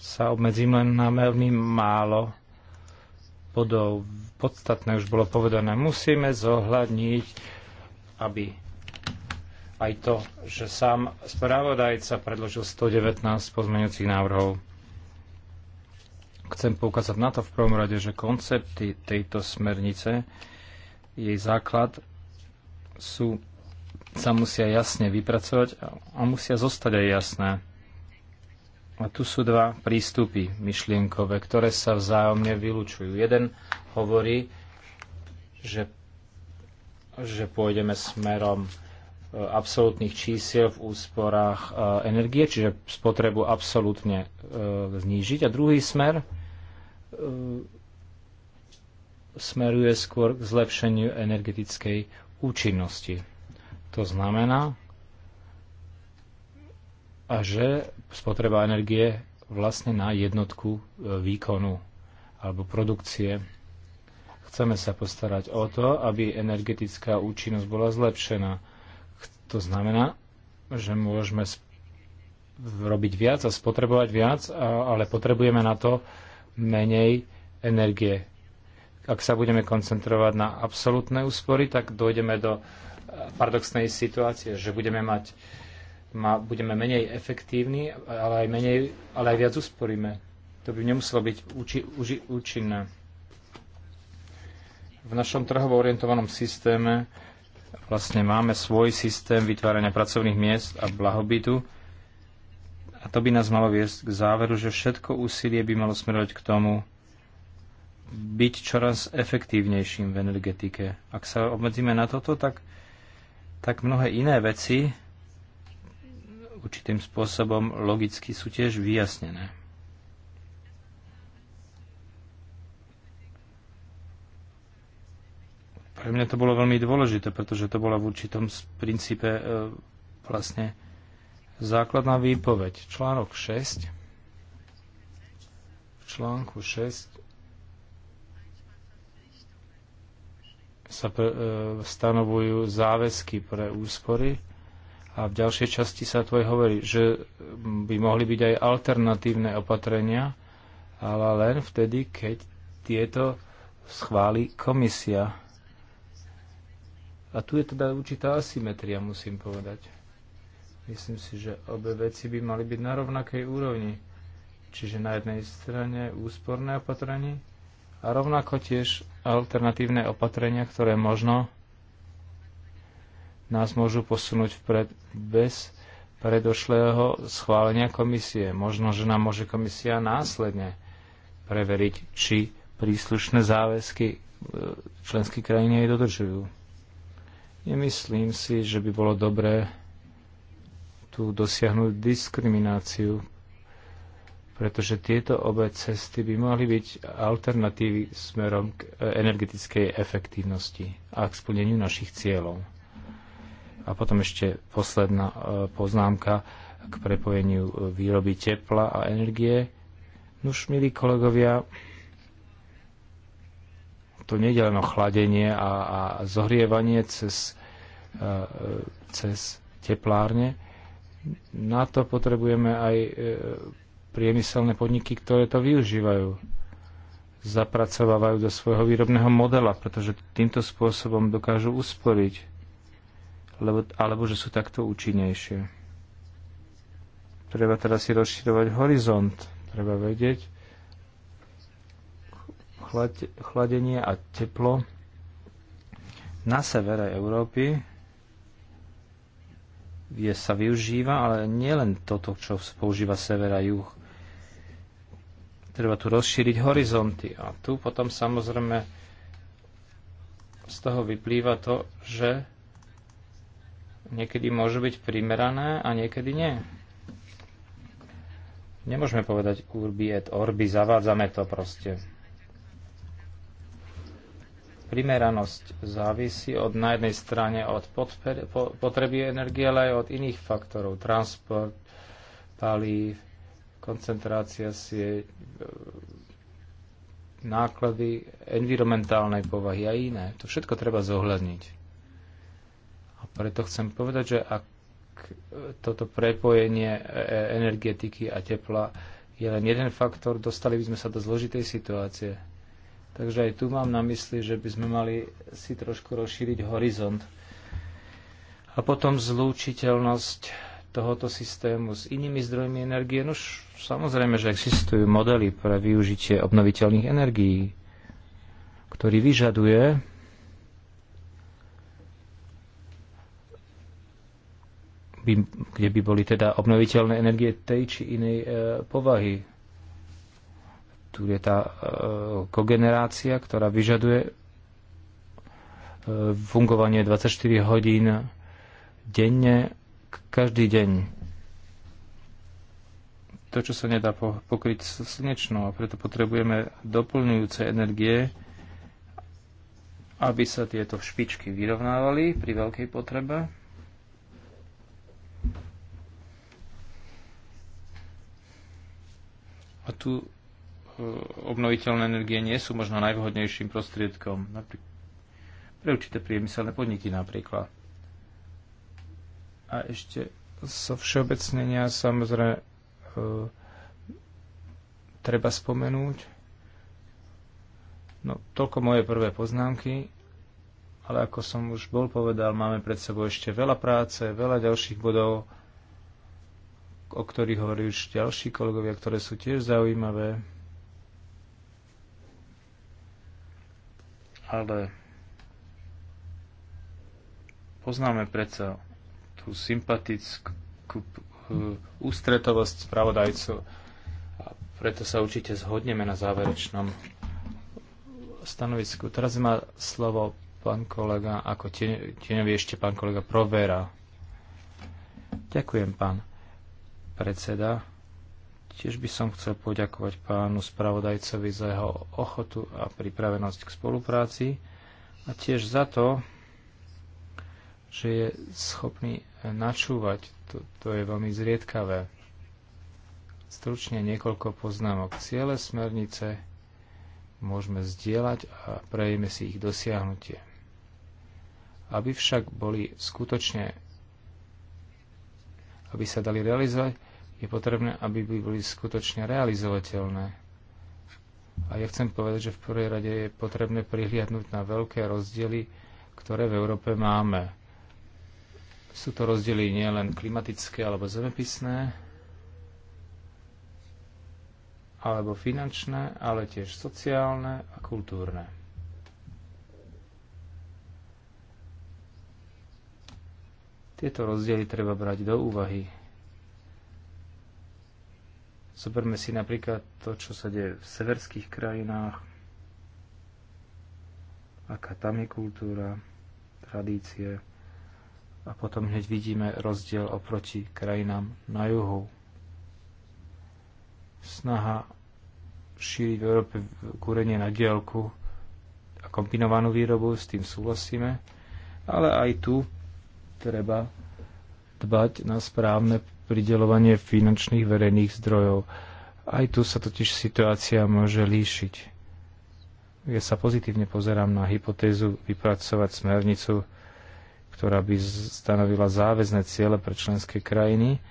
Speaker 3: sa obmedzím len na veľmi málo bodov podstatné už bolo povedané. Musíme zohľadniť, aby aj to, že sám spravodajca predložil 119 pozmeňujúcich návrhov. Chcem poukázať na to v prvom rade, že koncepty tejto smernice, jej základ sú, sa musia jasne vypracovať a musia zostať aj jasné. A tu sú dva prístupy myšlienkové, ktoré sa vzájomne vylúčujú. Jeden hovorí, že, že pôjdeme smerom e, absolútnych čísiel v úsporách e, energie, čiže spotrebu absolútne e, znížiť. A druhý smer smeruje skôr k zlepšeniu energetickej účinnosti. To znamená, a že spotreba energie vlastne na jednotku e, výkonu alebo produkcie. Chceme sa postarať o to, aby energetická účinnosť bola zlepšená. To znamená, že môžeme robiť viac a spotrebovať viac, ale potrebujeme na to menej energie. Ak sa budeme koncentrovať na absolútne úspory, tak dojdeme do e, paradoxnej situácie, že budeme mať uh, ma, budeme menej efektívni, ale aj, menej, ale aj viac usporíme. To by nemuselo byť úči, úži, účinné. V našom trhovo orientovanom systéme vlastne máme svoj systém vytvárania pracovných miest a blahobytu a to by nás malo viesť k záveru, že všetko úsilie by malo smerovať k tomu, byť čoraz efektívnejším v energetike. Ak sa obmedzíme na toto, tak, tak mnohé iné veci určitým spôsobom logicky sú tiež vyjasnené. Pre mňa to bolo veľmi dôležité, pretože to bola v určitom princípe e, vlastne základná výpoveď. Článok 6. V článku 6 sa e, stanovujú záväzky pre úspory a v ďalšej časti sa tvoj hovorí, že by mohli byť aj alternatívne opatrenia, ale len vtedy, keď tieto schváli komisia. A tu je teda určitá asymetria, musím povedať. Myslím si, že obe veci by mali byť na rovnakej úrovni. Čiže na jednej strane úsporné opatrenie a rovnako tiež alternatívne opatrenia, ktoré možno nás môžu posunúť vpred bez predošlého schválenia komisie. Možno, že nám môže komisia následne preveriť, či príslušné záväzky e, členské krajiny aj dodržujú. Nemyslím si, že by bolo dobré tu dosiahnuť diskrimináciu, pretože tieto obe cesty by mohli byť alternatívy smerom k e, energetickej efektívnosti a k splneniu našich cieľov. A potom ešte posledná e, poznámka k prepojeniu e, výroby tepla a energie. už, milí kolegovia, to je len o chladenie a, a zohrievanie cez, e, cez teplárne. Na to potrebujeme aj priemyselné podniky, ktoré to využívajú, zapracovávajú do svojho výrobného modela, pretože týmto spôsobom dokážu usporiť lebo, alebo že sú takto účinnejšie. Treba teda si rozširovať horizont, treba vedieť, chlad, chladenie a teplo na severe Európy je, sa využíva, ale nielen toto, čo používa sever a juh. Treba tu rozšíriť horizonty a tu potom samozrejme z toho vyplýva to, že niekedy môžu byť primerané a niekedy nie. Nemôžeme povedať urbi et orbi, zavádzame to proste. Primeranosť závisí od na jednej strane od podper, po, potreby energie, ale aj od iných faktorov. Transport, palív, koncentrácia sieť, e, náklady environmentálnej povahy a iné. To všetko treba zohľadniť. Preto chcem povedať, že ak toto prepojenie e, e, energetiky a tepla je len jeden faktor, dostali by sme sa do zložitej situácie. Takže aj tu mám na mysli, že by sme mali si trošku rozšíriť horizont a potom zlúčiteľnosť tohoto systému s inými zdrojmi energie. No samozrejme, že existujú modely pre využitie obnoviteľných energií, ktorý vyžaduje by, kde by boli teda obnoviteľné energie tej či inej e, povahy. Tu je tá e, kogenerácia, ktorá vyžaduje e, fungovanie 24 hodín denne, každý deň. To, čo sa nedá po, pokryť slnečno, a preto potrebujeme doplňujúce energie, aby sa tieto špičky vyrovnávali pri veľkej potrebe A tu e, obnoviteľné energie nie sú možno najvhodnejším prostriedkom. Pre určité priemyselné podniky napríklad. A ešte zo so všeobecnenia samozrejme e, treba spomenúť. No, toľko moje prvé poznámky, ale ako som už bol povedal, máme pred sebou ešte veľa práce, veľa ďalších bodov, o ktorých hovorí už ďalší kolegovia, ktoré sú tiež zaujímavé. Ale poznáme predsa tú sympatickú eh, ústretovosť spravodajcov a preto sa určite zhodneme na záverečnom stanovisku. Teraz má slovo pán kolega, ako tieňový ešte pán kolega Provera. Ďakujem, pán predseda. Tiež by som chcel poďakovať pánu spravodajcovi za jeho ochotu a pripravenosť k spolupráci a tiež za to, že je schopný načúvať. To, to je veľmi zriedkavé. Stručne niekoľko poznámok. Ciele smernice môžeme zdieľať a prejme si ich dosiahnutie. Aby však boli skutočne aby sa dali realizovať, je potrebné, aby by boli skutočne realizovateľné. A ja chcem povedať, že v prvej rade je potrebné prihliadnúť na veľké rozdiely, ktoré v Európe máme. Sú to rozdiely nielen klimatické alebo zemepisné, alebo finančné, ale tiež sociálne a kultúrne. Tieto rozdiely treba brať do úvahy Zoberme si napríklad to, čo sa deje v severských krajinách, aká tam je kultúra, tradície a potom hneď vidíme rozdiel oproti krajinám na juhu. Snaha šíriť v Európe kúrenie na dielku a kombinovanú výrobu, s tým súhlasíme, ale aj tu treba dbať na správne pridelovanie finančných verejných zdrojov. Aj tu sa totiž situácia môže líšiť. Ja sa pozitívne pozerám na hypotézu vypracovať smernicu, ktorá by stanovila záväzné ciele pre členské krajiny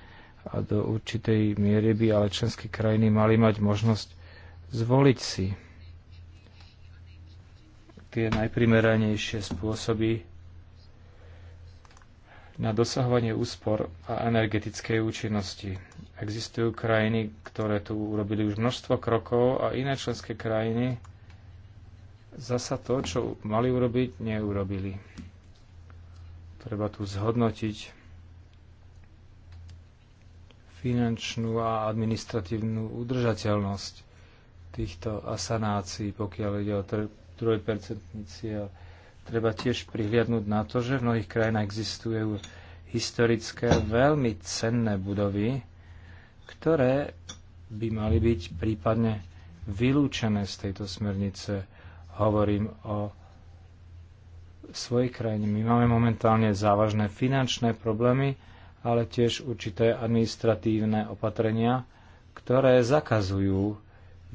Speaker 3: a do určitej miery by ale členské krajiny mali mať možnosť zvoliť si tie najprimeranejšie spôsoby na dosahovanie úspor a energetickej účinnosti. Existujú krajiny, ktoré tu urobili už množstvo krokov a iné členské krajiny zasa to, čo mali urobiť, neurobili. Treba tu zhodnotiť finančnú a administratívnu udržateľnosť týchto asanácií, pokiaľ ide o 3% cieľ. Tr- treba tiež prihliadnúť na to, že v mnohých krajinách existujú historické veľmi cenné budovy, ktoré by mali byť prípadne vylúčené z tejto smernice. Hovorím o svojej krajine. My máme momentálne závažné finančné problémy, ale tiež určité administratívne opatrenia, ktoré zakazujú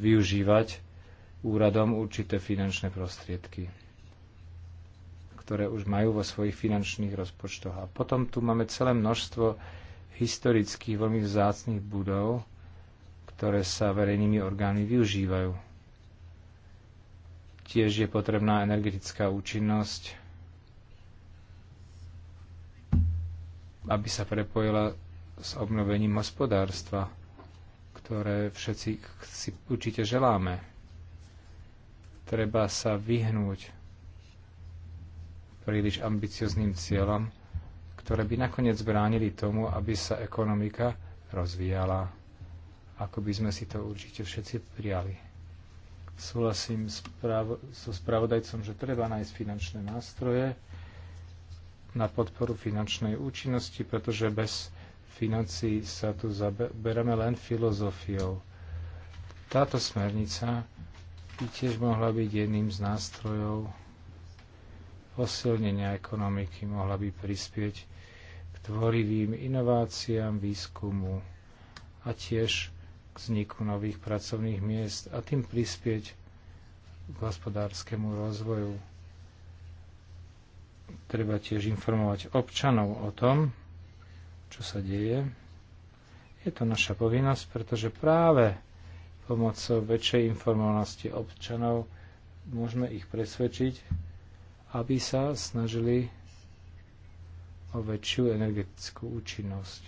Speaker 3: využívať úradom určité finančné prostriedky ktoré už majú vo svojich finančných rozpočtoch. A potom tu máme celé množstvo historických, veľmi vzácných budov, ktoré sa verejnými orgány využívajú. Tiež je potrebná energetická účinnosť, aby sa prepojila s obnovením hospodárstva, ktoré všetci si určite želáme. Treba sa vyhnúť príliš ambiciozným cieľom, ktoré by nakoniec bránili tomu, aby sa ekonomika rozvíjala, ako by sme si to určite všetci prijali. Súhlasím so spravodajcom, že treba nájsť finančné nástroje na podporu finančnej účinnosti, pretože bez financí sa tu zabereme len filozofiou. Táto smernica by tiež mohla byť jedným z nástrojov posilnenia ekonomiky mohla by prispieť k tvorivým inováciám, výskumu a tiež k vzniku nových pracovných miest a tým prispieť k hospodárskému rozvoju. Treba tiež informovať občanov o tom, čo sa deje. Je to naša povinnosť, pretože práve pomocou väčšej informovanosti občanov môžeme ich presvedčiť, aby sa snažili o väčšiu energetickú účinnosť.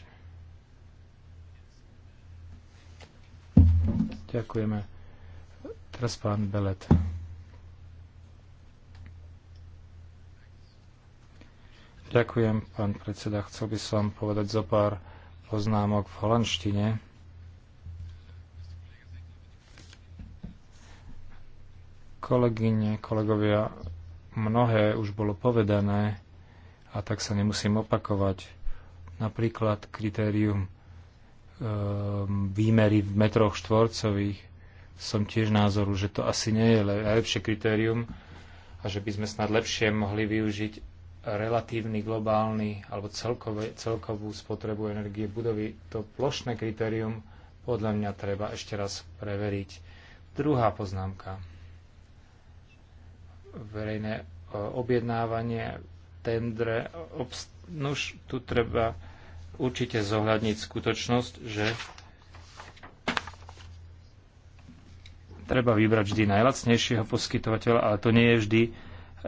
Speaker 3: Ďakujeme. Teraz pán Belet. Ďakujem, pán predseda. Chcel by som povedať zo pár poznámok v holandštine. Kolegyne, kolegovia, Mnohé už bolo povedané a tak sa nemusím opakovať. Napríklad kritérium ehm, výmery v metroch štvorcových som tiež názoru, že to asi nie je najlepšie kritérium a že by sme snad lepšie mohli využiť relatívny, globálny alebo celkové, celkovú spotrebu energie budovy. To plošné kritérium podľa mňa treba ešte raz preveriť. Druhá poznámka verejné e, objednávanie, tendre. Obst- už tu treba určite zohľadniť skutočnosť, že treba vybrať vždy najlacnejšieho poskytovateľa, ale to nie je vždy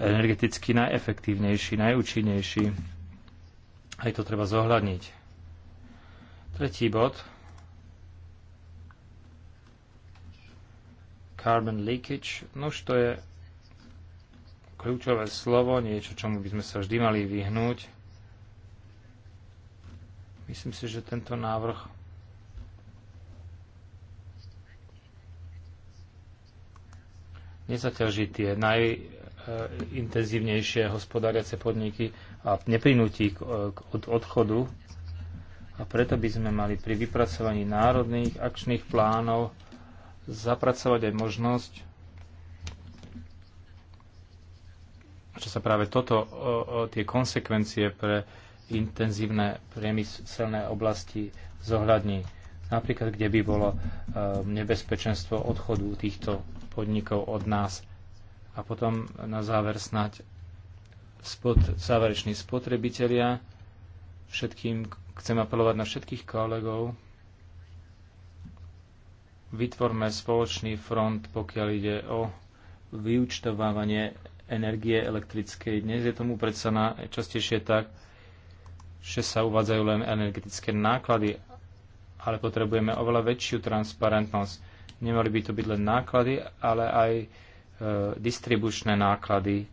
Speaker 3: energeticky najefektívnejší, najúčinnejší. Aj to treba zohľadniť. Tretí bod. Carbon leakage. už to je kľúčové slovo, niečo, čomu by sme sa vždy mali vyhnúť. Myslím si, že tento návrh nezaťaží tie najintenzívnejšie hospodáriace podniky a neprinúti od odchodu. A preto by sme mali pri vypracovaní národných akčných plánov zapracovať aj možnosť že sa práve toto, o, o, tie konsekvencie pre intenzívne priemyselné oblasti zohľadní. Napríklad, kde by bolo e, nebezpečenstvo odchodu týchto podnikov od nás. A potom na záver snať spod, záverečný spotrebitelia. Všetkým chcem apelovať na všetkých kolegov. Vytvorme spoločný front, pokiaľ ide o vyúčtovávanie energie elektrickej. Dnes je tomu predsa na, častejšie tak, že sa uvádzajú len energetické náklady, ale potrebujeme oveľa väčšiu transparentnosť. Nemali by to byť len náklady, ale aj e, distribučné náklady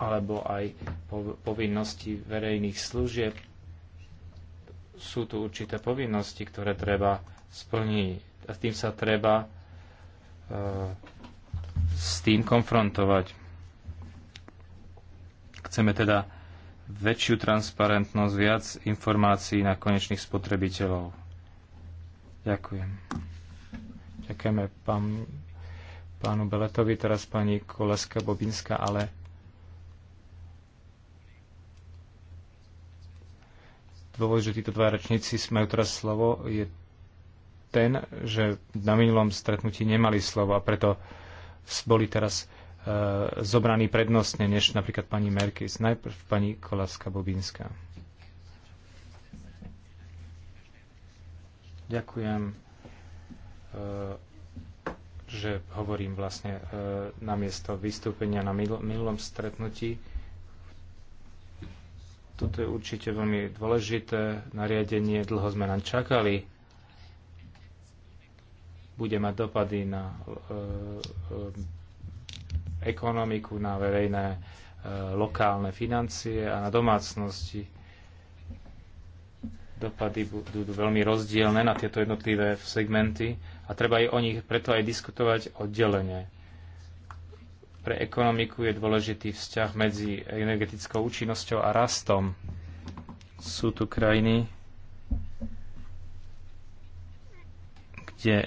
Speaker 3: alebo aj povinnosti verejných služieb. Sú tu určité povinnosti, ktoré treba splniť. A tým sa treba e, s tým konfrontovať. Chceme teda väčšiu transparentnosť, viac informácií na konečných spotrebiteľov. Ďakujem. Ďakujeme pán, pánu Beletovi, teraz pani Koleska Bobinska ale dôvod, že títo dva rečníci majú teraz slovo, je ten, že na minulom stretnutí nemali slovo a preto boli teraz e, zobraní prednostne než napríklad pani Merkis. Najprv pani Kolaska-Bobinská. Ďakujem, e, že hovorím vlastne e, na miesto vystúpenia na minulom stretnutí. Toto je určite veľmi dôležité nariadenie, dlho sme nám čakali bude mať dopady na e, e, ekonomiku, na verejné e, lokálne financie a na domácnosti. Dopady budú veľmi rozdielne na tieto jednotlivé segmenty a treba aj o nich preto aj diskutovať oddelenie. Pre ekonomiku je dôležitý vzťah medzi energetickou účinnosťou a rastom. Sú tu krajiny, kde e,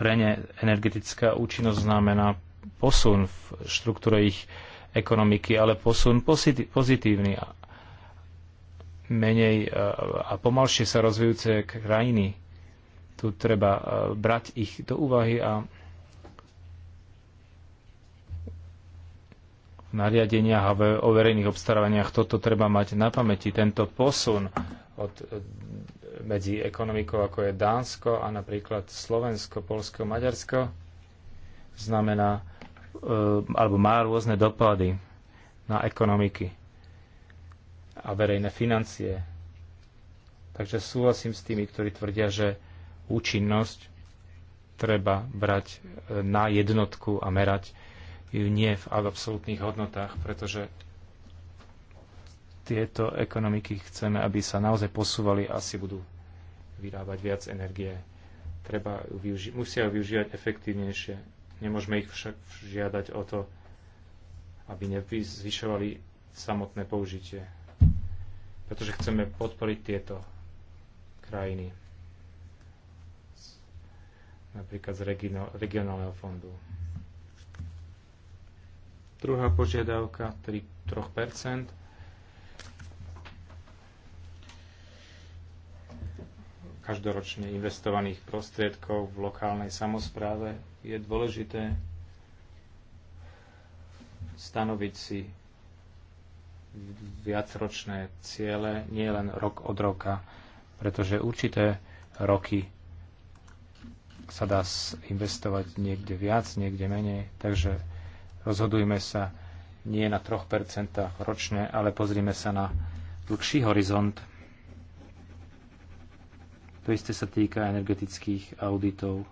Speaker 3: pre ne energetická účinnosť znamená posun v štruktúre ich ekonomiky, ale posun pozitívny a menej e, a pomalšie sa rozvíjúce krajiny. Tu treba e, brať ich do úvahy a nariadeniach a o verejných obstarávaniach toto treba mať na pamäti. Tento posun od, medzi ekonomikou, ako je Dánsko a napríklad Slovensko, Polsko, Maďarsko, znamená e, alebo má rôzne dopady na ekonomiky a verejné financie. Takže súhlasím s tými, ktorí tvrdia, že účinnosť treba brať e, na jednotku a merať nie v absolútnych hodnotách, pretože tieto ekonomiky chceme, aby sa naozaj posúvali a si budú vyrábať viac energie. Treba využi- musia ju využívať efektívnejšie. Nemôžeme ich však žiadať o to, aby nevyzvyšovali samotné použitie. Pretože chceme podporiť tieto krajiny. Napríklad z regionálneho fondu. Druhá požiadavka 3, 3%. každoročne investovaných prostriedkov v lokálnej samozpráve je dôležité stanoviť si viacročné ciele, nie len rok od roka, pretože určité roky sa dá investovať niekde viac, niekde menej, takže Rozhodujme sa nie na 3% ročne, ale pozrime sa na dlhší horizont. To isté sa týka energetických auditov.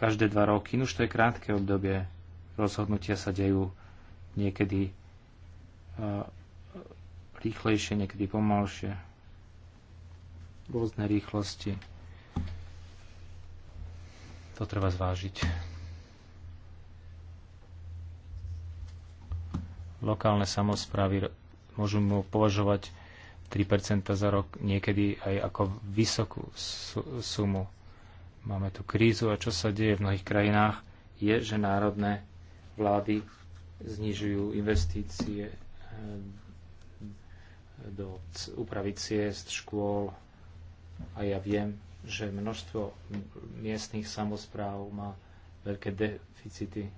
Speaker 3: Každé dva roky, no už to je krátke obdobie, rozhodnutia sa dejú niekedy e, rýchlejšie, niekedy pomalšie. Rôzne rýchlosti. To treba zvážiť. Lokálne samozprávy môžu považovať 3% za rok niekedy aj ako vysokú sumu. Máme tu krízu a čo sa deje v mnohých krajinách je, že národné vlády znižujú investície eh, do úpravy ciest, škôl a ja viem, že množstvo miestných samozpráv má veľké deficity.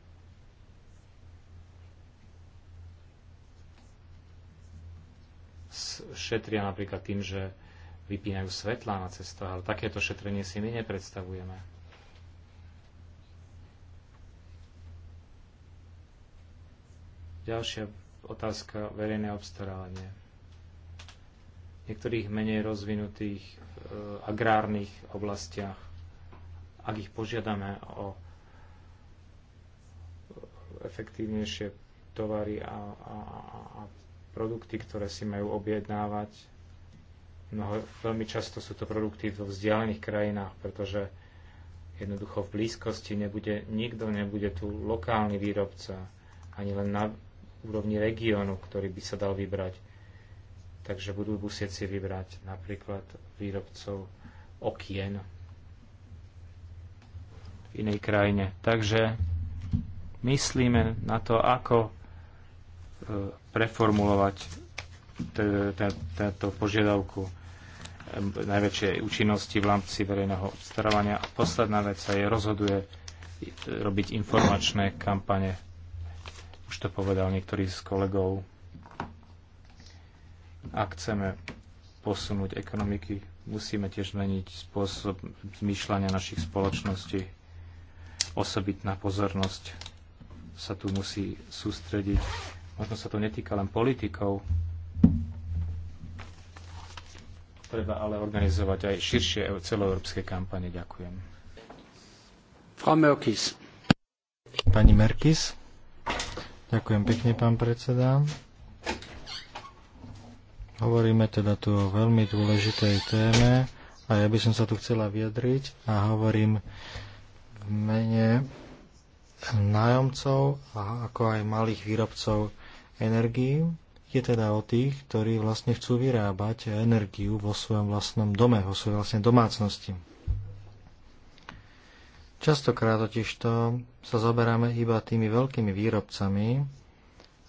Speaker 3: Šetria napríklad tým, že vypínajú svetlá na cestách, ale takéto šetrenie si my nepredstavujeme. Ďalšia otázka, verejné obstarávanie niektorých menej rozvinutých e, agrárnych oblastiach, ak ich požiadame o efektívnejšie tovary a, a, a produkty, ktoré si majú objednávať. Mnoho, veľmi často sú to produkty vo vzdialených krajinách, pretože jednoducho v blízkosti nebude, nikto nebude tu lokálny výrobca, ani len na úrovni regiónu, ktorý by sa dal vybrať takže budú musieť si vybrať napríklad výrobcov okien v inej krajine. Takže myslíme na to, ako e, preformulovať tento požiadavku e, najväčšej účinnosti v rámci verejného obstarávania. A posledná vec sa je, rozhoduje e, robiť informačné kampane. Už to povedal niektorý z kolegov ak chceme posunúť ekonomiky, musíme tiež meniť spôsob zmýšľania našich spoločností. Osobitná pozornosť sa tu musí sústrediť. Možno sa to netýka len politikov, treba ale organizovať aj širšie celoeurópske kampane. Ďakujem. Frau Merkis.
Speaker 1: Pani Merkis. Ďakujem pekne, pán predseda. Hovoríme teda tu o veľmi dôležitej téme a ja by som sa tu chcela vyjadriť a hovorím v mene nájomcov a ako aj malých výrobcov energií. Je teda o tých, ktorí vlastne chcú vyrábať energiu vo svojom vlastnom dome, vo svojej vlastnej domácnosti. Častokrát totižto sa zoberáme iba tými veľkými výrobcami,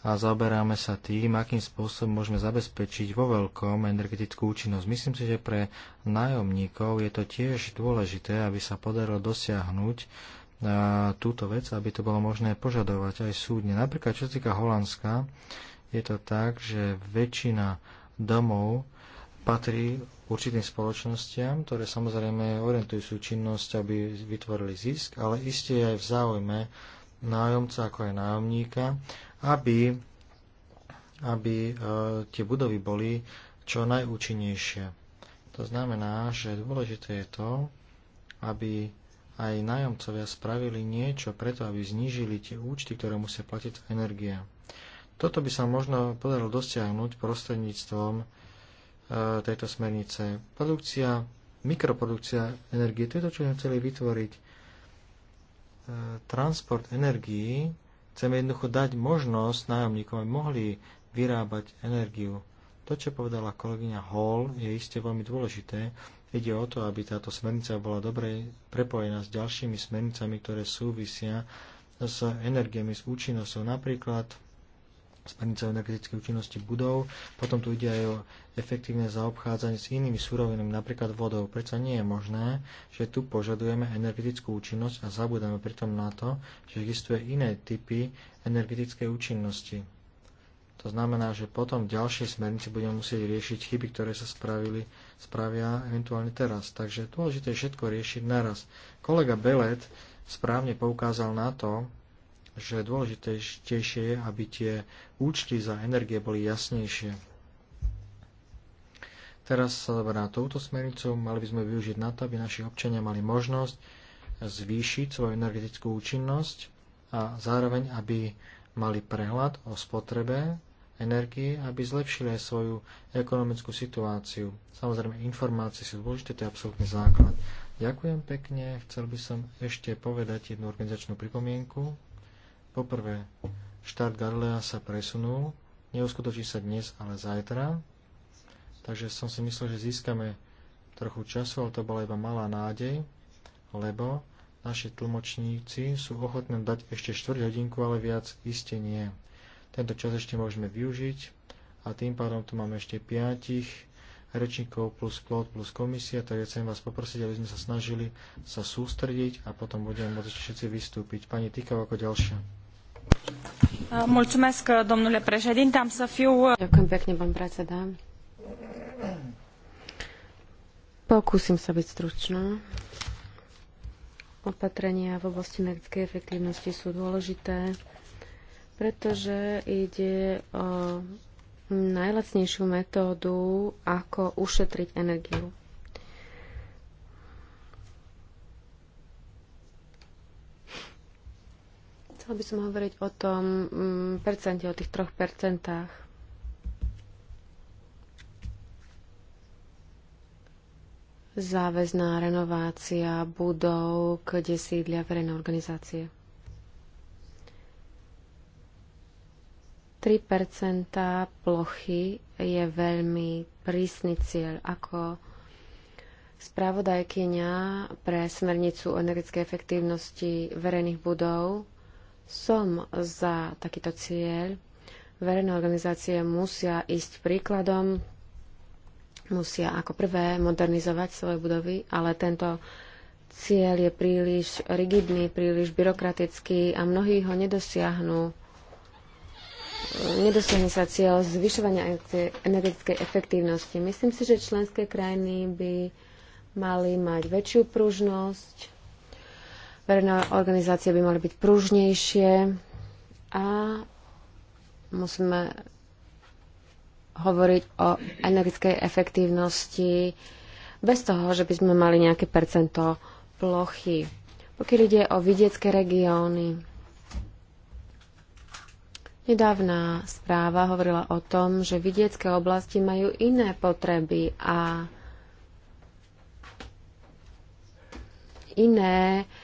Speaker 1: a zaoberáme sa tým, akým spôsobom môžeme zabezpečiť vo veľkom energetickú účinnosť. Myslím si, že pre nájomníkov je to tiež dôležité, aby sa podarilo dosiahnuť túto vec, aby to bolo možné požadovať aj súdne. Napríklad, čo sa týka Holandska, je to tak, že väčšina domov patrí určitým spoločnostiam, ktoré samozrejme orientujú sú činnosť, aby vytvorili zisk, ale isté je aj v záujme nájomca ako aj nájomníka, aby, aby e, tie budovy boli čo najúčinnejšie. To znamená, že dôležité je to, aby aj nájomcovia spravili niečo preto, aby znížili tie účty, ktoré musia platiť energia. Toto by sa možno podarilo dosiahnuť prostredníctvom e, tejto smernice. Produkcia, mikroprodukcia energie, to je to, čo sme chceli vytvoriť. E, transport energií Chceme jednoducho dať možnosť nájomníkom, aby mohli vyrábať energiu. To, čo povedala kolegyňa Hall, je iste veľmi dôležité. Ide o to, aby táto smernica bola dobre prepojená s ďalšími smernicami, ktoré súvisia s energiami, s účinnosťou. Napríklad smernice o energetickej účinnosti budov, potom tu ide aj o efektívne zaobchádzanie s inými súrovinami, napríklad vodou. Prečo nie je možné, že tu požadujeme energetickú účinnosť a zabudeme pritom na to, že existuje iné typy energetickej účinnosti. To znamená, že potom v ďalšej smernici budeme musieť riešiť chyby, ktoré sa spravili, spravia eventuálne teraz. Takže dôležité je všetko riešiť naraz. Kolega Belet správne poukázal na to, že dôležitejšie je, aby tie účty za energie boli jasnejšie. Teraz sa zaberá touto smernicou, mali by sme využiť na to, aby naši občania mali možnosť zvýšiť svoju energetickú účinnosť a zároveň, aby mali prehľad o spotrebe energie, aby zlepšili aj svoju ekonomickú situáciu. Samozrejme, informácie sú dôležité, to je absolútny základ. Ďakujem pekne, chcel by som ešte povedať jednu organizačnú pripomienku. Poprvé, štart Galilea sa presunul, neuskutočí sa dnes, ale zajtra. Takže som si myslel, že získame trochu času, ale to bola iba malá nádej, lebo naši tlmočníci sú ochotní dať ešte 4 hodinku, ale viac iste nie. Tento čas ešte môžeme využiť a tým pádom tu máme ešte 5 rečníkov plus plot plus komisia, Takže chcem vás poprosiť, aby sme sa snažili sa sústrediť a potom budeme môcť všetci vystúpiť. Pani Tykov ako ďalšia.
Speaker 2: Uh, mulțumesc, uh, domnule președinte, am să fiu... Uh, Ďakujem pekne, pán predseda. Pokúsim sa byť stručná. Opatrenia v oblasti energetickej efektívnosti sú dôležité, pretože ide o najlacnejšiu metódu, ako ušetriť energiu. Chcela by som hovoriť o tom mm, percente, o tých troch percentách. Záväzná renovácia budov, kde sídlia verejné organizácie. 3 plochy je veľmi prísny cieľ. Ako spravodajkyňa pre smernicu o energetickej efektívnosti verejných budov som za takýto cieľ. Verejné organizácie musia ísť príkladom, musia ako prvé modernizovať svoje budovy, ale tento cieľ je príliš rigidný, príliš byrokratický a mnohí ho nedosiahnu. Nedosiahne sa cieľ zvyšovania energetickej efektívnosti. Myslím si, že členské krajiny by mali mať väčšiu pružnosť verejné organizácie by mali byť pružnejšie a musíme hovoriť o energetickej efektívnosti bez toho, že by sme mali nejaké percento plochy. Pokiaľ ide o vidiecké regióny, nedávna správa hovorila o tom, že vidiecké oblasti majú iné potreby a iné uh,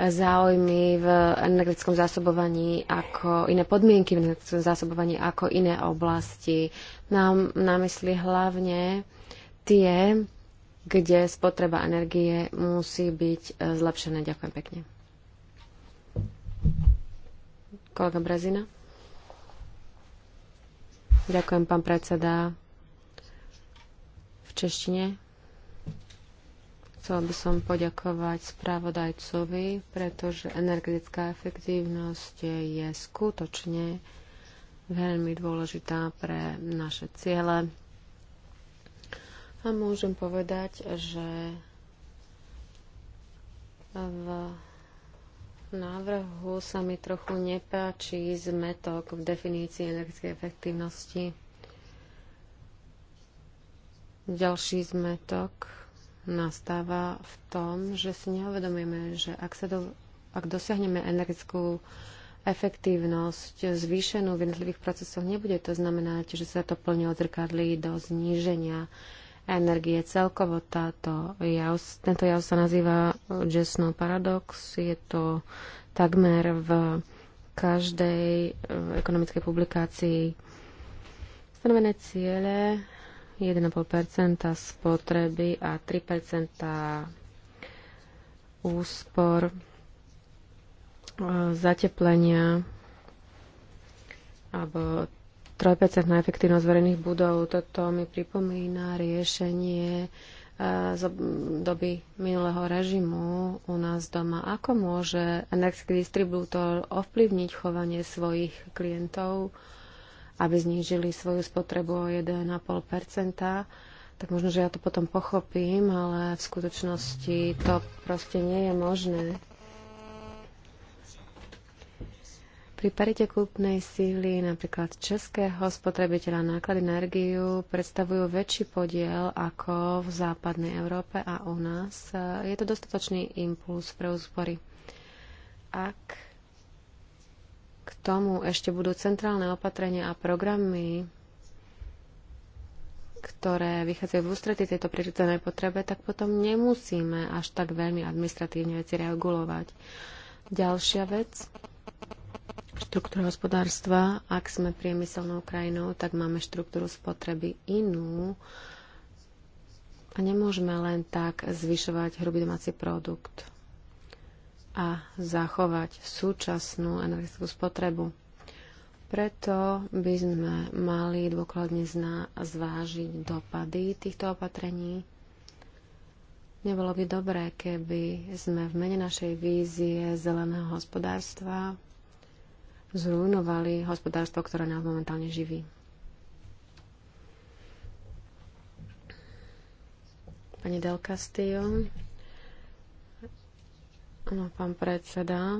Speaker 2: záujmy v energetickom zásobovaní ako iné podmienky v energetickom zásobovaní ako iné oblasti. Mám na mysli hlavne tie, kde spotreba energie musí byť e, zlepšená. Ďakujem pekne. Kolega Brezina. Ďakujem, pán predseda. V češtine. Chcela by som poďakovať spravodajcovi, pretože energetická efektívnosť je skutočne veľmi dôležitá pre naše ciele. A môžem povedať, že v návrhu sa mi trochu nepáči zmetok v definícii energetickej efektívnosti. Ďalší zmetok nastáva v tom, že si neuvedomujeme, že ak, sa do, ak dosiahneme energetickú efektívnosť zvýšenú v jednotlivých procesoch, nebude to znamenať, že sa to plne odzrkadlí do zníženia energie. Celkovo táto jav, tento jav sa nazýva Jessno paradox. Je to takmer v každej ekonomickej publikácii stanovené ciele 1,5 spotreby a 3 úspor e, zateplenia alebo 3% na efektívnosť verejných budov. Toto mi pripomína riešenie e, z doby minulého režimu u nás doma. Ako môže energetický distribútor ovplyvniť chovanie svojich klientov? aby znížili svoju spotrebu o 1,5 tak možno, že ja to potom pochopím, ale v skutočnosti to proste nie je možné. Pri parite kúpnej síly napríklad českého spotrebiteľa náklady na energiu predstavujú väčší podiel ako v západnej Európe a u nás. Eh, je to dostatočný impuls pre úspory. Ak k tomu ešte budú centrálne opatrenia a programy, ktoré vychádzajú v ústretí tejto prirodzenej potrebe, tak potom nemusíme až tak veľmi administratívne veci regulovať. Ďalšia vec, štruktúra hospodárstva. Ak sme priemyselnou krajinou, tak máme štruktúru spotreby inú a nemôžeme len tak zvyšovať hrubý domáci produkt a zachovať súčasnú energetickú spotrebu. Preto by sme mali dôkladne zvážiť dopady týchto opatrení. Nebolo by dobré, keby sme v mene našej vízie zeleného hospodárstva zrujnovali hospodárstvo, ktoré nás momentálne živí. Pani Del Castillo. No, pán predseda.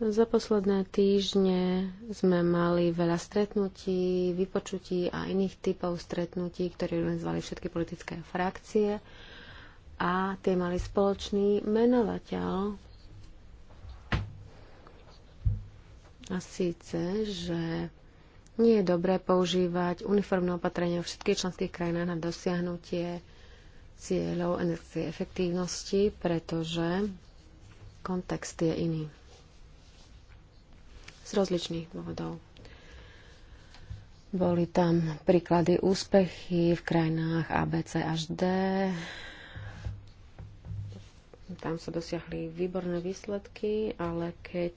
Speaker 2: Za posledné týždne sme mali veľa stretnutí, vypočutí a iných typov stretnutí, ktoré organizovali všetky politické frakcie a tie mali spoločný menovateľ. A síce, že nie je dobré používať uniformné opatrenia v všetkých členských krajinách na dosiahnutie cieľov energetickej efektívnosti, pretože kontext je iný. Z rozličných dôvodov. Boli tam príklady úspechy v krajinách ABC až D. Tam sa dosiahli výborné výsledky, ale keď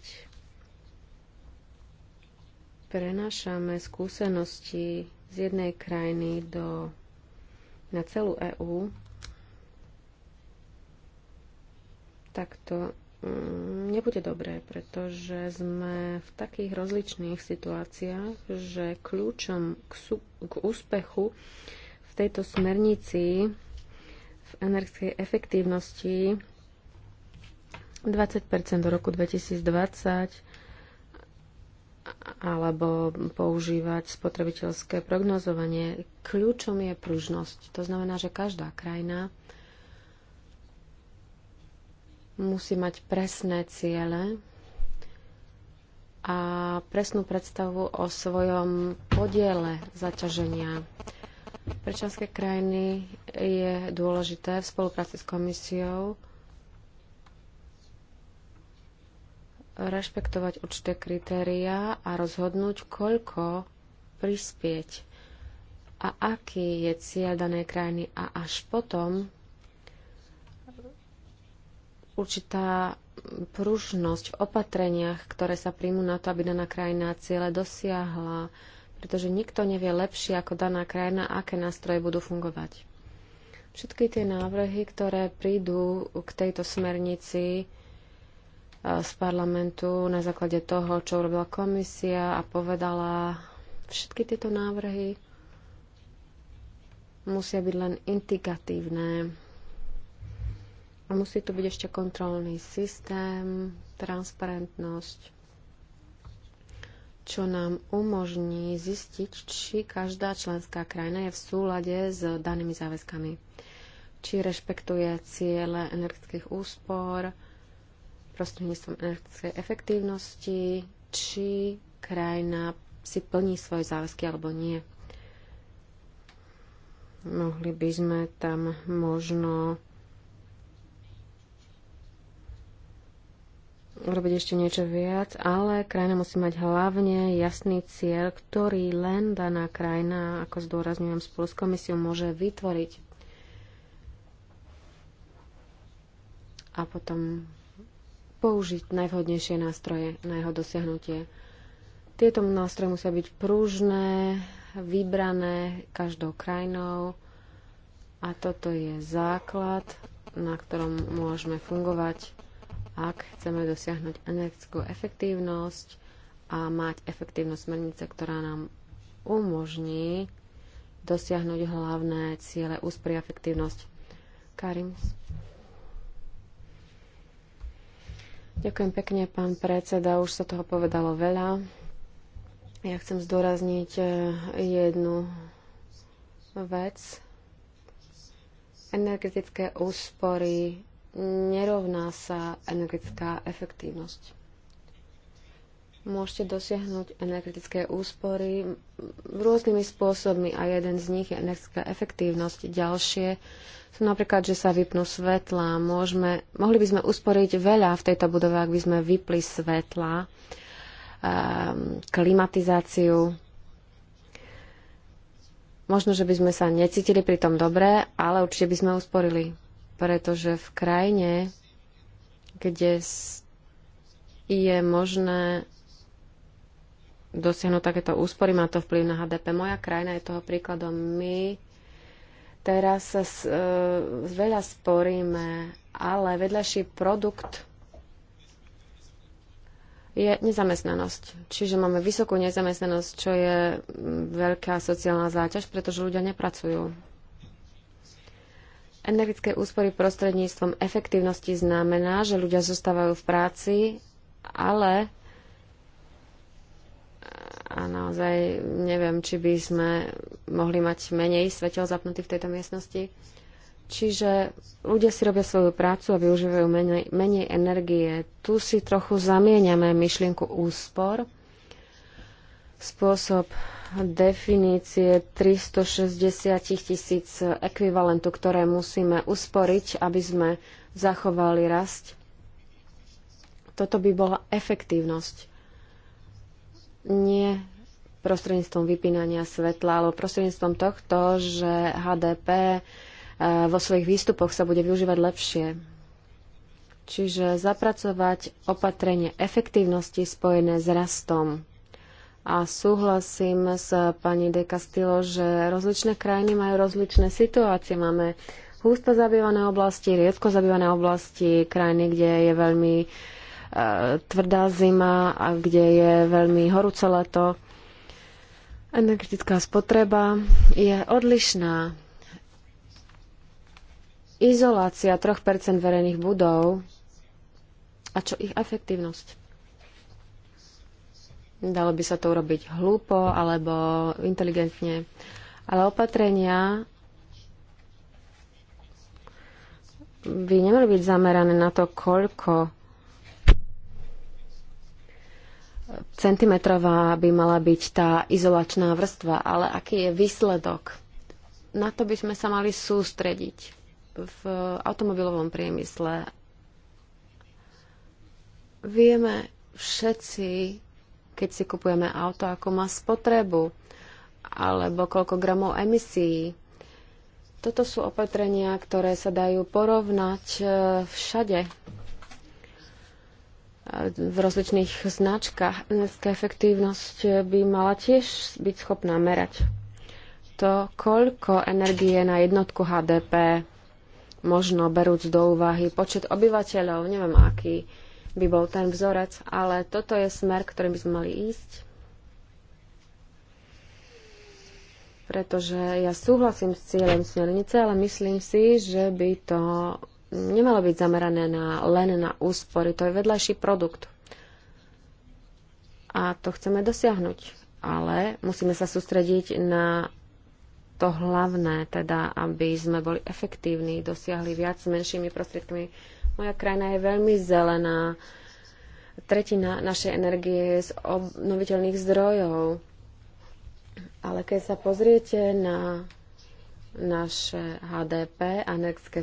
Speaker 2: prenášame skúsenosti z jednej krajiny do, na celú EÚ, tak to mm, nebude dobré, pretože sme v takých rozličných situáciách, že kľúčom k, sú, k úspechu v tejto smernici v energetickej efektívnosti 20 do roku 2020 alebo používať spotrebiteľské prognozovanie. Kľúčom je pružnosť. To znamená, že každá krajina musí mať presné ciele a presnú predstavu o svojom podiele zaťaženia. Pre členské krajiny je dôležité v spolupráci s komisiou rešpektovať určité kritériá a rozhodnúť, koľko prispieť a aký je cieľ danej krajiny a až potom určitá pružnosť v opatreniach, ktoré sa príjmú na to, aby daná krajina ciele dosiahla, pretože nikto nevie lepšie ako daná krajina, aké nástroje budú fungovať. Všetky tie návrhy, ktoré prídu k tejto smernici eh, z parlamentu na základe toho, čo urobila komisia a povedala, všetky tieto návrhy musia byť len indikatívne a Musí tu byť ešte kontrolný systém, transparentnosť, čo nám umožní zistiť, či každá členská krajina je v súlade s danými záväzkami. Či rešpektuje ciele energetických úspor, prostredníctvom energetickej efektívnosti, či krajina si plní svoje záväzky alebo nie. Mohli by sme tam možno Urobiť ešte niečo viac, ale krajina musí mať hlavne jasný cieľ, ktorý len daná krajina, ako zdôrazňujem spolu s komisiou, môže vytvoriť. A potom použiť najvhodnejšie nástroje na jeho dosiahnutie. Tieto nástroje musia byť pružné, vybrané každou krajinou a toto je základ, na ktorom môžeme fungovať ak chceme dosiahnuť energetickú efektívnosť a mať efektívnu smernice, ktorá nám umožní dosiahnuť hlavné ciele úspory a efektívnosť. Karim. Ďakujem pekne, pán predseda. Už sa toho povedalo veľa. Ja chcem zdôrazniť eh, jednu vec. Energetické úspory nerovná sa energetická efektívnosť. Môžete dosiahnuť energetické úspory rôznymi spôsobmi a jeden z nich je energetická efektívnosť. Ďalšie sú napríklad, že sa vypnú svetlá. Môžeme, mohli by sme usporiť veľa v tejto budove, ak by sme vypli svetlá, ehm, klimatizáciu, Možno, že by sme sa necítili pri tom dobre, ale určite by sme usporili pretože v krajine, kde je možné dosiahnuť takéto úspory, má to vplyv na HDP. Moja krajina je toho príkladom. My teraz sa s, e, veľa sporíme, ale vedľajší produkt je nezamestnanosť. Čiže máme vysokú nezamestnanosť, čo je veľká sociálna záťaž, pretože ľudia nepracujú. Energetické úspory prostredníctvom efektívnosti znamená, že ľudia zostávajú v práci, ale a naozaj neviem, či by sme mohli mať menej svetel zapnutých v tejto miestnosti. Čiže ľudia si robia svoju prácu a využívajú menej, menej energie. Tu si trochu zamieňame myšlienku úspor, spôsob definície 360 tisíc ekvivalentu, ktoré musíme usporiť, aby sme zachovali rast. Toto by bola efektívnosť. Nie prostredníctvom vypínania svetla, alebo prostredníctvom tohto, že HDP eh, vo svojich výstupoch sa bude využívať lepšie. Čiže zapracovať opatrenie efektívnosti spojené s rastom a súhlasím s pani De Castillo, že rozličné krajiny majú rozličné situácie. Máme husto zabývané oblasti, riedko zabývané oblasti, krajiny, kde je veľmi e, tvrdá zima a kde je veľmi horúce leto. Energetická spotreba je odlišná. Izolácia 3% verejných budov a čo ich efektívnosť? Dalo by sa to urobiť hlúpo alebo inteligentne. Ale opatrenia by nemali byť zamerané na to, koľko centimetrová by mala byť tá izolačná vrstva, ale aký je výsledok. Na to by sme sa mali sústrediť v automobilovom priemysle. Vieme všetci, keď si kupujeme auto, ako má spotrebu alebo koľko gramov emisí. Toto sú opatrenia, ktoré sa dajú porovnať e, všade e, v rozličných značkách. Energetická efektívnosť by mala tiež byť schopná merať to, koľko energie na jednotku HDP možno berúc do úvahy počet obyvateľov, neviem aký, by bol ten vzorec, ale toto je smer, ktorým by sme mali ísť. Pretože ja súhlasím s cieľom smernice, ale myslím si, že by to nemalo byť zamerané na, len na úspory. To je vedľajší produkt. A to chceme dosiahnuť. Ale musíme sa sústrediť na to hlavné, teda aby sme boli efektívni, dosiahli viac s menšími prostriedkami moja krajina je veľmi zelená. Tretina našej energie je z obnoviteľných zdrojov. Ale keď sa pozriete na naše HDP a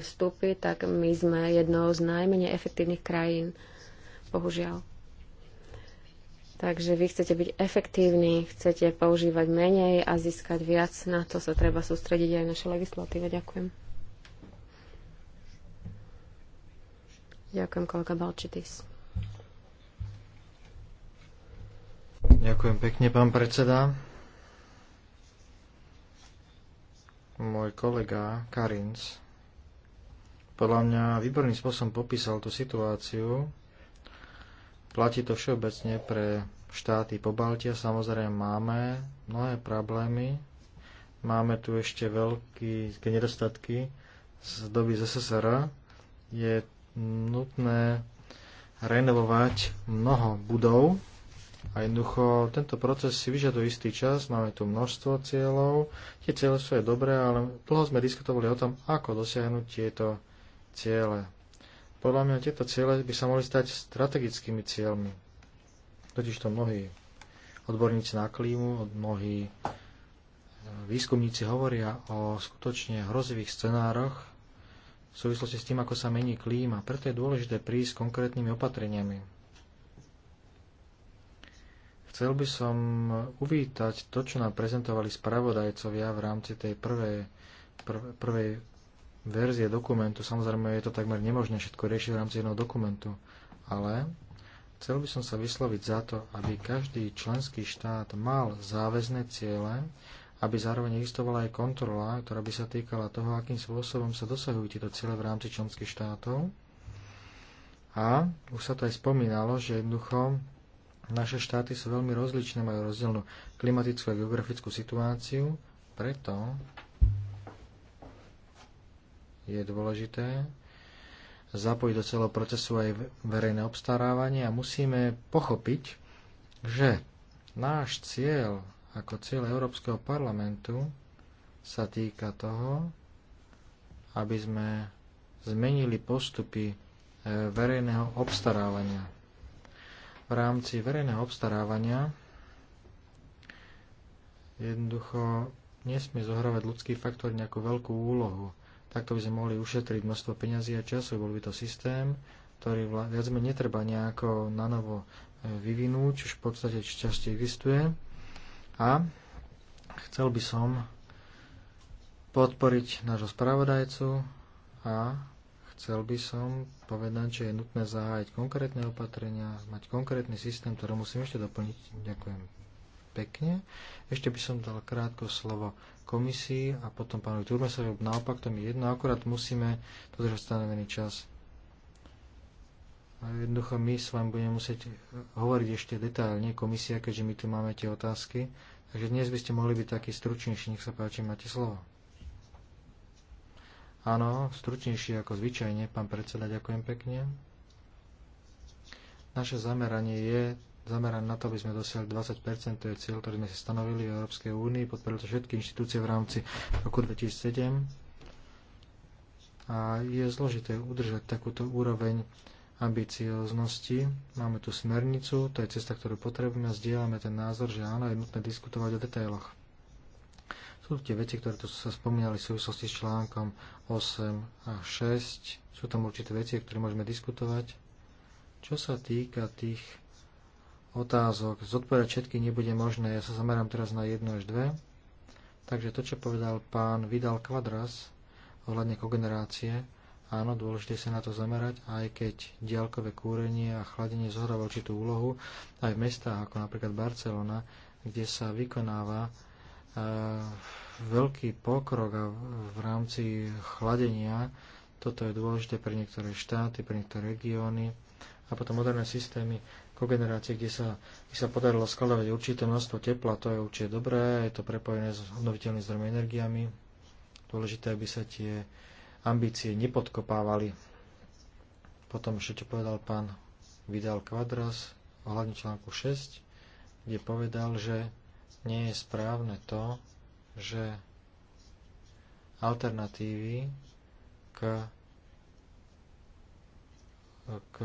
Speaker 2: vstupy, tak my sme jednou z najmenej efektívnych krajín. Bohužiaľ. Takže vy chcete byť efektívni, chcete používať menej a získať viac. Na to sa treba sústrediť aj naše našej legislatíve. Ďakujem. Ďakujem, kolega Balčitis.
Speaker 1: Ďakujem pekne, pán predseda. Môj kolega Karins podľa mňa výborným spôsobom popísal tú situáciu. Platí to všeobecne pre štáty po Baltia. Samozrejme máme mnohé problémy. Máme tu ešte veľké nedostatky z doby ZSSR. Je nutné renovovať mnoho budov a jednoducho tento proces si vyžaduje istý čas, máme tu množstvo cieľov, tie cieľe sú aj dobré, ale dlho sme diskutovali o tom, ako dosiahnuť tieto ciele. Podľa mňa tieto ciele by sa mohli stať strategickými cieľmi. Totiž to mnohí odborníci na klímu, mnohí e, výskumníci hovoria o skutočne hrozivých scenároch, v súvislosti s tým, ako sa mení klíma. Preto je dôležité prísť s konkrétnymi opatreniami. Chcel by som uvítať to, čo nám prezentovali spravodajcovia v rámci tej prvej, prv, prvej verzie dokumentu. Samozrejme, je to takmer nemožné všetko riešiť v rámci jedného dokumentu, ale chcel by som sa vysloviť za to, aby každý členský štát mal záväzné ciele aby zároveň existovala aj kontrola, ktorá by sa týkala toho, akým spôsobom sa dosahujú tieto cieľe v rámci členských štátov. A už sa to aj spomínalo, že jednoducho naše štáty sú veľmi rozličné, majú rozdielnú klimatickú a geografickú situáciu, preto je dôležité zapojiť do celého procesu aj verejné obstarávanie a musíme pochopiť, že náš cieľ ako cieľ Európskeho parlamentu sa týka toho, aby sme zmenili postupy e, verejného obstarávania. V rámci verejného obstarávania jednoducho nesmie zohrávať ľudský faktor nejakú veľkú úlohu. Takto by sme mohli ušetriť množstvo peňazí a času. Bol by to systém, ktorý viac menej netreba nejako nanovo e, vyvinúť, už v podstate časti existuje. A chcel by som podporiť nášho spravodajcu a chcel by som povedať, že je nutné zahájať konkrétne opatrenia, mať konkrétny systém, ktorý musím ešte doplniť. Ďakujem pekne. Ešte by som dal krátko slovo komisii a potom pánovi Turmesovi. Naopak, to mi jedno, akurát musíme dodržať stanovený čas. Jednoducho my s vami budeme musieť eh, hovoriť ešte detailne, komisia, keďže my tu máme tie otázky. Takže dnes by ste mohli byť taký stručnejší, nech sa páči, máte slovo. Áno, stručnejší ako zvyčajne, pán predseda, ďakujem pekne. Naše zameranie je zamerané na to, aby sme dosiahli 20 to je cieľ, ktorý sme si stanovili v Európskej únii, podporili to všetky inštitúcie v rámci roku 2007. A je zložité udržať takúto úroveň ambicioznosti. Máme tu smernicu, to je cesta, ktorú potrebujeme a zdieľame ten názor, že áno, je nutné diskutovať o detailoch. Sú tu tie veci, ktoré tu sa spomínali v súvislosti s článkom 8 a 6. Sú tam určité veci, o ktorých môžeme diskutovať. Čo sa týka tých otázok, zodpovedať všetky nebude možné. Ja sa zamerám teraz na jednu až dve. Takže to, čo povedal pán Vidal Kvadras ohľadne kogenerácie, Áno, dôležité sa na to zamerať, aj keď diaľkové kúrenie a chladenie zohráva určitú úlohu aj v mestách, ako napríklad Barcelona, kde sa vykonáva e, veľký pokrok a v rámci chladenia. Toto je dôležité pre niektoré štáty, pre niektoré regióny a potom moderné systémy kogenerácie, kde sa, kde sa podarilo skladovať určité množstvo tepla, to je určite dobré, je to prepojené s obnoviteľnými zdrojmi energiami. Dôležité, aby sa tie ambície nepodkopávali. Potom ešte čo povedal pán Vidal Quadras ohľadne článku 6, kde povedal, že nie je správne to, že alternatívy k, k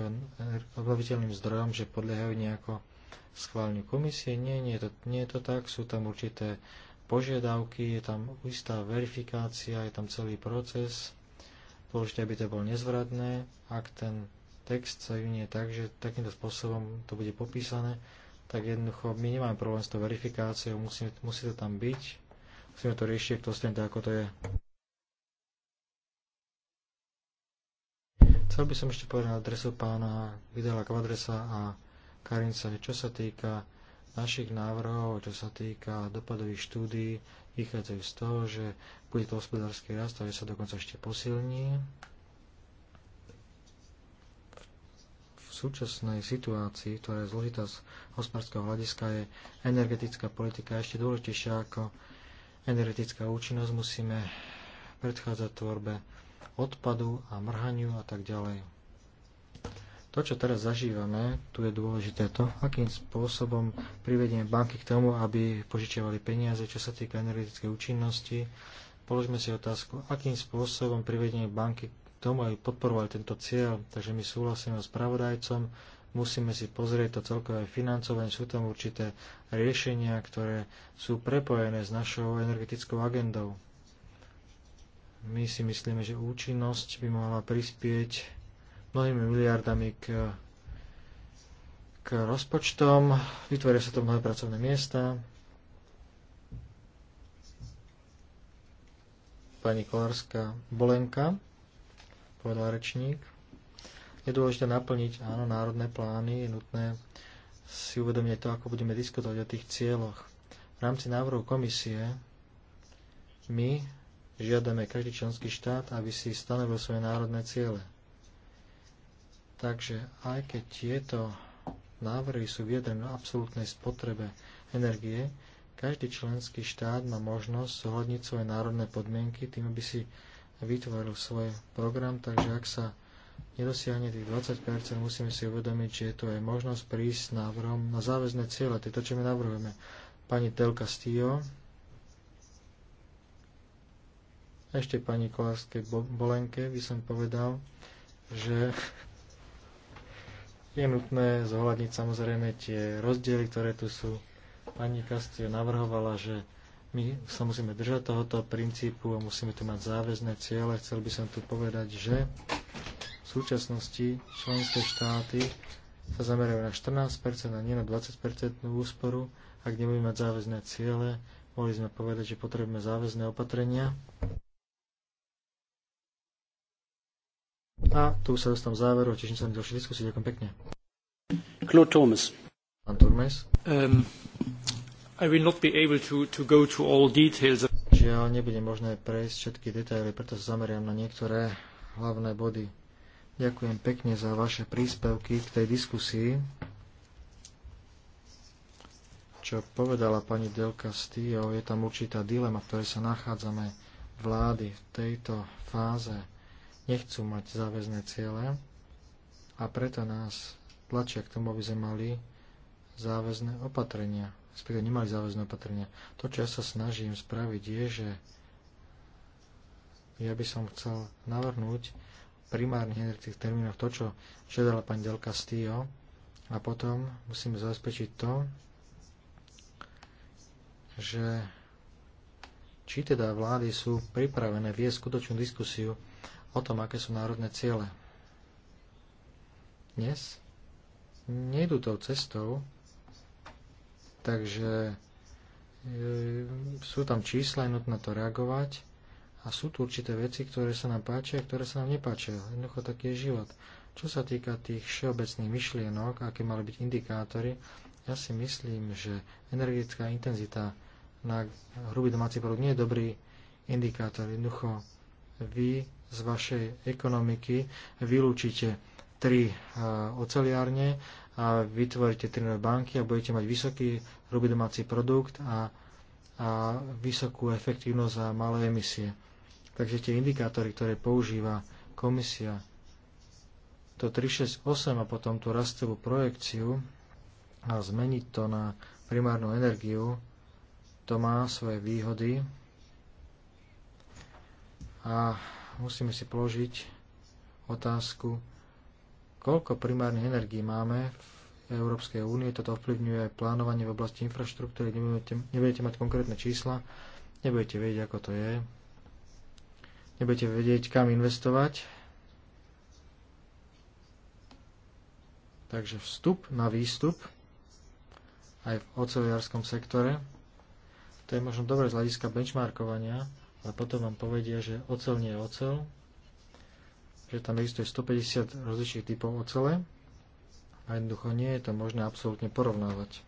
Speaker 1: obnoviteľným zdrojom, že podliehajú nejako schválňu komisie. Nie, nie je, to, nie je to tak. Sú tam určité požiadavky, je tam istá verifikácia, je tam celý proces Dôležité, aby to bolo nezvratné, ak ten text sa vynie tak, že takýmto spôsobom to bude popísané, tak jednoducho my nemáme problém s tou verifikáciou, musí, musí to tam byť, musíme to riešiť, kto to ostane tak, ako to je. Chcel by som ešte povedať na adresu pána Videla Kvadresa a Karinca, čo sa týka našich návrhov, čo sa týka dopadových štúdí, vychádzajú z toho, že bude to hospodárske rast a že sa dokonca ešte posilní. V súčasnej situácii, ktorá je zložitá z hospodárskeho hľadiska, je energetická politika ešte dôležitejšia ako energetická účinnosť. Musíme predchádzať tvorbe odpadu a mrhaniu a tak ďalej. To, čo teraz zažívame, tu je dôležité to, akým spôsobom privedieme banky k tomu, aby požičiavali peniaze, čo sa týka energetickej účinnosti. Položme si otázku, akým spôsobom privedieme banky k tomu, aby podporovali tento cieľ. Takže my súhlasíme s pravodajcom, musíme si pozrieť to celkové financovanie. Sú tam určité riešenia, ktoré sú prepojené s našou energetickou agendou. My si myslíme, že účinnosť by mohla prispieť mnohými miliardami k, k rozpočtom, vytvoria sa to mnohé pracovné miesta. Pani Kolárska Bolenka, povedal rečník. Je dôležité naplniť, áno, národné plány, je nutné si uvedomiť to, ako budeme diskutovať o tých cieľoch. V rámci návrhu komisie my žiadame každý členský štát, aby si stanovil svoje národné ciele. Takže aj keď tieto návrhy sú vyjadrené na absolútnej spotrebe energie, každý členský štát má možnosť zohľadniť svoje národné podmienky tým, aby si vytvoril svoj program, takže ak sa nedosiahne tých 20%, musíme si uvedomiť, že je tu aj možnosť prísť s návrhom na záväzné cieľe. to je to, čo my navrhujeme. Pani Del Castillo, ešte pani Kolárskej Bolenke by som povedal, že je nutné zohľadniť samozrejme tie rozdiely, ktoré tu sú. Pani Kastio navrhovala, že my sa musíme držať tohoto princípu a musíme tu mať záväzné ciele. Chcel by som tu povedať, že v súčasnosti členské štáty sa zamerajú na 14% a nie na 20% úsporu. Ak nebudeme mať záväzné ciele, mohli sme povedať, že potrebujeme záväzné opatrenia. A tu sa dostávam záveru, teším sa na ďalšie diskusie. Ďakujem pekne. Claude Thomas. Pán Turmes. Um, I will not be able to, to go to all details. Žiaľ, nebude možné prejsť všetky detaily, preto sa zameriam na niektoré hlavné body. Ďakujem pekne za vaše príspevky k tej diskusii. Čo povedala pani Delka Stio, je tam určitá dilema, v ktorej sa nachádzame vlády v tejto fáze nechcú mať záväzné ciele a preto nás tlačia k tomu, aby sme mali záväzné opatrenia. Spíkaj, nemali záväzné opatrenia. To, čo ja sa snažím spraviť, je, že ja by som chcel navrhnúť primárne v tých termínoch to, čo žiadala pani Delka Stio a potom musíme zabezpečiť to, že či teda vlády sú pripravené viesť skutočnú diskusiu o tom, aké sú národné ciele. Dnes nejdu tou cestou, takže e, sú tam čísla, je nutné to reagovať a sú tu určité veci, ktoré sa nám páčia a ktoré sa nám nepáčia. Jednoducho taký je život. Čo sa týka tých všeobecných myšlienok, aké mali byť indikátory, ja si myslím, že energetická intenzita na hrubý domáci produkt nie je dobrý indikátor. Jednoducho vy z vašej ekonomiky vylúčite tri e, oceliárne a vytvoríte tri nové banky a budete mať vysoký hrubý domáci produkt a, a vysokú efektívnosť a malé emisie. Takže tie indikátory, ktoré používa komisia, to 368 a potom tú rastovú projekciu a zmeniť to na primárnu energiu, to má svoje výhody, a musíme si položiť otázku, koľko primárnych energií máme v Európskej únie. Toto ovplyvňuje plánovanie v oblasti infraštruktúry. Nebudete, nebudete mať konkrétne čísla, nebudete vedieť, ako to je. Nebudete vedieť, kam investovať. Takže vstup na výstup aj v oceliarskom sektore. To je možno dobre z hľadiska benchmarkovania, a potom vám povedia, že ocel nie je ocel, že tam existuje 150 rozličných typov ocele a jednoducho nie je to možné absolútne porovnávať.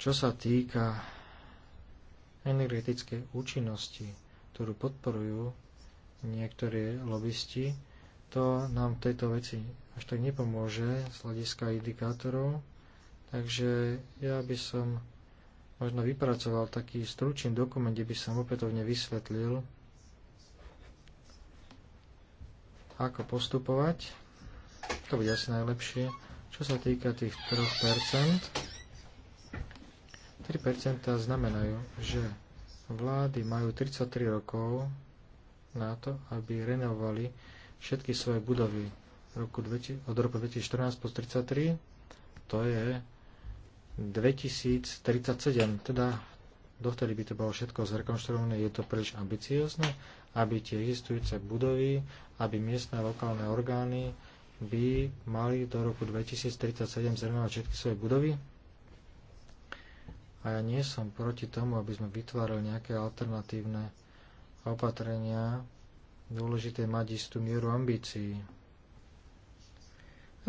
Speaker 1: Čo sa týka energetickej účinnosti, ktorú podporujú niektorí lobbysti, to nám v tejto veci až tak nepomôže z hľadiska indikátorov, takže ja by som možno vypracoval taký stručný dokument, kde by som opätovne vysvetlil, ako postupovať. To bude asi najlepšie. Čo sa týka tých 3%, 3% znamenajú, že vlády majú 33 rokov na to, aby renovovali všetky svoje budovy roku, od roku 2014 po 33. To je 2037, teda dovtedy by to bolo všetko zrekonštruované, je to príliš ambiciozne, aby tie existujúce budovy, aby miestne a lokálne orgány by mali do roku 2037 zrenovať všetky svoje budovy. A ja nie som proti tomu, aby sme vytvárali nejaké alternatívne opatrenia. Dôležité mať istú mieru ambícií.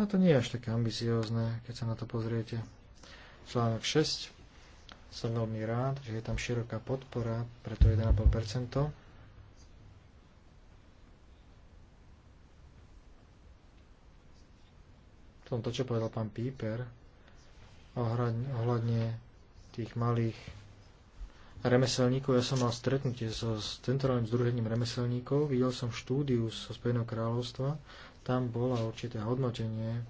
Speaker 1: A to nie je až také ambiciózne, keď sa na to pozriete článok 6. Som veľmi rád, že je tam široká podpora, preto 1,5%. tom to, čo povedal pán Píper ohľadne tých malých remeselníkov. Ja som mal stretnutie so Centrálnym združením remeselníkov. Videl som štúdiu zo so Spojeného kráľovstva. Tam bola určité hodnotenie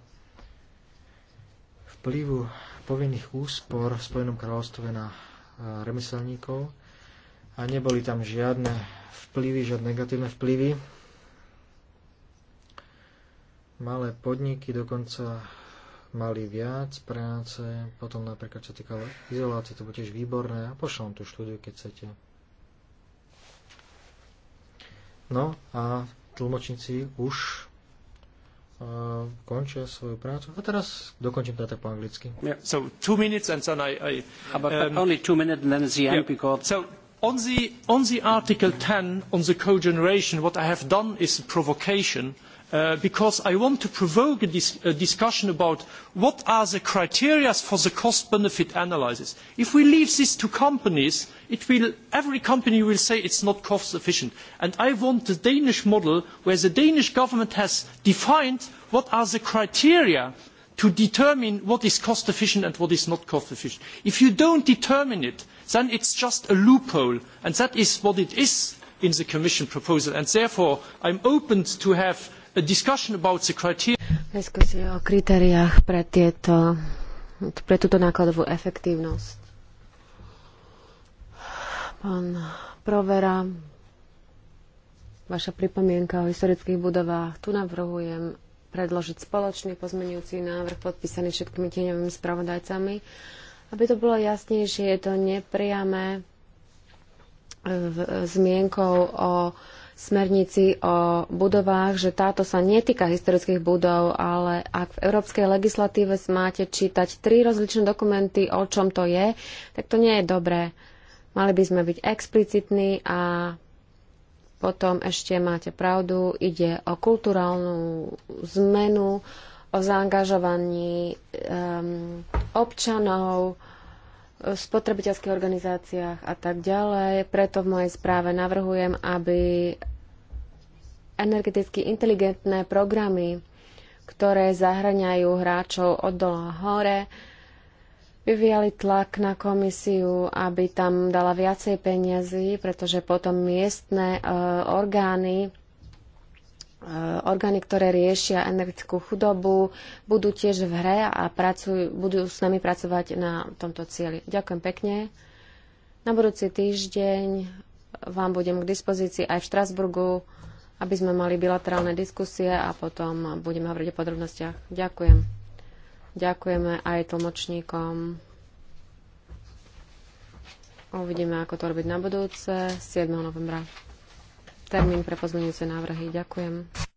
Speaker 1: vplyvu povinných úspor v Spojenom kráľovstve na e, remeselníkov a neboli tam žiadne vplyvy, žiadne negatívne vplyvy. Malé podniky dokonca mali viac práce, potom napríklad čo týkalo izolácie, to bude tiež výborné a pošlom tú štúdiu, keď chcete. No a tlmočníci už uh, končia svoju prácu. A teraz dokončím to tak po anglicky.
Speaker 3: Yeah, so two minutes and then I... I um, but, but only two minutes and then the end yeah, because... So on the, on the Article 10, on the co-generation, what I have done is a provocation Uh, because I want to provoke a, dis a, discussion about what are the criteria for the cost-benefit analysis. If we leave this to companies, will, every company will say it is not cost-efficient. And I want the Danish model where the Danish government has defined what are the criteria to determine what is cost-efficient and what is not cost-efficient. If you do not determine it, then it is just a loophole,
Speaker 2: and that is what it is in the Commission proposal. And therefore, I am open to have a Diskusia o kritériách pre, tieto, pre túto nákladovú efektívnosť. Pán Provera, vaša pripomienka o historických budovách. Tu navrhujem predložiť spoločný pozmenujúci návrh podpísaný všetkými tieňovými spravodajcami. Aby to bolo jasnejšie, je to nepriame e, e, zmienkou o smernici o budovách, že táto sa netýka historických budov, ale ak v európskej legislatíve máte čítať tri rozličné dokumenty, o čom to je, tak to nie je dobré. Mali by sme byť explicitní a potom ešte máte pravdu, ide o kulturálnu zmenu, o zaangažovaní um, občanov, v spotrebiteľských organizáciách a tak ďalej. Preto v mojej správe navrhujem, aby energeticky inteligentné programy, ktoré zahraňajú hráčov od dola hore, vyvíjali tlak na komisiu, aby tam dala viacej peniazy, pretože potom miestne e, orgány E, orgány, ktoré riešia energetickú chudobu, budú tiež v hre a pracujú, budú s nami pracovať na tomto cieli. Ďakujem pekne. Na budúci týždeň vám budem k dispozícii aj v Štrasburgu, aby sme mali bilaterálne diskusie a potom budeme hovoriť o podrobnostiach. Ďakujem. Ďakujeme aj tlmočníkom. Uvidíme, ako to robiť na budúce 7. novembra termín pre pozmeňujúce návrhy. Ďakujem.